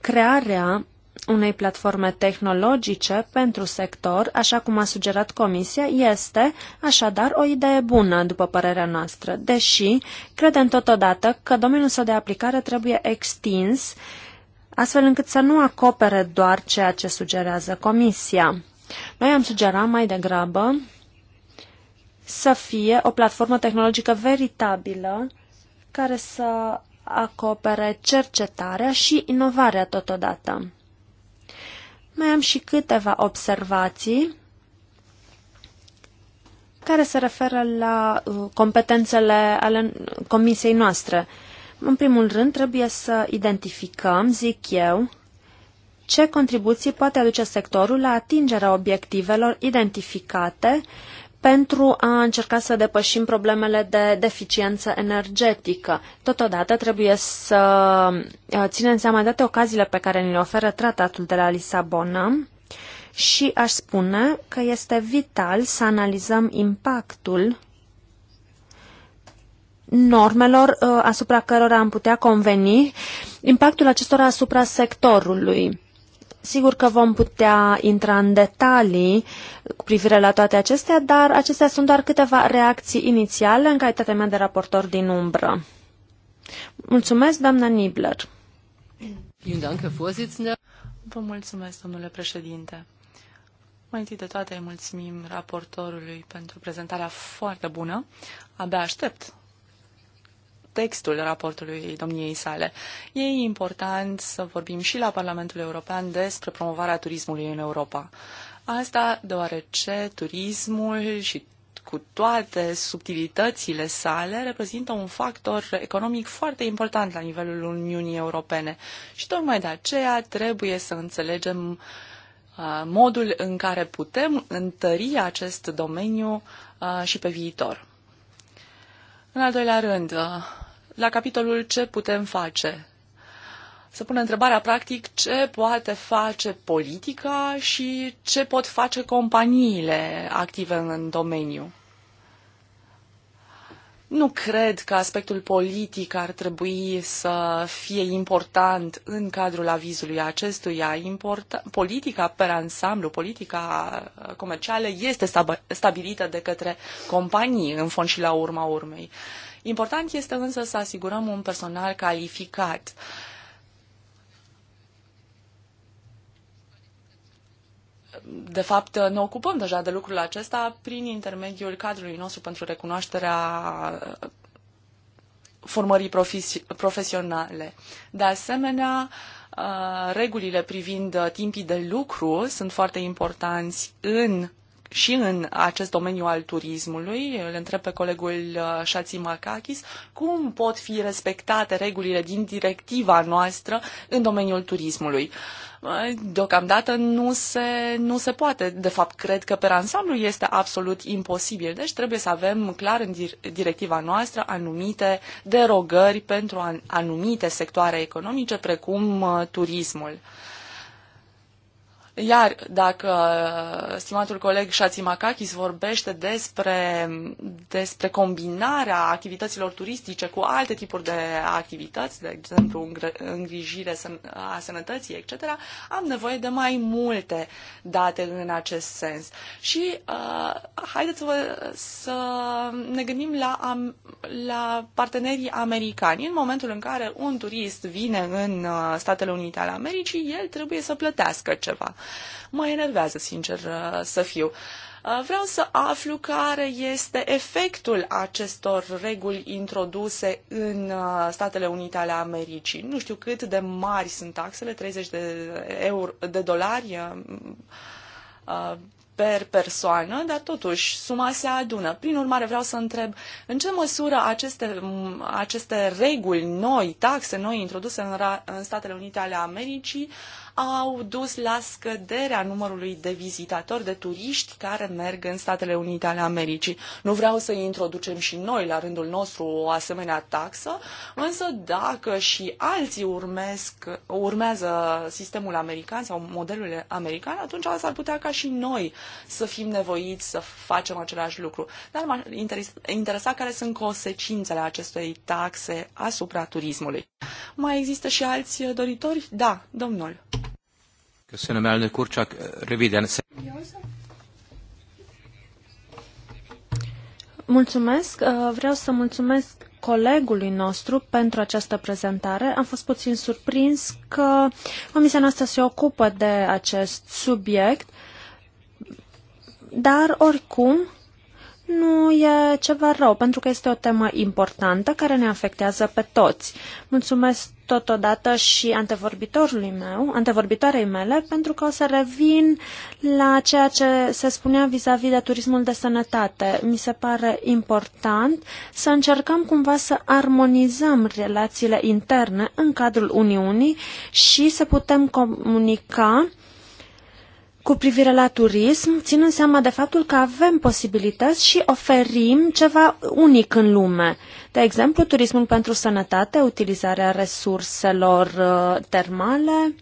Crearea unei platforme tehnologice pentru sector, așa cum a sugerat Comisia, este așadar o idee bună, după părerea noastră, deși credem totodată că domeniul său de aplicare trebuie extins, astfel încât să nu acopere doar ceea ce sugerează Comisia. Noi am sugerat mai degrabă să fie o platformă tehnologică veritabilă care să acopere cercetarea și inovarea totodată. Mai am și câteva observații care se referă la uh, competențele ale comisiei noastre. În primul rând, trebuie să identificăm, zic eu, ce contribuții poate aduce sectorul la atingerea obiectivelor identificate pentru a încerca să depășim problemele de deficiență energetică. Totodată trebuie să uh, ținem seama de toate ocaziile pe care ni le oferă tratatul de la Lisabona și aș spune că este vital să analizăm impactul normelor uh, asupra cărora am putea conveni, impactul acestora asupra sectorului Sigur că vom putea intra în detalii cu privire la toate acestea, dar acestea sunt doar câteva reacții inițiale în calitatea mea de raportor din umbră. Mulțumesc, doamna Nibler. Vă mulțumesc, domnule președinte. Mai întâi de toate îi mulțumim raportorului pentru prezentarea foarte bună. Abia aștept textul raportului domniei sale. E important să vorbim și la Parlamentul European despre promovarea turismului în Europa. Asta deoarece turismul și cu toate subtilitățile sale, reprezintă un factor economic foarte important la nivelul Uniunii Europene. Și tocmai de aceea trebuie să înțelegem uh, modul în care putem întări acest domeniu uh, și pe viitor. În al doilea rând, uh, la capitolul ce putem face, să pun întrebarea practic ce poate face politica și ce pot face companiile active în domeniu. Nu cred că aspectul politic ar trebui să fie important în cadrul avizului acestuia. Import- politica per ansamblu, politica comercială este stab- stabilită de către companii în fond și la urma urmei. Important este însă să asigurăm un personal calificat. Uh, de fapt, ne ocupăm deja de lucrul acesta prin intermediul cadrului nostru pentru recunoașterea formării profesionale. De asemenea, uh, regulile privind timpii de lucru sunt foarte importanți în și în acest domeniu al turismului. Îl întreb pe colegul Șații uh, Makakis, cum pot fi respectate regulile din directiva noastră în domeniul turismului. Uh, Deocamdată nu se, nu se poate. De fapt, cred că pe ansamblu este absolut imposibil. Deci trebuie să avem clar în directiva noastră anumite derogări pentru anumite sectoare economice, precum uh, turismul. Iar dacă uh, stimatul coleg Makakis vorbește despre, despre combinarea activităților turistice cu alte tipuri de activități, de exemplu îngrijire a sănătății, etc., am nevoie de mai multe date în acest sens. Și uh, haideți să, vă, să ne gândim la, am, la partenerii americani. În momentul în care un turist vine în uh, Statele Unite ale Americii, el trebuie să plătească ceva mă enervează, sincer uh, să fiu. Uh, vreau să aflu care este efectul acestor reguli introduse în uh, Statele Unite ale Americii. Nu știu cât de mari sunt taxele, 30 de, euro, de dolari per persoană, dar totuși suma se adună. Prin urmare, vreau să întreb în ce măsură aceste, aceste reguli noi, taxe noi introduse în, în Statele Unite ale Americii au dus la scăderea numărului de vizitatori, de turiști care merg în Statele Unite ale Americii. Nu vreau să introducem și noi la rândul nostru o asemenea taxă, însă dacă și alții urmesc, urmează sistemul american sau modelul american, atunci s-ar putea ca și noi să fim nevoiți să facem același lucru. Dar m a interesat care sunt consecințele acestei taxe asupra turismului. Mai există și alți doritori? Da, domnul. Köszönöm, elnök úr, csak eh, Mulțumesc. Eh, vreau să mulțumesc colegului nostru pentru această prezentare. Am fost puțin surprins că comisia noastră se ocupă de acest subiect. Dar, oricum, nu e ceva rău, pentru că este o temă importantă care ne afectează pe toți. Mulțumesc totodată și antevorbitorului meu, antevorbitoarei mele, pentru că o să revin la ceea ce se spunea vis-a-vis -vis de turismul de sănătate. Mi se pare important să încercăm cumva să armonizăm relațiile interne în cadrul Uniunii și să putem comunica cu privire la turism, ținând seama de faptul că avem posibilități și oferim ceva unic în lume. De exemplu, turismul pentru sănătate, utilizarea resurselor uh, termale,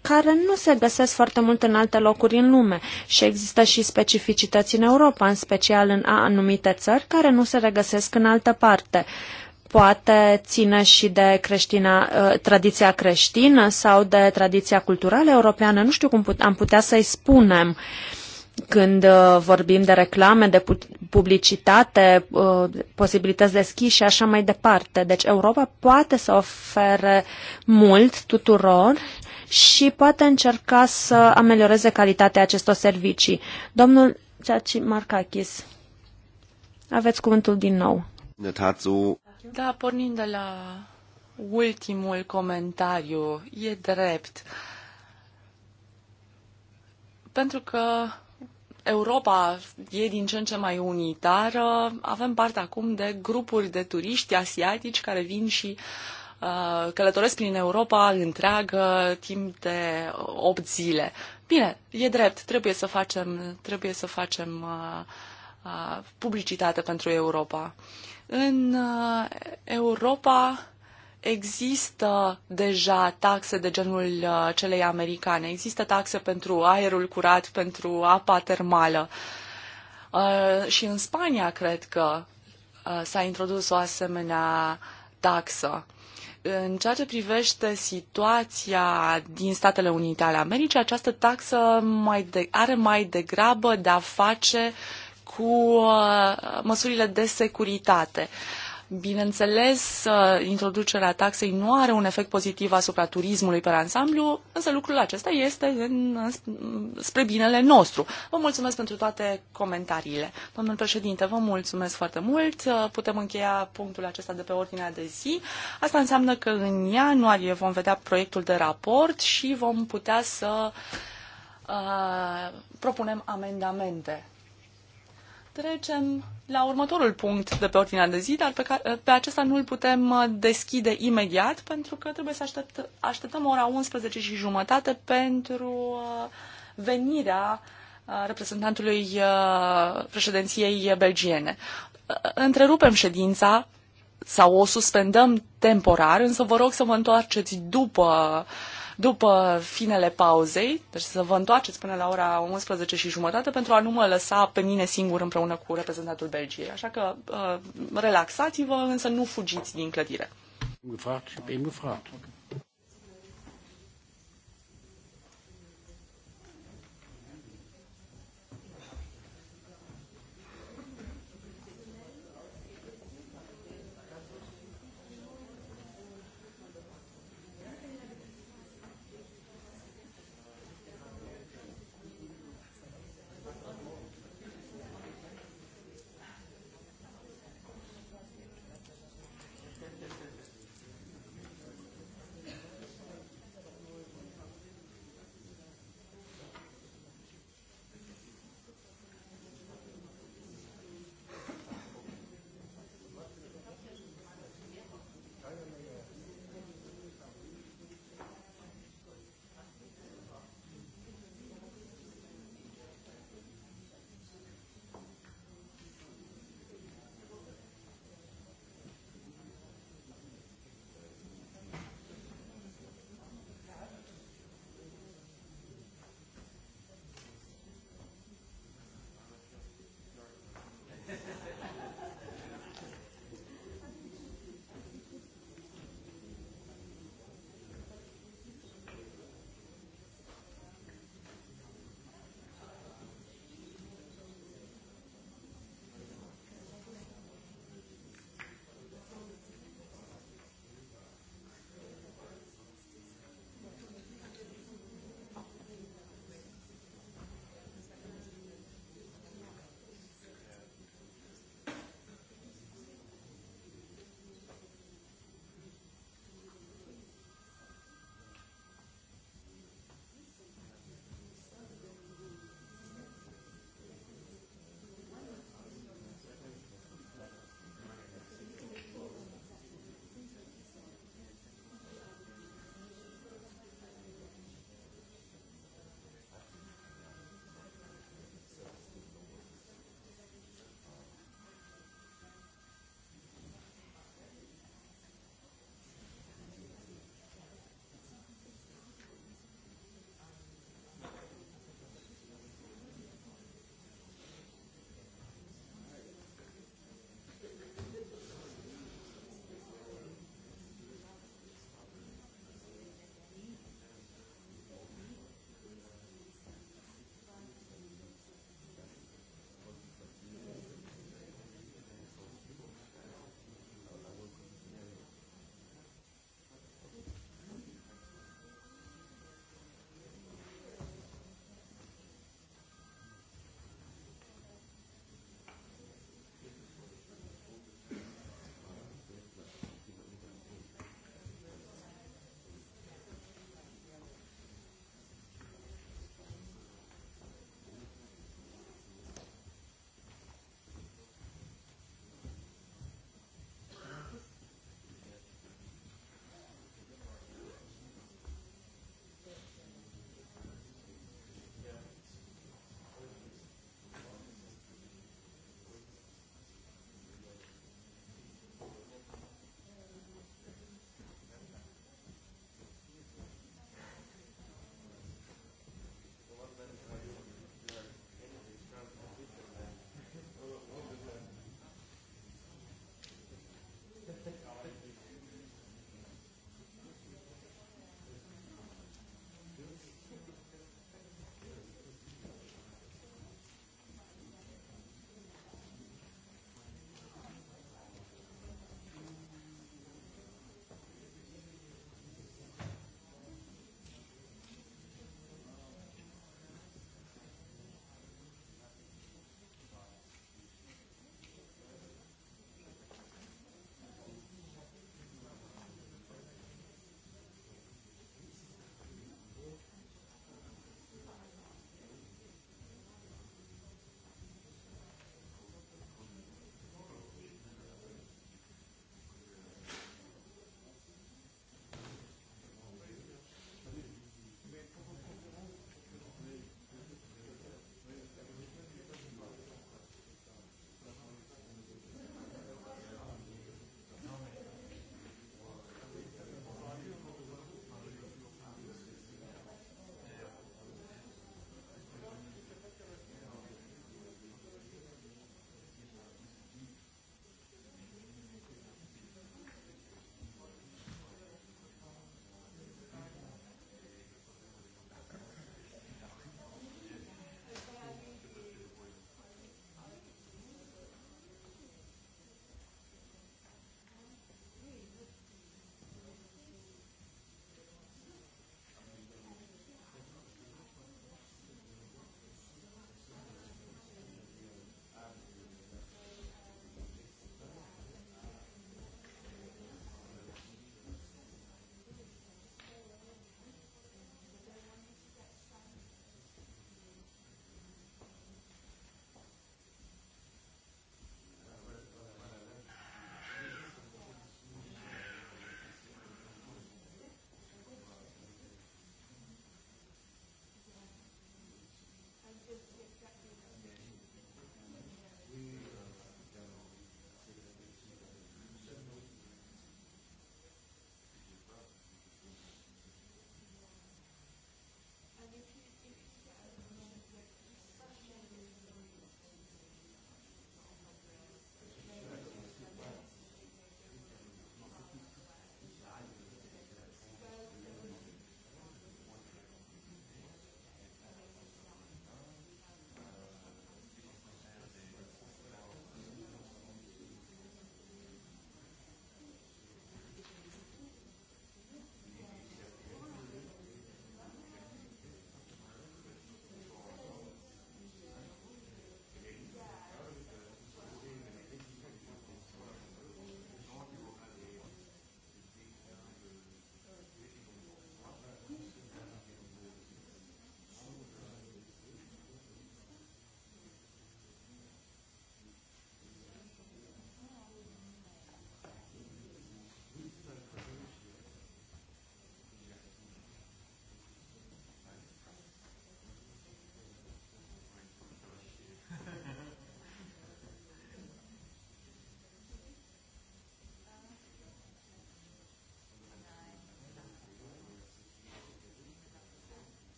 care nu se găsesc foarte mult în alte locuri în lume și există și specificități în Europa, în special în anumite țări care nu se regăsesc în altă parte. Uh, poate ține și de creștina, ă, tradiția creștină sau de tradiția culturală europeană. Nu știu cum am putea să-i spunem când ă, vorbim de reclame, de publicitate, ă, posibilități de schi și așa mai departe. Deci Europa poate să ofere mult tuturor și poate încerca să amelioreze calitatea acestor servicii. Domnul Ceaci Marcachis, aveți cuvântul din nou. Da, pornind de la ultimul comentariu, e drept. Pentru că Europa e din ce în ce mai unitară, avem parte acum de grupuri de turiști asiatici care vin și uh, călătoresc prin Europa întreagă timp de 8 zile. Bine, e drept, trebuie să facem, trebuie să facem uh, uh, publicitate pentru Europa. Uh, în uh, Europa există deja taxe de genul uh, celei americane. Există taxe pentru aerul curat, pentru apa termală. Uh, și în Spania, cred că, s-a introdus o asemenea taxă. În ceea ce privește situația din Statele Unite ale Americii, această taxă mai de, are mai degrabă de a face uh, cu uh, măsurile de securitate. Bineînțeles, uh, introducerea taxei nu are un efect pozitiv asupra turismului pe ansamblu, însă lucrul acesta este în, spre binele nostru. Vă mulțumesc pentru toate comentariile. Domnul președinte, vă mulțumesc foarte mult. Uh, putem încheia punctul acesta de pe ordinea de zi. Asta înseamnă că în ianuarie vom vedea proiectul de raport și vom putea să uh, propunem amendamente Trecem la următorul punct de pe ordinea de zi, dar pe, care, pe acesta nu îl putem uh, deschide imediat, pentru că trebuie să aștept, așteptăm ora 11 și jumătate pentru uh, venirea uh, reprezentantului președinției belgiene. Întrerupem ședința sau o suspendăm temporar, însă vă rog să vă întoarceți după uh, după finele pauzei, deci să vă întoarceți până la ora 11 și jumătate pentru a nu mă lăsa pe mine singur împreună cu reprezentantul Belgiei. Așa că uh, relaxați-vă, însă nu fugiți din clădire. Okay.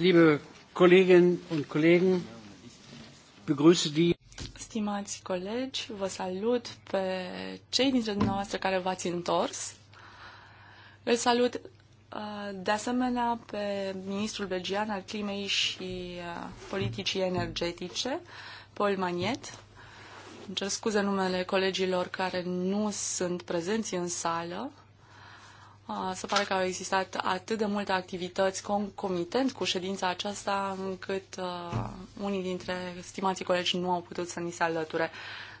Liebe Kolleginnen und Kollegen, begrüße die Stimați colegi, vă salut pe cei dintre dumneavoastră care v-ați întors. Îl salut uh, de asemenea pe ministrul belgian al climei și uh, politicii energetice, Paul Magnet. Îmi cer scuze numele colegilor care nu sunt prezenți în sală. Se pare că au existat atât de multe activități concomitent cu ședința aceasta încât uh, unii dintre stimații colegi nu au putut să ni se alăture.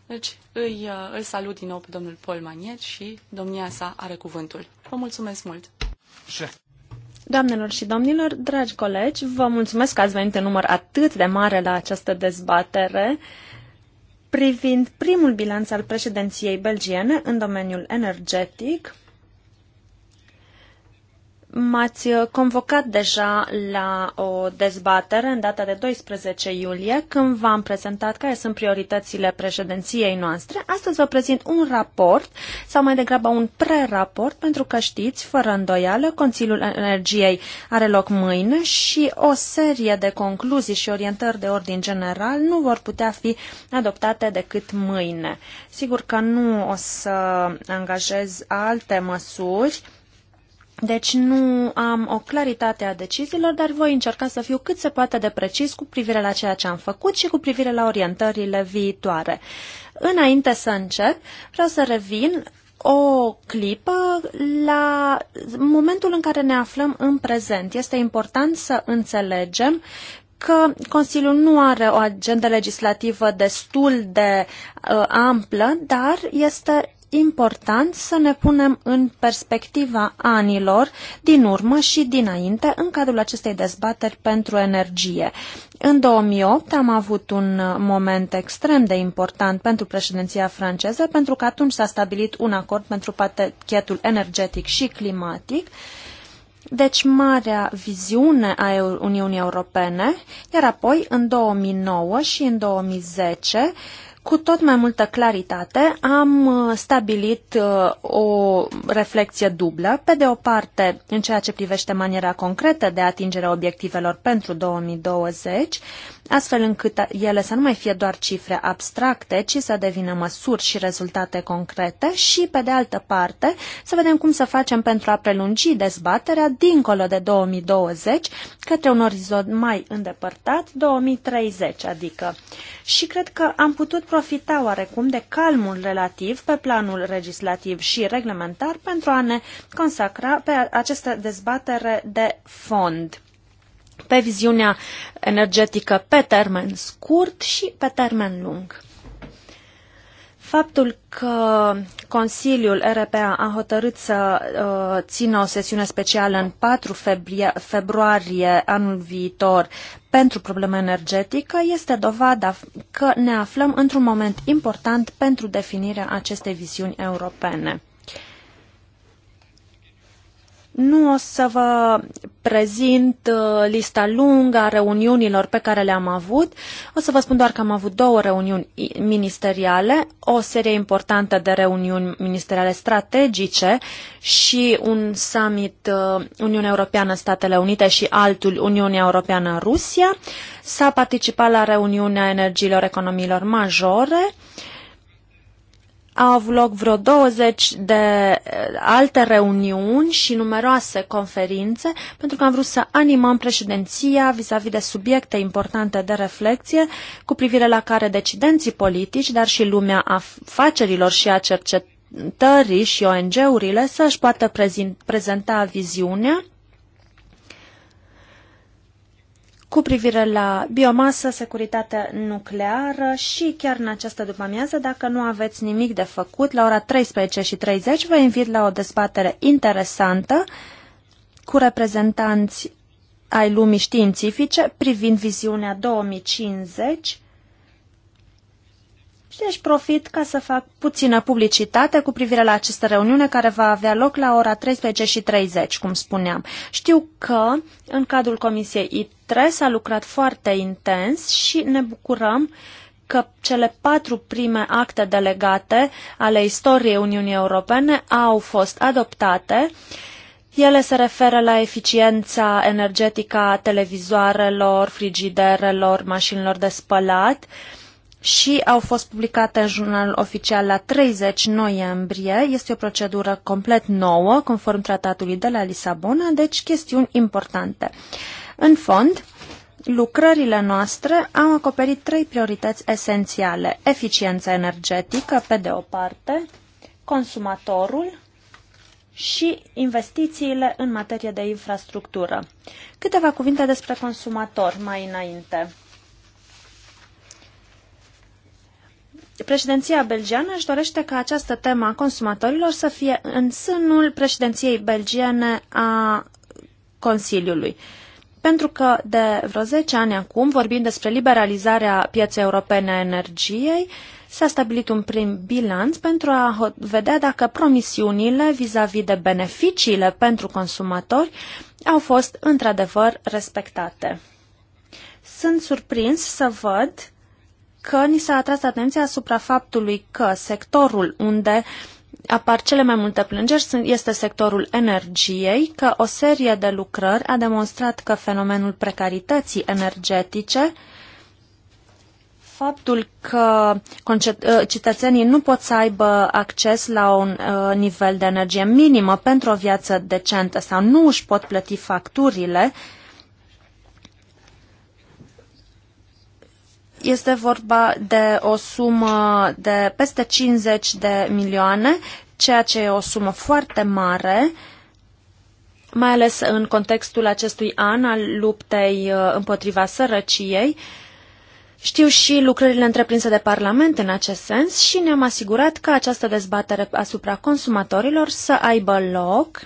Deci îi, uh, îl salut din nou pe domnul Paul Maniet și domnia sa are cuvântul. Vă mulțumesc mult! Doamnelor și domnilor, dragi colegi, vă mulțumesc că ați venit în număr atât de mare la această dezbatere privind primul bilanț al președinției belgiene în domeniul energetic – m-ați uh, convocat deja la o dezbatere în data de 12 iulie, când v-am prezentat care sunt prioritățile președinției noastre. Astăzi vă prezint un raport, sau mai degrabă un preraport, pentru că știți, fără îndoială, Consiliul Energiei are loc mâine și o serie de concluzii și orientări de ordin general nu vor putea fi adoptate decât mâine. Sigur că nu o să angajez alte măsuri, deci nu am o claritate a deciziilor, dar voi încerca să fiu cât se poate de precis cu privire la ceea ce am făcut și cu privire la orientările viitoare. Înainte să încep, vreau să revin o clipă la momentul în care ne aflăm în prezent. Este important să înțelegem că Consiliul nu are o agendă legislativă destul de uh, amplă, dar este important să ne punem în perspectiva anilor din urmă și dinainte în cadrul acestei dezbateri pentru energie. În 2008 am avut un uh, moment extrem de important pentru președinția franceză, pentru că atunci s-a stabilit un acord pentru pachetul energetic și climatic, deci marea viziune a Uniunii Europene, iar apoi în 2009 și în 2010 cu tot mai multă claritate am uh, stabilit uh, o reflexie dublă, pe de o parte în ceea ce privește maniera concretă de atingere a obiectivelor pentru 2020 astfel încât ele să nu mai fie doar cifre abstracte, ci să devină măsuri și rezultate concrete și, pe de altă parte, să vedem cum să facem pentru a prelungi dezbaterea dincolo de 2020 către un orizont mai îndepărtat, 2030 adică. Și cred că am putut profita oarecum de calmul relativ pe planul legislativ și reglementar pentru a ne consacra pe această dezbatere de fond pe viziunea energetică pe termen scurt și pe termen lung. Faptul că Consiliul RPA a hotărât să uh, țină o sesiune specială în 4 februarie, februarie anul viitor pentru probleme energetică este dovada că ne aflăm într-un moment important pentru definirea acestei viziuni europene. Nu o să vă prezint uh, lista lungă a reuniunilor pe care le-am avut. O să vă spun doar că am avut două reuniuni ministeriale, o serie importantă de reuniuni ministeriale strategice și un summit uh, Uniunea Europeană-Statele Unite și altul Uniunea Europeană-Rusia. S-a participat la reuniunea energiilor economiilor majore. Uh, au avut loc vreo 20 de eh, alte reuniuni și numeroase conferințe pentru că am vrut să animăm președinția vis-a-vis -vis de subiecte importante de reflexie cu privire la care decidenții politici, dar și lumea afacerilor și a cercetării și ONG-urile să-și poată prezenta viziunea cu privire la biomasă, securitatea nucleară și chiar în această după-amiază, dacă nu aveți nimic de făcut, la ora 13 și 30 vă invit la o dezbatere interesantă cu reprezentanți ai lumii științifice privind viziunea 2050 și își deci profit ca să fac puțină publicitate cu privire la această reuniune care va avea loc la ora 13.30, cum spuneam. Știu că în cadrul Comisiei ITRE s-a lucrat foarte intens și ne bucurăm că cele patru prime acte delegate ale istoriei Uniunii Europene au fost adoptate. Ele se referă la eficiența energetică a televizoarelor, frigiderelor, mașinilor de spălat, uh, și au fost publicate în jurnalul oficial la 30 noiembrie. Este o procedură complet nouă, conform tratatului de la Lisabona, deci chestiuni importante. În fond, lucrările noastre au acoperit trei priorități esențiale. Eficiența energetică, pe de o parte, consumatorul și investițiile în materie de infrastructură. Câteva cuvinte despre consumator mai înainte. Președinția belgiană își dorește ca această temă a consumatorilor să fie în sânul președinției belgiene a Consiliului. Pentru că de vreo 10 ani acum vorbim despre liberalizarea pieței europene a energiei, s-a stabilit un prim bilanț pentru a vedea dacă promisiunile vis-a-vis -vis de beneficiile pentru consumatori au fost într-adevăr respectate. Sunt surprins să văd că ni s-a atras atenția asupra faptului că sectorul unde apar cele mai multe plângeri este sectorul energiei, că o serie de lucrări a demonstrat că fenomenul precarității energetice faptul că ă, cetățenii nu pot să aibă acces la un ă, nivel de energie minimă pentru o viață decentă sau nu își pot plăti facturile, Este vorba de o sumă de peste 50 de milioane, ceea ce e o sumă foarte mare, mai ales în contextul acestui an al luptei uh, împotriva sărăciei. Știu și lucrările întreprinse de Parlament în acest sens și ne-am asigurat că această dezbatere asupra consumatorilor să aibă loc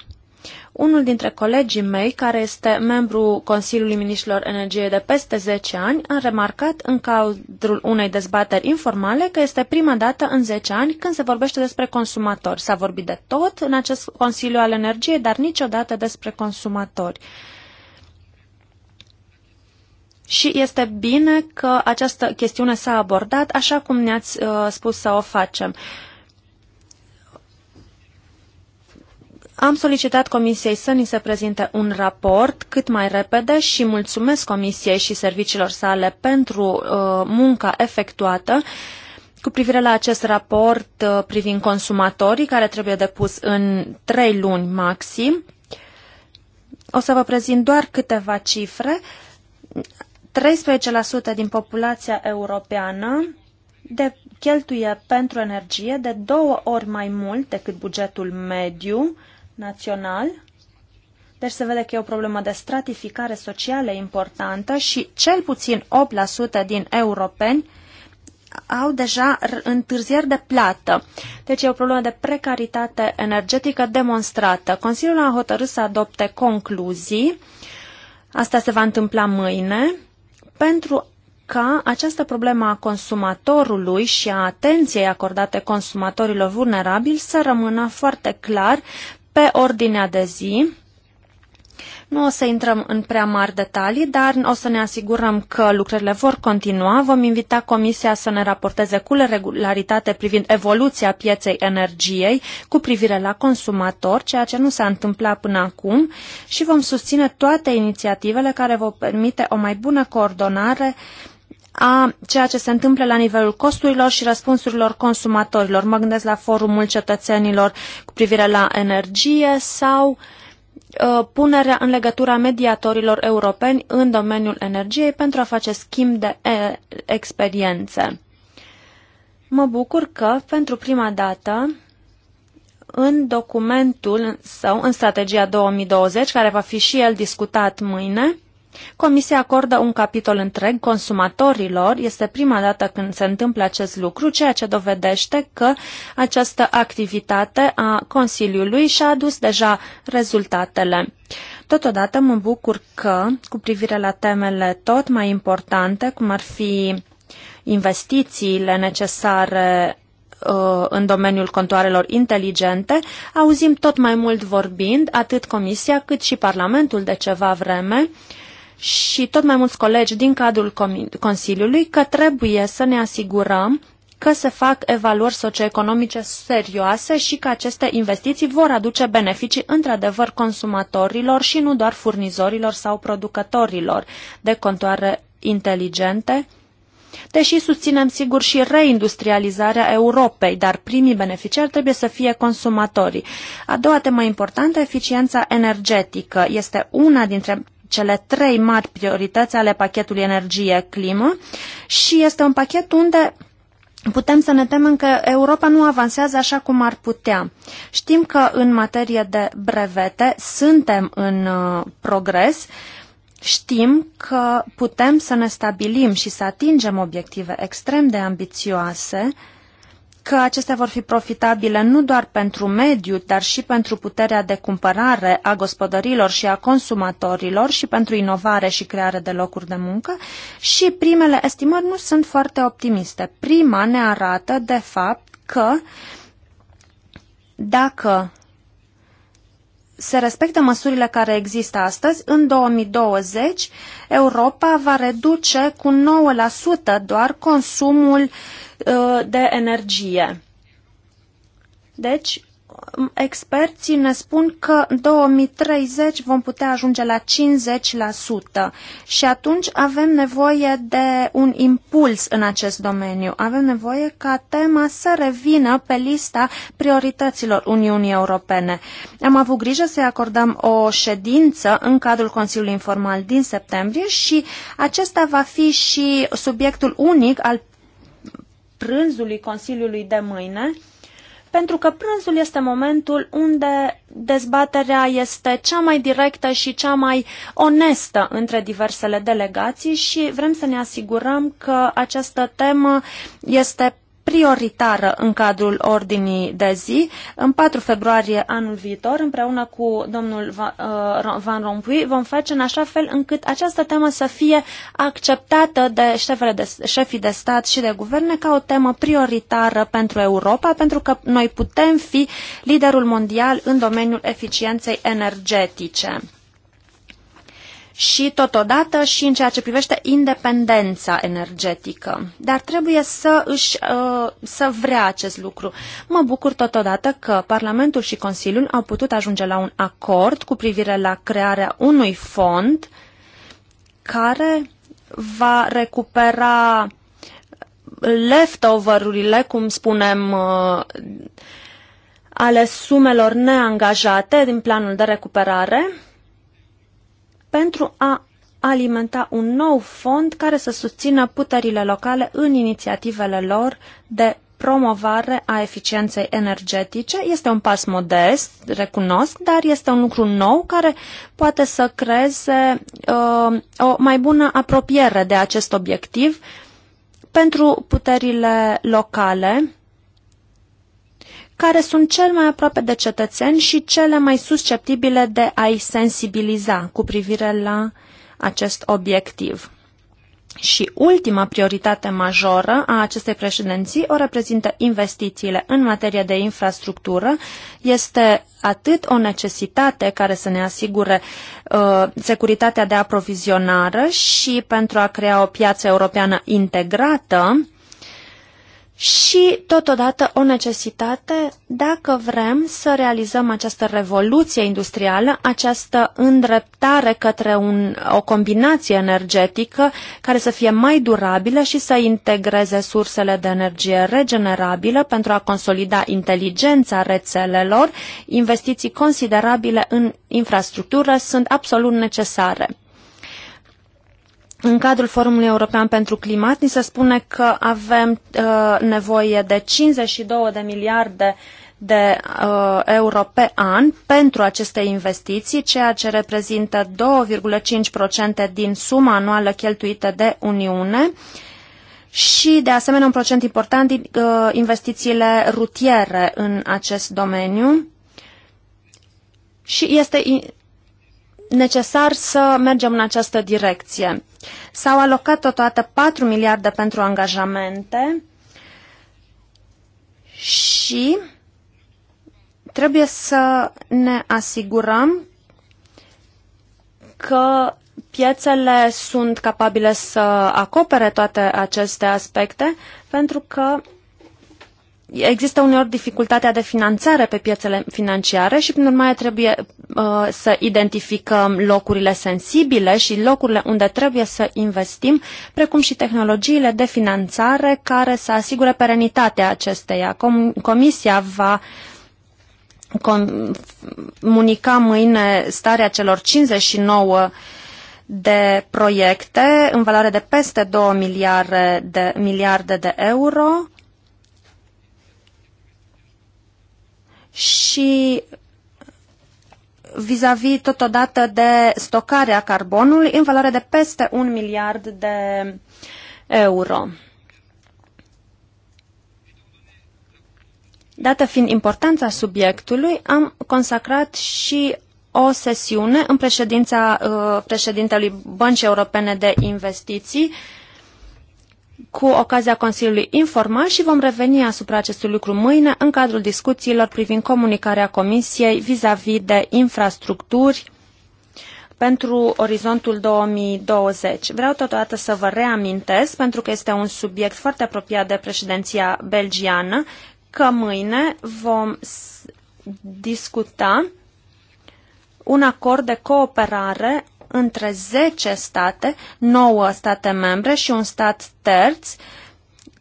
unul dintre colegii mei, care este membru Consiliului Ministrilor Energiei de peste 10 ani, a remarcat în cadrul unei dezbateri informale că este prima dată în 10 ani când se vorbește despre consumatori. S-a vorbit de tot în acest Consiliu al Energiei, dar niciodată despre consumatori. Și este bine că această chestiune s-a abordat așa cum ne-ați uh, spus să o facem. Uh, am solicitat Comisiei să ni se prezinte un raport cât mai repede și mulțumesc Comisiei și serviciilor sale pentru uh, munca efectuată cu privire la acest raport uh, privind consumatorii, care trebuie depus în trei luni maxim. O să vă prezint doar câteva cifre. 13% din populația europeană de cheltuie pentru energie de două ori mai mult decât bugetul mediu național. Deci se vede că e o problemă de stratificare socială importantă și cel puțin 8% din europeni au deja întârzieri de plată. Deci e o problemă de precaritate energetică demonstrată. Consiliul a hotărât să adopte concluzii, asta se va întâmpla mâine, pentru ca această problemă a consumatorului și a atenției acordate consumatorilor vulnerabili să rămână foarte clar pe ordinea de zi. Nu o să intrăm în prea mari detalii, dar o să ne asigurăm că lucrările vor continua. Vom invita Comisia să ne raporteze cu regularitate privind evoluția pieței energiei cu privire la consumator, ceea ce nu s-a întâmplat până acum, și vom susține toate inițiativele care vor permite o mai bună coordonare uh, a ceea ce se întâmplă la nivelul costurilor și răspunsurilor consumatorilor. Mă gândesc la forumul cetățenilor cu privire la energie sau ă, punerea în legătura mediatorilor europeni în domeniul energiei pentru a face schimb de experiențe. Mă bucur că, pentru prima dată, în documentul sau în strategia 2020, care va fi și el discutat mâine, Comisia acordă un capitol întreg consumatorilor. Este prima dată când se întâmplă acest lucru, ceea ce dovedește că această activitate a Consiliului și-a adus deja rezultatele. Totodată mă bucur că, cu privire la temele tot mai importante, cum ar fi investițiile necesare uh, în domeniul contoarelor inteligente, auzim tot mai mult vorbind, atât Comisia cât și Parlamentul de ceva vreme, uh, și tot mai mulți colegi din cadrul Consiliului că trebuie să ne asigurăm că se fac evaluări socioeconomice serioase și că aceste investiții vor aduce beneficii într-adevăr consumatorilor și nu doar furnizorilor sau producătorilor de contoare inteligente, deși susținem sigur și reindustrializarea Europei, dar primii beneficiari trebuie să fie consumatorii. A doua temă importantă, eficiența energetică, este una dintre cele trei mari priorități ale pachetului energie-climă și este un pachet unde putem să ne temem că Europa nu avansează așa cum ar putea. Știm că în materie de brevete suntem în uh, progres, Știm că putem să ne stabilim și să atingem obiective extrem de ambițioase că acestea vor fi profitabile nu doar pentru mediu, dar și pentru puterea de cumpărare a gospodărilor și a consumatorilor și pentru inovare și creare de locuri de muncă și primele estimări nu sunt foarte optimiste. Prima ne arată, de fapt, că dacă se respectă măsurile care există astăzi, în 2020 Europa va reduce cu 9% doar consumul uh, Uh, de energie. Deci, experții ne spun că în 2030 vom putea ajunge la 50% și atunci avem nevoie de un impuls în acest domeniu. Avem nevoie ca tema să revină pe lista priorităților Uniunii Europene. Am avut grijă să-i acordăm o ședință în cadrul Consiliului Informal din septembrie și acesta va fi și subiectul unic al prânzului Consiliului de mâine, pentru că prânzul este momentul unde dezbaterea este cea mai directă și cea mai onestă între diversele delegații și vrem să ne asigurăm că această temă este prioritară în cadrul ordinii de zi în 4 februarie anul viitor împreună cu domnul uh, Van Rompuy vom face în așa fel încât această temă să fie acceptată de, șefele de șefii de stat și de guverne ca o temă prioritară pentru Europa pentru că noi putem fi liderul mondial în domeniul eficienței energetice și totodată și în ceea ce privește independența energetică. Dar trebuie să, își, uh, să vrea acest lucru. Mă bucur totodată că Parlamentul și Consiliul au putut ajunge la un acord cu privire la crearea unui fond care va recupera leftover-urile, cum spunem, uh, ale sumelor neangajate din planul de recuperare pentru a alimenta un nou fond care să susțină puterile locale în inițiativele lor de promovare a eficienței energetice. Este un pas modest, recunosc, dar este un lucru nou care poate să creeze uh, o mai bună apropiere de acest obiectiv pentru puterile locale care sunt cel mai aproape de cetățeni și cele mai susceptibile de a-i sensibiliza cu privire la acest obiectiv. Și ultima prioritate majoră a acestei președinții o reprezintă investițiile în materie de infrastructură. Este atât o necesitate care să ne asigure uh, securitatea de aprovizionare și pentru a crea o piață europeană integrată, și, totodată, o necesitate dacă vrem să realizăm această revoluție industrială, această îndreptare către un, o combinație energetică care să fie mai durabilă și să integreze sursele de energie regenerabilă pentru a consolida inteligența rețelelor, investiții considerabile în infrastructură sunt absolut necesare. În cadrul Forumului European pentru Climat ni se spune că avem uh, nevoie de 52 de miliarde de uh, euro pe an pentru aceste investiții, ceea ce reprezintă 2,5% din suma anuală cheltuită de Uniune și, de asemenea, un procent important din uh, investițiile rutiere în acest domeniu. Și este necesar să mergem în această direcție. S-au alocat totodată 4 miliarde pentru angajamente și trebuie să ne asigurăm că piețele sunt capabile să acopere toate aceste aspecte, pentru că există uneori dificultatea de finanțare pe piețele financiare și, prin urmare, trebuie uh, să identificăm locurile sensibile și locurile unde trebuie să investim, precum și tehnologiile de finanțare care să asigure perenitatea acesteia. Com Comisia va comunica mâine starea celor 59 de proiecte în valoare de peste 2 miliarde de, miliarde de euro și vis-a-vis -vis, totodată de stocarea carbonului în valoare de peste un miliard de euro. Dată fiind importanța subiectului, am consacrat și o sesiune în președința uh, președintelui Băncii Europene de Investiții uh, cu ocazia Consiliului Informal și vom reveni asupra acestui lucru mâine în cadrul discuțiilor privind comunicarea Comisiei vis-a-vis -vis de infrastructuri pentru orizontul 2020. Vreau totodată să vă reamintesc, pentru că este un subiect foarte apropiat de președinția belgiană, că mâine vom discuta un acord de cooperare între 10 state, 9 state membre și un stat terț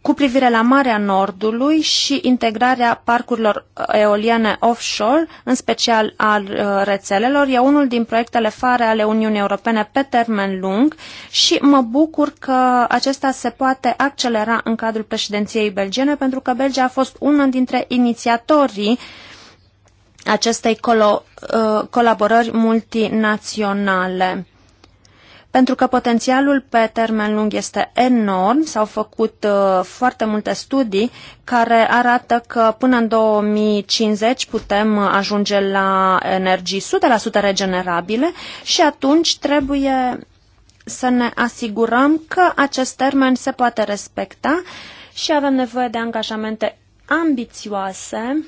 cu privire la Marea Nordului și integrarea parcurilor uh, eoliene offshore, în special al uh, rețelelor, e unul din proiectele fare ale Uniunii Europene pe termen lung și mă bucur că acesta se poate accelera în cadrul președinției belgiene, pentru că Belgia a fost unul dintre inițiatorii uh, acestei colo, uh, colaborări multinaționale. Pentru că potențialul pe termen lung este enorm, s-au făcut uh, foarte multe studii care arată că până în 2050 putem ajunge la energii 100% regenerabile și atunci trebuie să ne asigurăm că acest termen se poate respecta și avem nevoie de angajamente ambițioase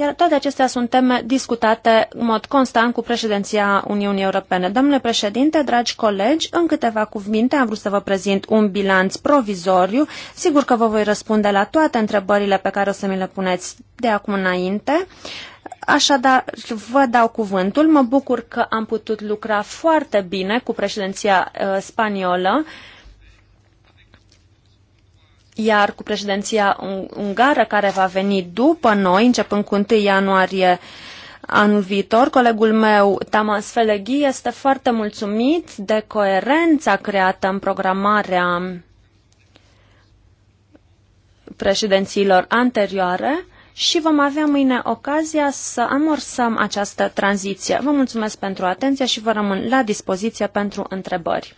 iar toate acestea sunt teme discutate în mod constant cu președinția Uniunii Europene. Domnule președinte, dragi colegi, în câteva cuvinte am vrut să vă prezint un bilanț provizoriu. Sigur că vă voi răspunde la toate întrebările pe care o să mi le puneți de acum înainte. Așadar, vă dau cuvântul. Mă bucur că am putut lucra foarte bine cu președinția uh, spaniolă. Uh, iar cu președinția ungară care va veni după noi, începând cu 1 ianuarie anul viitor, colegul meu Tamas Feleghi este foarte mulțumit de coerența creată în programarea președințiilor anterioare și vom avea mâine ocazia să amorsăm această tranziție. Vă mulțumesc pentru atenție și vă rămân la dispoziție pentru întrebări.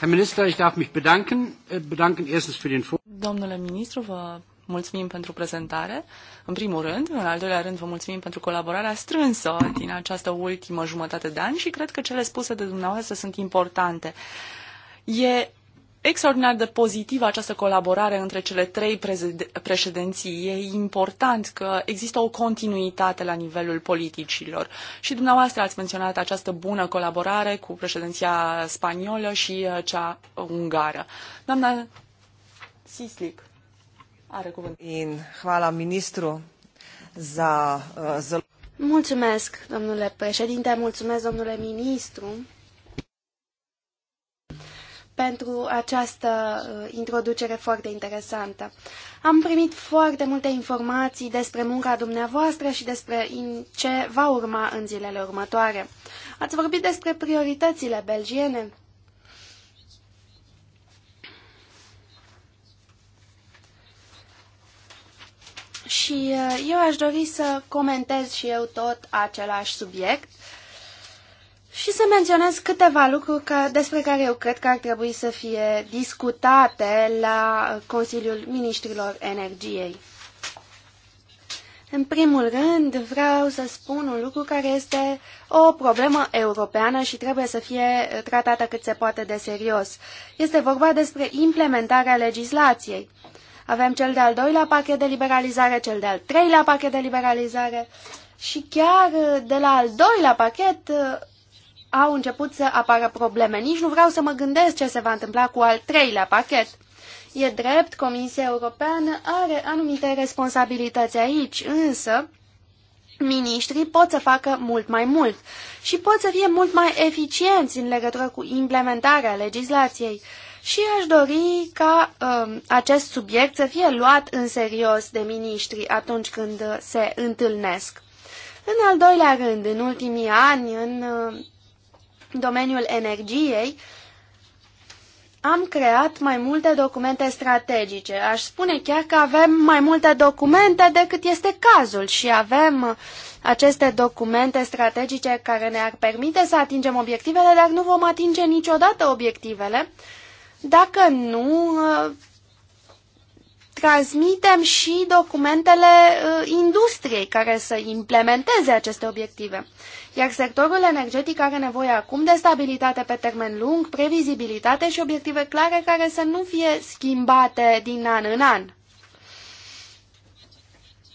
Herr Minister, ich darf mich bedanken. Äh, bedanken erstens für den Domnule ministru, vă mulțumim pentru prezentare. În primul rând, în al doilea rând, vă mulțumim pentru colaborarea strânsă din această ultimă jumătate de an și cred că cele spuse de dumneavoastră sunt importante. E extraordinar de pozitivă această colaborare între cele trei președinții. E important că există o continuitate la nivelul politicilor. Și dumneavoastră ați menționat această bună colaborare cu președinția spaniolă și uh, cea ungară. Doamna Sislic are cuvânt. În hvala ministru za, uh, za... Mulțumesc, domnule președinte, mulțumesc, domnule ministru pentru această uh, introducere foarte interesantă. Am primit foarte multe informații despre munca dumneavoastră și despre ce va urma în zilele următoare. Ați vorbit despre prioritățile belgiene. Și uh, eu aș dori să comentez și eu tot același subiect și să menționez câteva lucruri că, despre care eu cred că ar trebui să fie discutate la Consiliul Ministrilor Energiei. În primul rând, vreau să spun un lucru care este o problemă europeană și trebuie să fie tratată cât se poate de serios. Este vorba despre implementarea legislației. Avem cel de-al doilea pachet de liberalizare, cel de-al treilea pachet de liberalizare și chiar de la al doilea pachet au început să apară probleme. Nici nu vreau să mă gândesc ce se va întâmpla cu al treilea pachet. E drept, Comisia Europeană are anumite responsabilități aici, însă miniștrii pot să facă mult mai mult și pot să fie mult mai eficienți în legătură cu implementarea legislației. Și aș dori ca uh, acest subiect să fie luat în serios de miniștri atunci când se întâlnesc. În al doilea rând, în ultimii ani, în domeniul energiei, am creat mai multe documente strategice. Aș spune chiar că avem mai multe documente decât este cazul și avem aceste documente strategice care ne-ar permite să atingem obiectivele, dar nu vom atinge niciodată obiectivele dacă nu uh, transmitem și documentele uh, industriei care să implementeze aceste obiective iar sectorul energetic are nevoie acum de stabilitate pe termen lung, previzibilitate și obiective clare care să nu fie schimbate din an în an.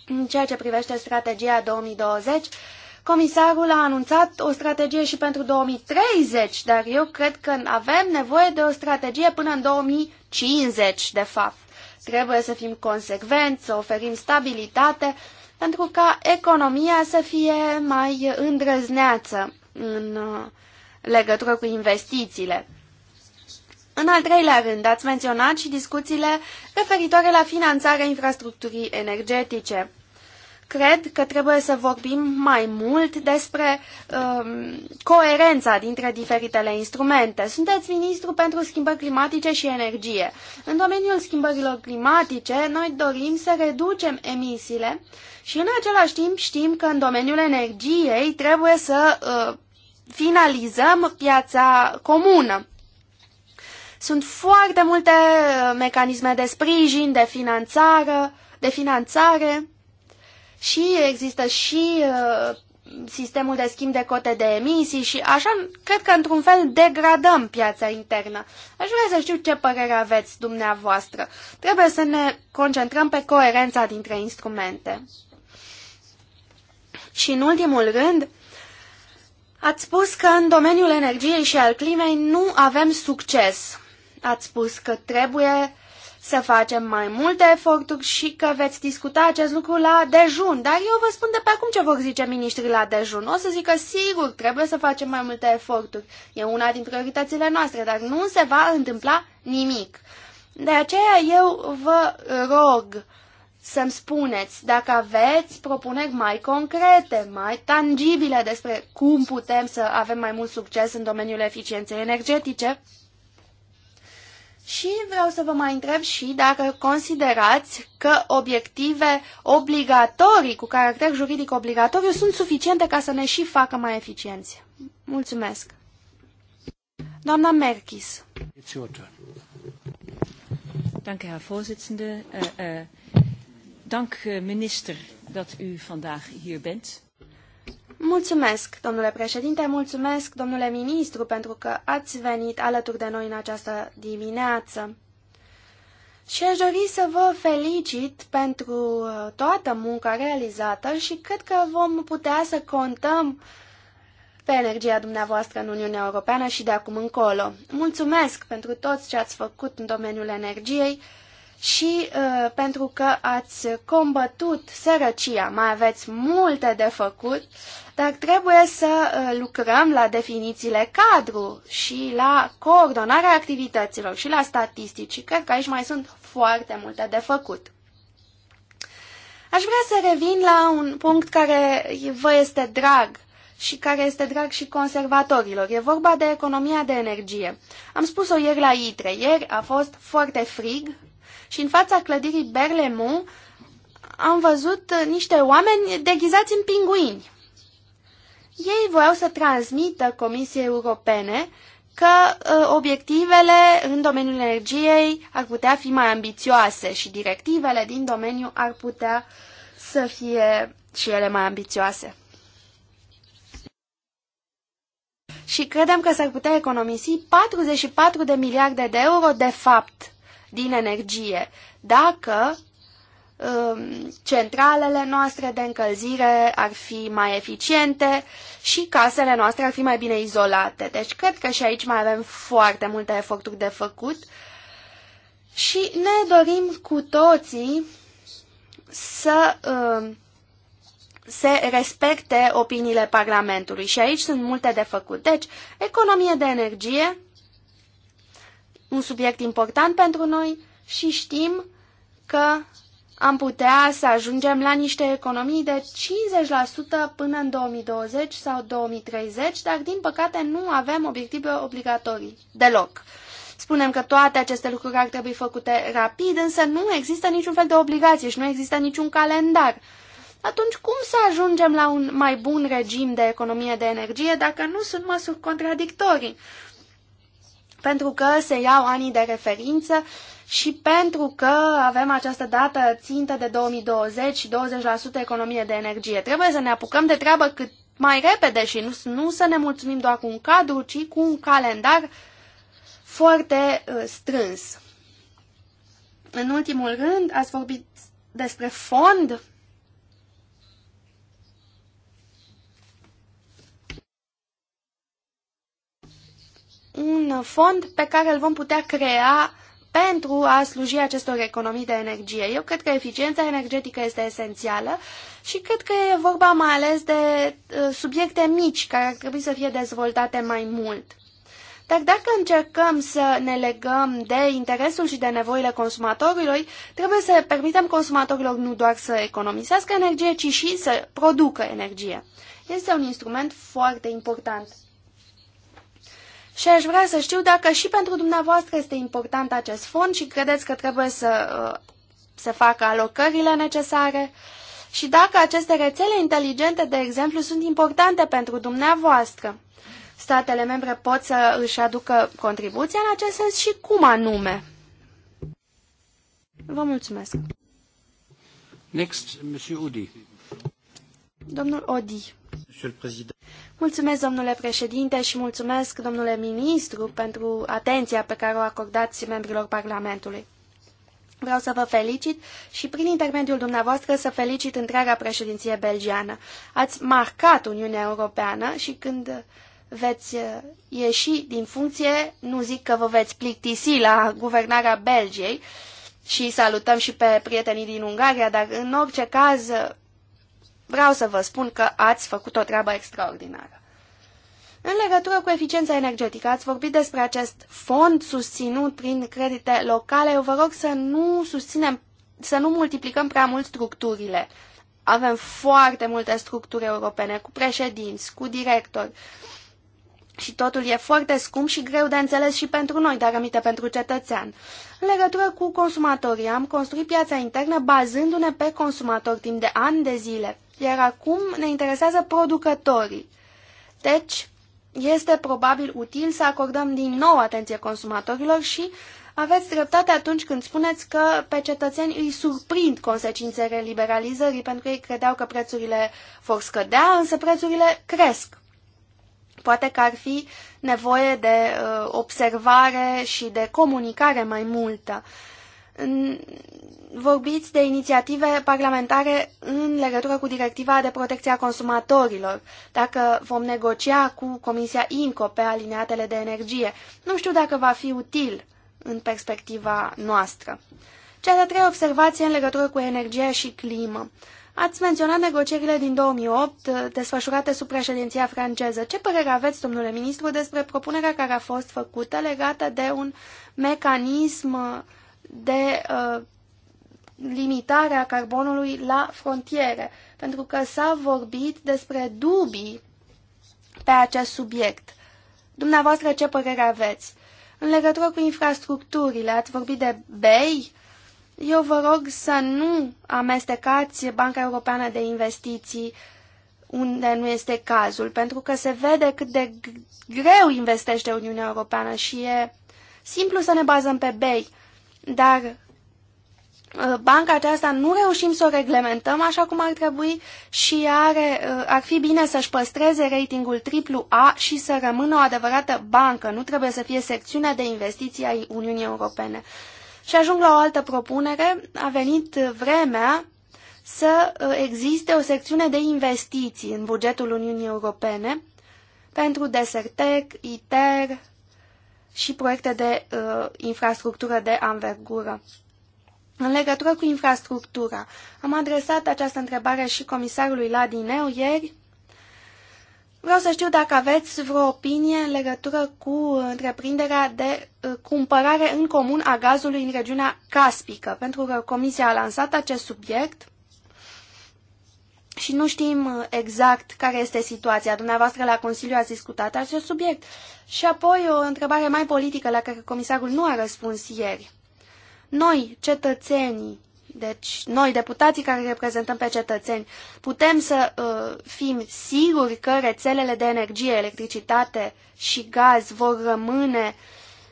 În ceea ce privește strategia 2020, comisarul a anunțat o strategie și pentru 2030, dar eu cred că avem nevoie de o strategie până în 2050, de fapt. Trebuie să fim consecvenți, să oferim stabilitate, pentru ca economia să fie mai îndrăzneață în uh, legătură cu investițiile. În al treilea rând, ați menționat și discuțiile referitoare la finanțarea infrastructurii energetice cred că trebuie să vorbim mai mult despre um, coerența dintre diferitele instrumente. Sunteți ministru pentru schimbări climatice și energie. În domeniul schimbărilor climatice, noi dorim să reducem emisiile și în același timp știm că în domeniul energiei trebuie să uh, finalizăm piața comună. Sunt foarte multe uh, mecanisme de sprijin, de finanțare, de finanțare și există și uh, sistemul de schimb de cote de emisii și așa, cred că într-un fel degradăm piața internă. Aș vrea să știu ce părere aveți dumneavoastră. Trebuie să ne concentrăm pe coerența dintre instrumente. Și în ultimul rând, ați spus că în domeniul energiei și al climei nu avem succes. Ați spus că trebuie să facem mai multe eforturi și că veți discuta acest lucru la dejun. Dar eu vă spun de pe acum ce vor zice ministrii la dejun. O să zic că sigur trebuie să facem mai multe eforturi. E una din prioritățile noastre, dar nu se va întâmpla nimic. De aceea eu vă rog să-mi spuneți dacă aveți propuneri mai concrete, mai tangibile despre cum putem să avem mai mult succes în domeniul eficienței energetice și vreau să vă mai întreb și dacă considerați că obiective obligatorii, cu caracter juridic obligatoriu, sunt suficiente ca să ne și facă mai eficienți. Mulțumesc. Doamna Merkis. It's Dank, Herr Vorsitzende. Uh, uh, eh, dank, eh, minister, dat u vandaag hier bent. Mulțumesc, domnule președinte, mulțumesc, domnule ministru, pentru că ați venit alături de noi în această dimineață. Și aș dori să vă felicit pentru uh, toată munca realizată și cred că vom putea să contăm pe energia dumneavoastră în Uniunea Europeană și de acum încolo. Mulțumesc pentru toți ce ați făcut în domeniul energiei și uh, pentru că ați combătut sărăcia. Mai aveți multe de făcut, dar trebuie să uh, lucrăm la definițiile cadru și la coordonarea activităților și la statistici. Cred că aici mai sunt foarte multe de făcut. Aș vrea să revin la un punct care vă este drag și care este drag și conservatorilor. E vorba de economia de energie. Am spus-o ieri la ITRE. Ieri a fost foarte frig, și în fața clădirii Berlemu am văzut uh, niște oameni deghizați în pinguini. Ei voiau să transmită Comisiei Europene că uh, obiectivele în domeniul energiei ar putea fi mai ambițioase și directivele din domeniu ar putea să fie și ele mai ambițioase. Și credem că s-ar putea economisi 44 de miliarde de euro de fapt din energie. Dacă um, centralele noastre de încălzire ar fi mai eficiente și casele noastre ar fi mai bine izolate. Deci cred că și aici mai avem foarte multe eforturi de făcut și ne dorim cu toții să um, se respecte opiniile Parlamentului și aici sunt multe de făcut. Deci, economie de energie, un subiect important pentru noi și știm că am putea să ajungem la niște economii de 50% până în 2020 sau 2030, dar din păcate nu avem obiective obligatorii deloc. Spunem că toate aceste lucruri ar trebui făcute rapid, însă nu există niciun fel de obligație și nu există niciun calendar. Atunci cum să ajungem la un mai bun regim de economie de energie dacă nu sunt măsuri contradictorii? pentru că se iau anii de referință și pentru că avem această dată țintă de 2020 și 20% economie de energie. Trebuie să ne apucăm de treabă cât mai repede și nu, nu să ne mulțumim doar cu un cadru, ci cu un calendar foarte uh, strâns. În ultimul rând, ați vorbit despre fond un fond pe care îl vom putea crea pentru a sluji acestor economii de energie. Eu cred că eficiența energetică este esențială și cred că e vorba mai ales de uh, subiecte mici care ar trebui să fie dezvoltate mai mult. Dar dacă încercăm să ne legăm de interesul și de nevoile consumatorilor, trebuie să permitem consumatorilor nu doar să economisească energie, ci și să producă energie. Este un instrument foarte important. Și aș vrea să știu dacă și pentru dumneavoastră este important acest fond și credeți că trebuie să uh, se facă alocările necesare și dacă aceste rețele inteligente, de exemplu, sunt importante pentru dumneavoastră. Statele membre pot să își aducă contribuția în acest sens și cum anume. Vă mulțumesc. Next, Monsieur Odi. Domnul Odi. Mulțumesc, domnule președinte, și mulțumesc, domnule ministru, pentru atenția pe care o acordați membrilor Parlamentului. Vreau să vă felicit și prin intermediul dumneavoastră să felicit întreaga președinție belgiană. Ați marcat Uniunea Europeană și când veți uh, ieși din funcție, nu zic că vă veți plictisi la guvernarea Belgiei și salutăm și pe prietenii din Ungaria, dar în orice caz Vreau să vă spun că ați făcut o treabă extraordinară. În legătură cu eficiența energetică, ați vorbit despre acest fond susținut prin credite locale. Eu vă rog să nu susținem, să nu multiplicăm prea mult structurile. Avem foarte multe structuri europene, cu președinți, cu directori. Și totul e foarte scump și greu de înțeles și pentru noi, dar aminte pentru cetățean. În legătură cu consumatorii, am construit piața internă bazându-ne pe consumatori timp de ani de zile. Iar acum ne interesează producătorii. Deci, este probabil util să acordăm din nou atenție consumatorilor și aveți dreptate atunci când spuneți că pe cetățeni îi surprind consecințele liberalizării, pentru că ei credeau că prețurile vor scădea, însă prețurile cresc. Poate că ar fi nevoie de uh, observare și de comunicare mai multă. Uh, vorbiți de inițiative parlamentare în legătură cu directiva de protecție a consumatorilor, dacă vom negocia cu Comisia INCO pe alineatele de energie. Nu știu dacă va fi util în perspectiva noastră. Cea de-a treia observație în legătură cu energia și climă. Ați menționat negocierile din 2008 uh, desfășurate sub președinția franceză. Ce părere aveți, domnule ministru, despre propunerea care a fost făcută legată de un mecanism uh, de uh, limitarea carbonului la frontiere, pentru că s-a vorbit despre dubii pe acest subiect. Dumneavoastră, ce părere aveți? În legătură cu infrastructurile, ați vorbit de BEI? Eu vă rog să nu amestecați Banca Europeană de Investiții unde nu este cazul, pentru că se vede cât de greu investește Uniunea Europeană și e simplu să ne bazăm pe BEI. Dar uh, banca aceasta nu reușim să o reglementăm așa cum ar trebui și are, uh, ar fi bine să-și păstreze ratingul A și să rămână o adevărată bancă. Nu trebuie să fie secțiunea de investiții a Uniunii Europene. Și ajung la o altă propunere. A venit vremea să uh, existe o secțiune de investiții în bugetul Uniunii Europene pentru Desertec, ITER, și proiecte de uh, infrastructură de anvergură. În legătură cu infrastructura, am adresat această întrebare și comisarului Ladineu ieri. Vreau să știu dacă aveți vreo opinie în legătură cu întreprinderea de uh, cumpărare în comun a gazului în regiunea caspică, pentru că Comisia a lansat acest subiect și nu știm uh, exact care este situația. Dumneavoastră la Consiliu ați discutat acest subiect. Și apoi o întrebare mai politică la care comisarul nu a răspuns ieri. Noi, cetățenii, deci noi, deputații care reprezentăm pe cetățeni, putem să uh, fim siguri că rețelele de energie, electricitate și gaz vor rămâne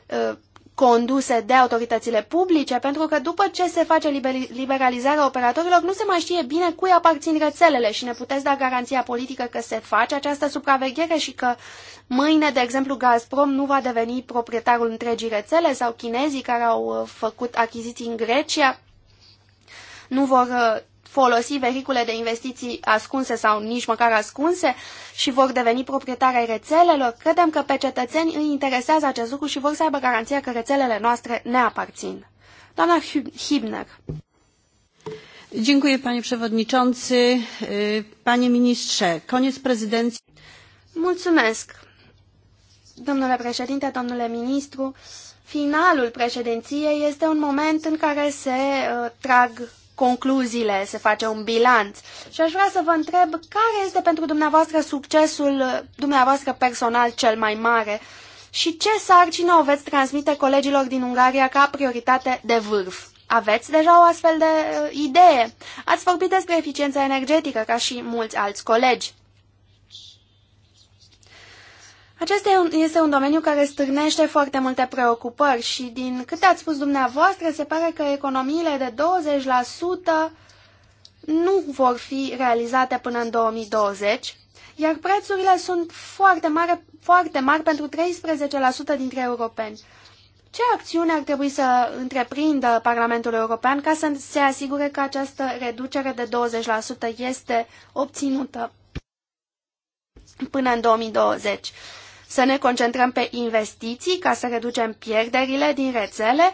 uh, conduse de autoritățile publice, pentru că după ce se face liberalizarea operatorilor, nu se mai știe bine cui aparțin rețelele și ne puteți da garanția politică că se face această supraveghere și că mâine, de exemplu, Gazprom nu va deveni proprietarul întregii rețele sau chinezii care au uh, făcut achiziții în Grecia nu vor uh, folosi vehicule de investiții ascunse sau nici măcar ascunse și vor deveni proprietari ai rețelelor, credem că pe cetățeni îi interesează acest lucru și vor să aibă garanția că rețelele noastre ne aparțin. Doamna Hibner. Dziękuję panie przewodniczący, panie ministrze. Koniec prezydencji. Mulțumesc. Domnule președinte, domnule ministru, finalul președinției este un moment în care se uh, trag concluziile, se face un bilanț. Și aș vrea să vă întreb care este pentru dumneavoastră succesul uh, dumneavoastră personal cel mai mare și ce sarcină o veți transmite colegilor din Ungaria ca prioritate de vârf. Aveți deja o astfel de uh, idee? Ați vorbit despre eficiența energetică ca și mulți alți colegi. Acesta este un domeniu care stârnește foarte multe preocupări și din câte ați spus dumneavoastră, se pare că economiile de 20% nu vor fi realizate până în 2020, iar prețurile sunt foarte mari, foarte mari pentru 13% dintre europeni. Ce acțiune ar trebui să întreprindă Parlamentul European ca să se asigure că această reducere de 20% este obținută până în 2020? să ne concentrăm pe investiții ca să reducem pierderile din rețele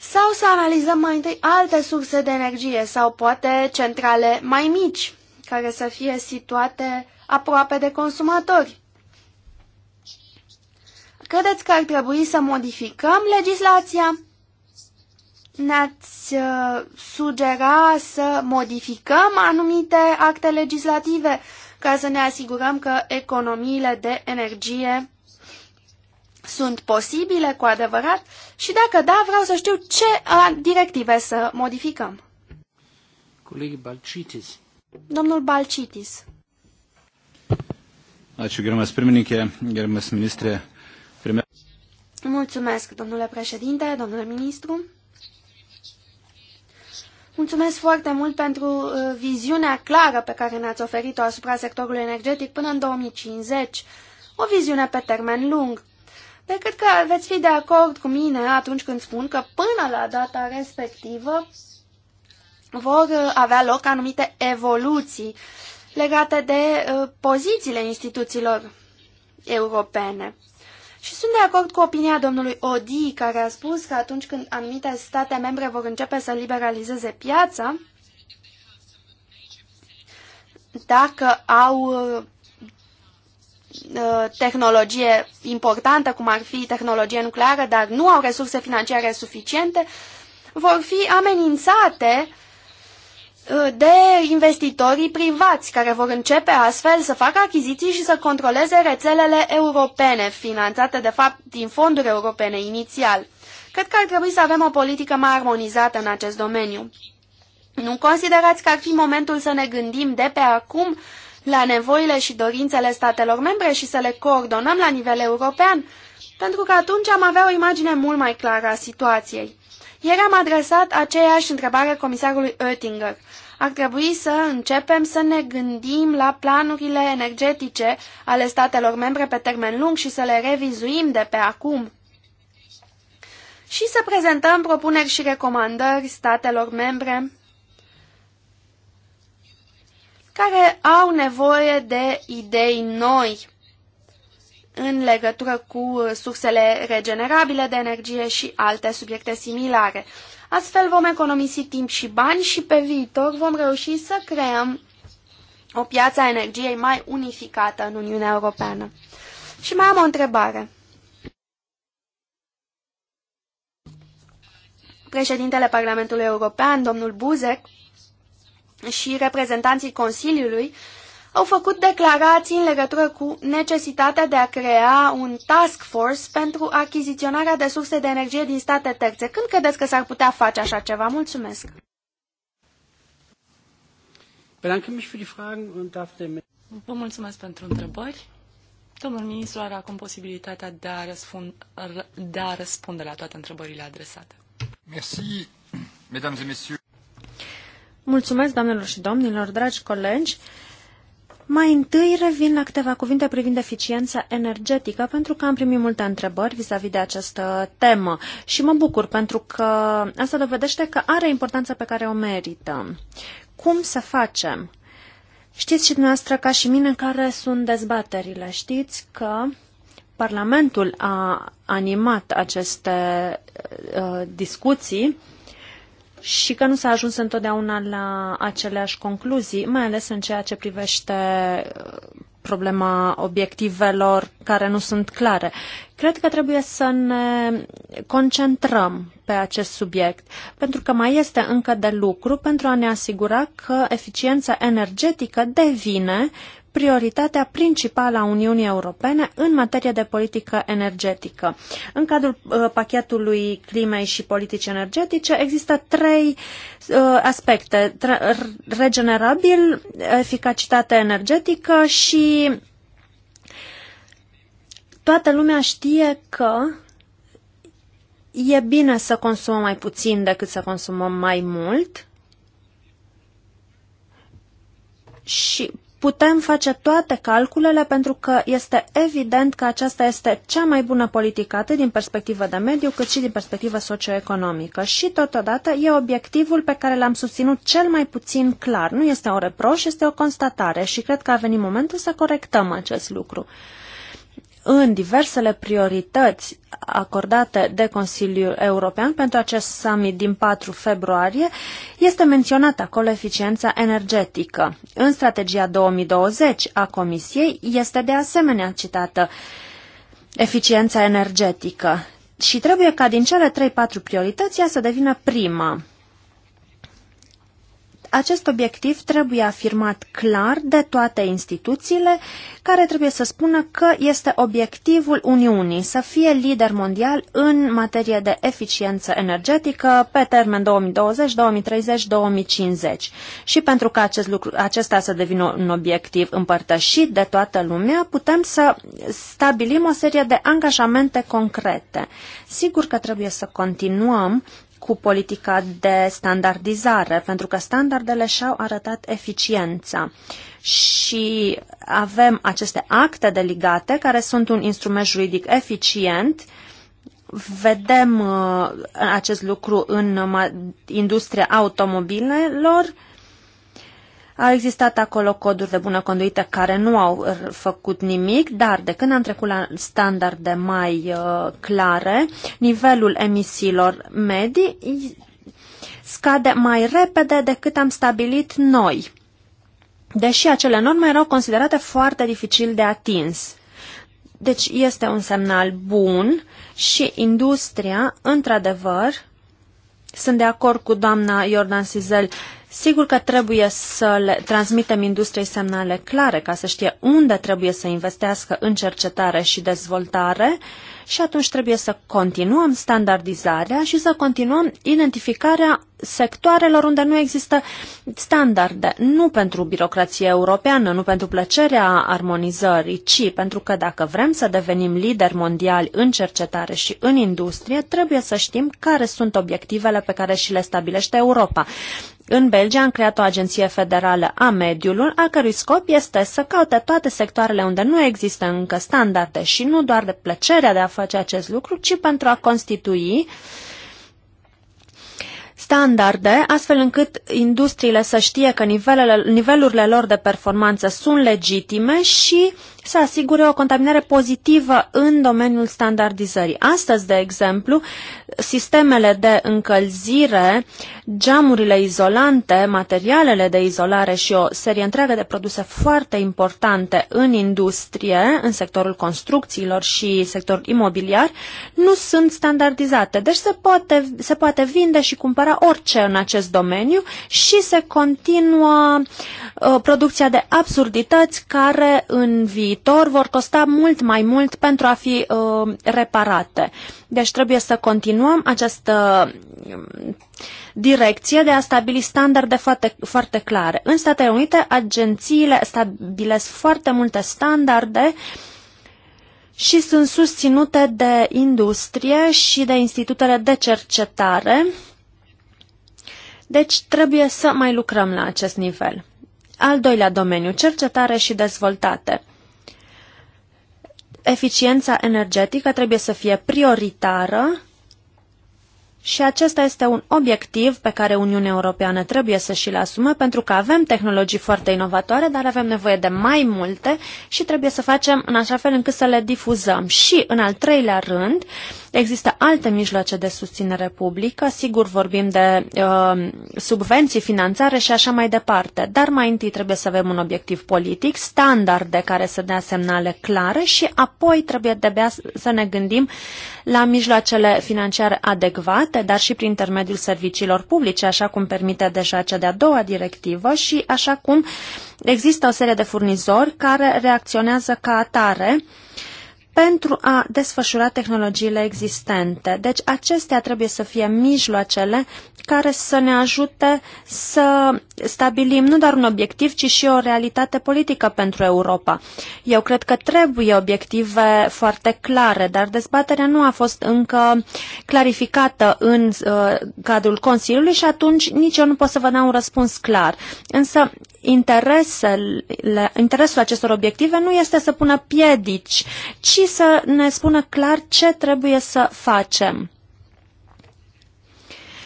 sau să analizăm mai întâi alte surse de energie sau poate centrale mai mici care să fie situate aproape de consumatori. Credeți că ar trebui să modificăm legislația? Ne-ați uh, sugera să modificăm anumite acte legislative ca să ne asigurăm că economiile de energie sunt posibile cu adevărat și dacă da, vreau să știu ce directive să modificăm. Colegii Balcitis. Domnul Balcitis. Ačiū, gerbiamas pirmininkė, gerbiamas ministrė. Mulțumesc, domnule președinte, domnule ministru. Mulțumesc foarte mult pentru uh, viziunea clară pe care ne-ați oferit-o asupra sectorului energetic până în 2050, o viziune pe termen lung. De cât că veți fi de acord cu mine atunci când spun că până la data respectivă vor uh, avea loc anumite evoluții legate de uh, pozițiile instituțiilor europene. Și sunt de acord cu opinia domnului Odi, care a spus că atunci când anumite state membre vor începe să liberalizeze piața, dacă au uh, tehnologie importantă, cum ar fi tehnologie nucleară, dar nu au resurse financiare suficiente, vor fi amenințate de investitorii privați care vor începe astfel să facă achiziții și să controleze rețelele europene, finanțate de fapt din fonduri europene inițial. Cred că ar trebui să avem o politică mai armonizată în acest domeniu. Nu considerați că ar fi momentul să ne gândim de pe acum la nevoile și dorințele statelor membre și să le coordonăm la nivel european? Pentru că atunci am avea o imagine mult mai clară a situației. Ieri am adresat aceeași întrebare comisarului Oettinger. Ar trebui să începem să ne gândim la planurile energetice ale statelor membre pe termen lung și să le revizuim de pe acum și să prezentăm propuneri și recomandări statelor membre care au nevoie de idei noi în legătură cu sursele regenerabile de energie și alte subiecte similare. Astfel vom economisi timp și bani și pe viitor vom reuși să creăm o piață a energiei mai unificată în Uniunea Europeană. Și mai am o întrebare. Președintele Parlamentului European, domnul Buzek, și reprezentanții Consiliului au făcut declarații în legătură cu necesitatea de a crea un task force pentru achiziționarea de surse de energie din state terțe. Când credeți că s-ar putea face așa ceva? Mulțumesc! Vă mulțumesc pentru întrebări. Domnul ministru are acum posibilitatea de a, răspund, de a răspunde la toate întrebările adresate. Merci, mesdames et messieurs. Mulțumesc, doamnelor și domnilor, dragi colegi. Mai întâi revin la câteva cuvinte privind eficiența energetică, pentru că am primit multe întrebări vis-a-vis -vis de această temă și mă bucur pentru că asta dovedește că are importanța pe care o merită. Cum să facem? Știți și dumneavoastră ca și mine care sunt dezbaterile. Știți că Parlamentul a animat aceste uh, discuții și că nu s-a ajuns întotdeauna la aceleași concluzii, mai ales în ceea ce privește uh, problema obiectivelor care nu sunt clare. Cred că trebuie să ne concentrăm pe acest subiect, pentru că mai este încă de lucru pentru a ne asigura că eficiența energetică devine prioritatea principală a Uniunii Europene în materie de politică energetică. În cadrul uh, pachetului climei și politici energetice există trei uh, aspecte. regenerabil, eficacitate energetică și toată lumea știe că e bine să consumăm mai puțin decât să consumăm mai mult și putem face toate calculele pentru că este evident că aceasta este cea mai bună politică atât din perspectivă de mediu cât și din perspectivă socioeconomică și totodată e obiectivul pe care l-am susținut cel mai puțin clar. Nu este un reproș, este o constatare și cred că a venit momentul să corectăm acest lucru în diversele priorități acordate de Consiliul European pentru acest summit din 4 februarie, este menționată acolo eficiența energetică. În strategia 2020 a Comisiei este de asemenea citată eficiența energetică și trebuie ca din cele 3-4 priorități ea să devină prima acest obiectiv trebuie afirmat clar de toate instituțiile care trebuie să spună că este obiectivul Uniunii să fie lider mondial în materie de eficiență energetică pe termen 2020, 2030, 2050. Și pentru că acest lucru, acesta să devină un obiectiv împărtășit de toată lumea, putem să stabilim o serie de angajamente concrete. Sigur că trebuie să continuăm cu politica de standardizare, pentru că standardele și-au arătat eficiența. Și avem aceste acte delegate care sunt un instrument juridic eficient. Vedem uh, acest lucru în industria automobilelor au existat acolo coduri de bună conduită care nu au făcut nimic, dar de când am trecut la standarde mai uh, clare, nivelul emisiilor medii scade mai repede decât am stabilit noi, deși acele norme erau considerate foarte dificil de atins. Deci este un semnal bun și industria, într-adevăr, sunt de acord cu doamna Jordan Sizel Sigur că trebuie să le transmitem industriei semnale clare ca să știe unde trebuie să investească în cercetare și dezvoltare și atunci trebuie să continuăm standardizarea și să continuăm identificarea sectoarelor unde nu există standarde, nu pentru birocrație europeană, nu pentru plăcerea armonizării, ci pentru că dacă vrem să devenim lideri mondiali în cercetare și în industrie, trebuie să știm care sunt obiectivele pe care și le stabilește Europa. În Belgia am creat o agenție federală a mediului, a cărui scop este să caute toate sectoarele unde nu există încă standarde și nu doar de plăcerea de a face acest lucru, ci pentru a constitui standarde, astfel încât industriile să știe că nivelele, nivelurile lor de performanță sunt legitime și să asigure o contaminare pozitivă în domeniul standardizării. Astăzi, de exemplu, sistemele de încălzire, geamurile izolante, materialele de izolare și o serie întreagă de produse foarte importante în industrie, în sectorul construcțiilor și sectorul imobiliar, nu sunt standardizate. Deci se poate, se poate vinde și cumpăra orice în acest domeniu și se continuă uh, producția de absurdități care în viitor viitor vor costa mult mai mult pentru a fi uh, reparate. Deci trebuie să continuăm această mm, direcție de a stabili standarde foarte, foarte clare. În Statele Unite, agențiile stabilesc foarte multe standarde și sunt susținute de industrie și de institutele de cercetare. Deci trebuie să mai lucrăm la acest nivel. Al doilea domeniu, cercetare și dezvoltate eficiența energetică trebuie să fie prioritară și acesta este un obiectiv pe care Uniunea Europeană trebuie să și-l asume pentru că avem tehnologii foarte inovatoare, dar avem nevoie de mai multe și trebuie să facem în așa fel încât să le difuzăm. Și, în al treilea rând, Există alte mijloace de susținere publică, sigur vorbim de uh, subvenții, finanțare și așa mai departe, dar mai întâi trebuie să avem un obiectiv politic, standarde care să dea semnale clare și apoi trebuie de să ne gândim la mijloacele financiare adecvate, dar și prin intermediul serviciilor publice, așa cum permite deja cea de-a doua directivă și așa cum există o serie de furnizori care reacționează ca atare uh, pentru a desfășura tehnologiile existente. Deci acestea trebuie să fie mijloacele care să ne ajute să stabilim nu doar un obiectiv, ci și o realitate politică pentru Europa. Eu cred că trebuie obiective foarte clare, dar dezbaterea nu a fost încă clarificată în uh, cadrul Consiliului și atunci nici eu nu pot să vă dau un răspuns clar. Însă interesele, interesul acestor obiective nu este să pună piedici, ci să ne spună clar ce trebuie să facem.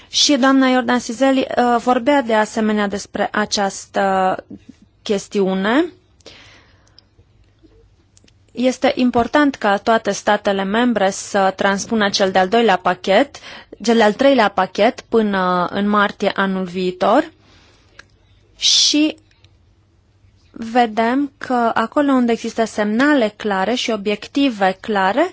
Și doamna Iordan Sizeli uh, vorbea de asemenea despre această chestiune. Este important ca toate statele membre să transpună cel de-al doilea pachet, cel de-al treilea pachet până în martie anul viitor și vedem că acolo unde există semnale clare și obiective clare,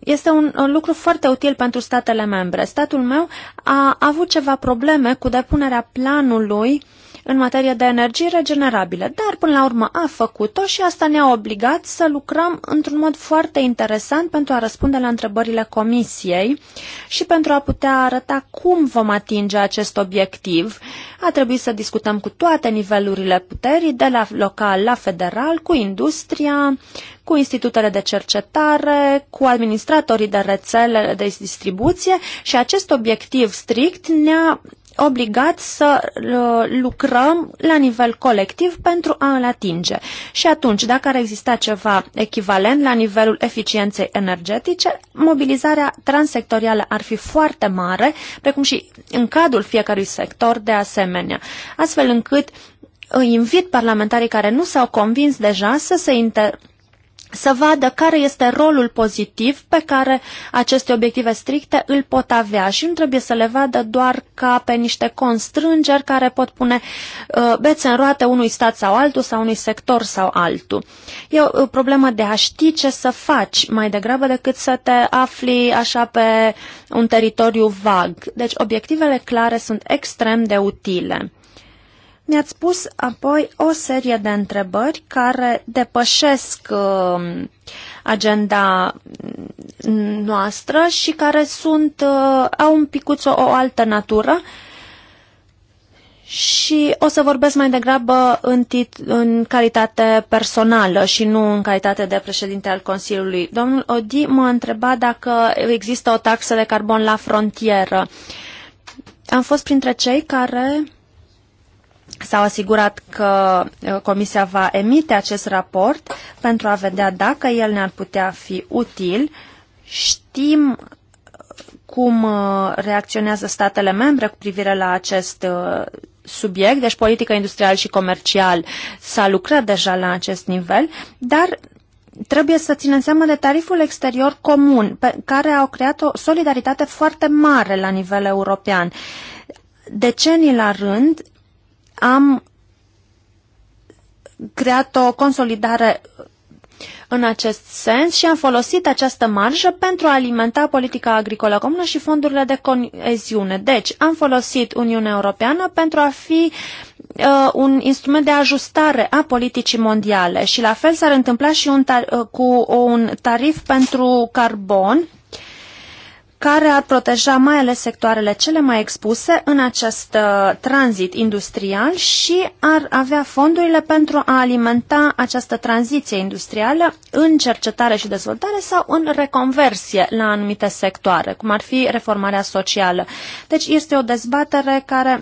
este un, un lucru foarte util pentru statele membre. Statul meu a avut ceva probleme cu depunerea planului uh, în materie de energii regenerabile, dar până la urmă a făcut-o și asta ne-a obligat să lucrăm într-un mod foarte interesant pentru a răspunde la întrebările comisiei și pentru a putea arăta cum vom atinge acest obiectiv. A trebuit să discutăm cu toate nivelurile puterii, de la local la federal, cu industria, cu institutele de cercetare, cu administratorii de rețele de distribuție și acest obiectiv strict ne-a obligați să lucrăm la nivel colectiv pentru a îl atinge. Și atunci, dacă ar exista ceva echivalent la nivelul eficienței energetice, mobilizarea transsectorială ar fi foarte mare, precum și în cadrul fiecărui sector de asemenea, astfel încât îi invit parlamentarii care nu s-au convins deja să se inter- să vadă care este rolul pozitiv pe care aceste obiective stricte îl pot avea și nu trebuie să le vadă doar ca pe niște constrângeri care pot pune uh, bețe în roate unui stat sau altul sau unui sector sau altul. E o, o problemă de a ști ce să faci mai degrabă decât să te afli așa pe un teritoriu vag. Deci obiectivele clare sunt extrem de utile. Mi-ați spus apoi o serie de întrebări care depășesc um, agenda noastră și care sunt, uh, au un picuț o, o altă natură și o să vorbesc mai degrabă în, tit- în calitate personală și nu în calitate de președinte al Consiliului. Domnul Odi mă întreba dacă există o taxă de carbon la frontieră. Am fost printre cei care s-au asigurat că uh, Comisia va emite acest raport pentru a vedea dacă el ne-ar putea fi util. Știm uh, cum uh, reacționează statele membre cu privire la acest subiect, deci politică industrial și comercial s-a lucrat deja la acest nivel, dar trebuie să ținem seama de tariful exterior comun, pe care au creat o solidaritate foarte mare la nivel european. Decenii la rând, am creat o consolidare în acest sens și am folosit această marjă pentru a alimenta politica agricolă comună și fondurile de coeziune. Deci, am folosit Uniunea Europeană pentru a fi uh, un instrument de ajustare a politicii mondiale și la fel s-ar întâmpla și un tar- uh, cu un tarif pentru carbon care ar proteja mai ales sectoarele cele mai expuse în acest uh, tranzit industrial și ar avea fondurile pentru a alimenta această tranziție industrială în cercetare și dezvoltare sau în reconversie la anumite sectoare, cum ar fi reformarea socială. Deci este o dezbatere care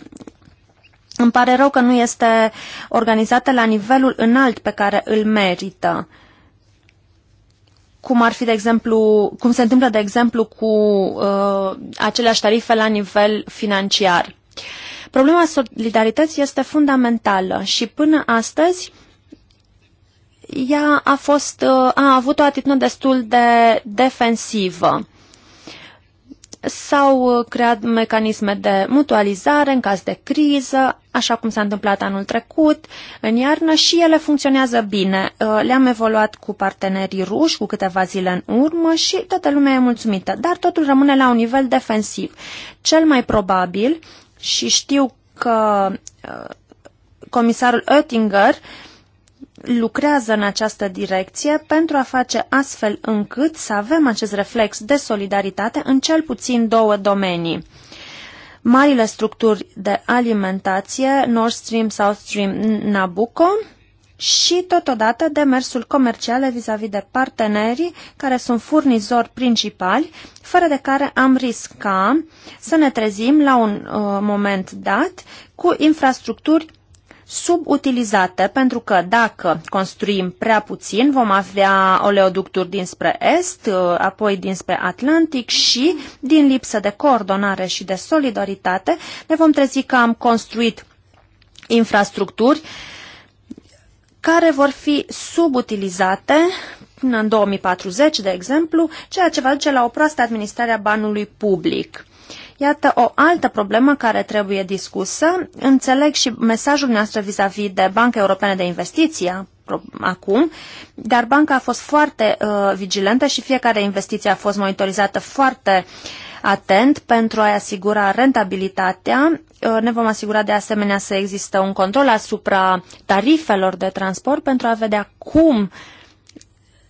îmi pare rău că nu este organizată la nivelul înalt pe care îl merită cum ar fi, de exemplu, cum se întâmplă, de exemplu, cu uh, aceleași tarife la nivel financiar. Problema solidarității este fundamentală și până astăzi ea a, fost, uh, a avut o atitudine destul de defensivă. S-au uh, creat mecanisme de mutualizare în caz de criză, așa cum s-a întâmplat anul trecut, în iarnă, și ele funcționează bine. Uh, le-am evoluat cu partenerii ruși cu câteva zile în urmă și toată lumea e mulțumită, dar totul rămâne la un nivel defensiv. Cel mai probabil, și știu că uh, comisarul Oettinger uh, lucrează în această direcție pentru a face astfel încât să avem acest reflex de solidaritate în cel puțin două domenii. Marile structuri de alimentație, Nord Stream, South Stream, Nabucco, și totodată demersul comerciale vis-a-vis -vis de partenerii care sunt furnizori principali, fără de care am risca să ne trezim la un uh, moment dat cu infrastructuri subutilizate pentru că dacă construim prea puțin vom avea oleoducturi dinspre est, uh, apoi dinspre Atlantic și din lipsă de coordonare și de solidaritate ne vom trezi că am construit infrastructuri care vor fi subutilizate până în 2040, de exemplu, ceea ce va duce la o proastă administrare a banului public. Iată o altă problemă care trebuie discusă. Înțeleg și mesajul noastră vis-a-vis -vis de Banca Europeană de Investiție acum, dar banca a fost foarte uh, vigilentă și fiecare investiție a fost monitorizată foarte atent pentru a-i asigura rentabilitatea. Uh, ne vom asigura de asemenea să există un control asupra tarifelor de transport pentru a vedea cum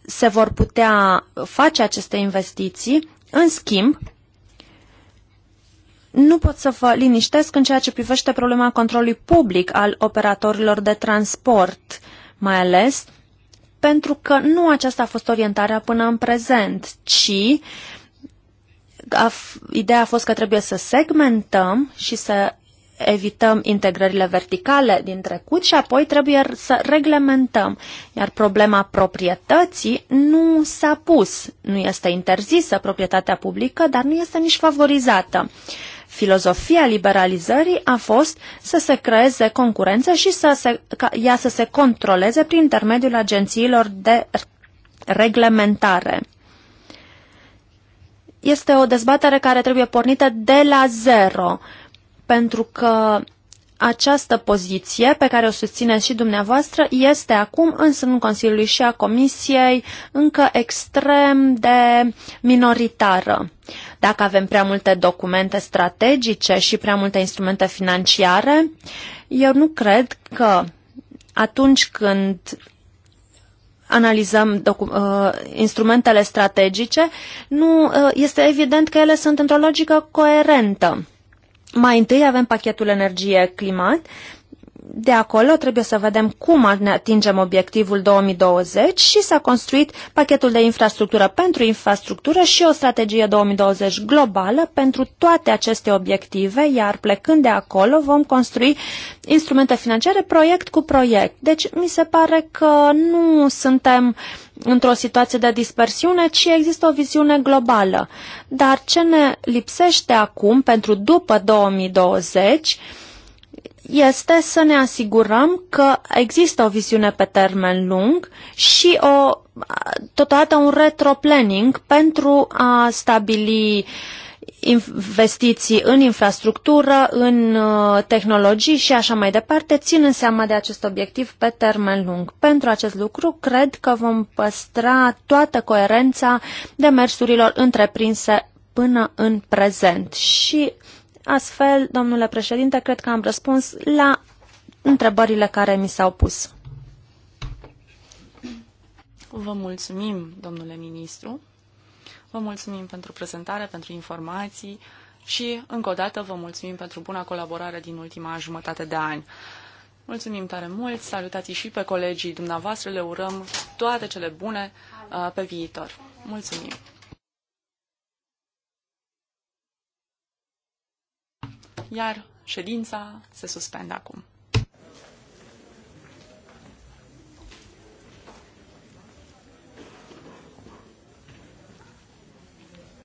se vor putea face aceste investiții. În schimb, nu pot să vă liniștesc în ceea ce privește problema controlului public al operatorilor de transport, mai ales pentru că nu aceasta a fost orientarea până în prezent, ci a ideea a fost că trebuie să segmentăm și să evităm integrările verticale din trecut și apoi trebuie să reglementăm. Iar problema proprietății nu s-a pus. Nu este interzisă proprietatea publică, dar nu este nici favorizată. Uh, Filozofia liberalizării a fost să se creeze concurență și să se, ca ea să se controleze prin intermediul agențiilor de reglementare. Este o dezbatere care trebuie pornită de la zero, pentru că această poziție pe care o susțineți și dumneavoastră este acum în sânul Consiliului și a Comisiei încă extrem de minoritară. Dacă avem prea multe documente strategice și prea multe instrumente financiare, eu nu cred că atunci când analizăm uh, instrumentele strategice, nu uh, este evident că ele sunt într-o logică coerentă. Mai întâi avem pachetul energie-climat de acolo trebuie să vedem cum ne atingem obiectivul 2020 și s-a construit pachetul de infrastructură pentru infrastructură și o strategie 2020 globală pentru toate aceste obiective, iar plecând de acolo vom construi instrumente financiare proiect cu proiect. Deci mi se pare că nu suntem într-o situație de dispersiune, ci există o viziune globală. Dar ce ne lipsește acum pentru după 2020 este să ne asigurăm că există o viziune pe termen lung și o, totodată un retroplanning pentru a stabili investiții în infrastructură, în uh, tehnologii și așa mai departe, ținând seama de acest obiectiv pe termen lung. Pentru acest lucru, cred că vom păstra toată coerența demersurilor întreprinse până în prezent și Astfel, domnule președinte, cred că am răspuns la întrebările care mi s-au pus. Vă mulțumim, domnule ministru. Vă mulțumim pentru prezentare, pentru informații și, încă o dată, vă mulțumim pentru buna colaborare din ultima jumătate de ani. Mulțumim tare mult, salutați și pe colegii dumneavoastră, le urăm toate cele bune uh, pe viitor. Mulțumim! iar ședința se suspendă acum.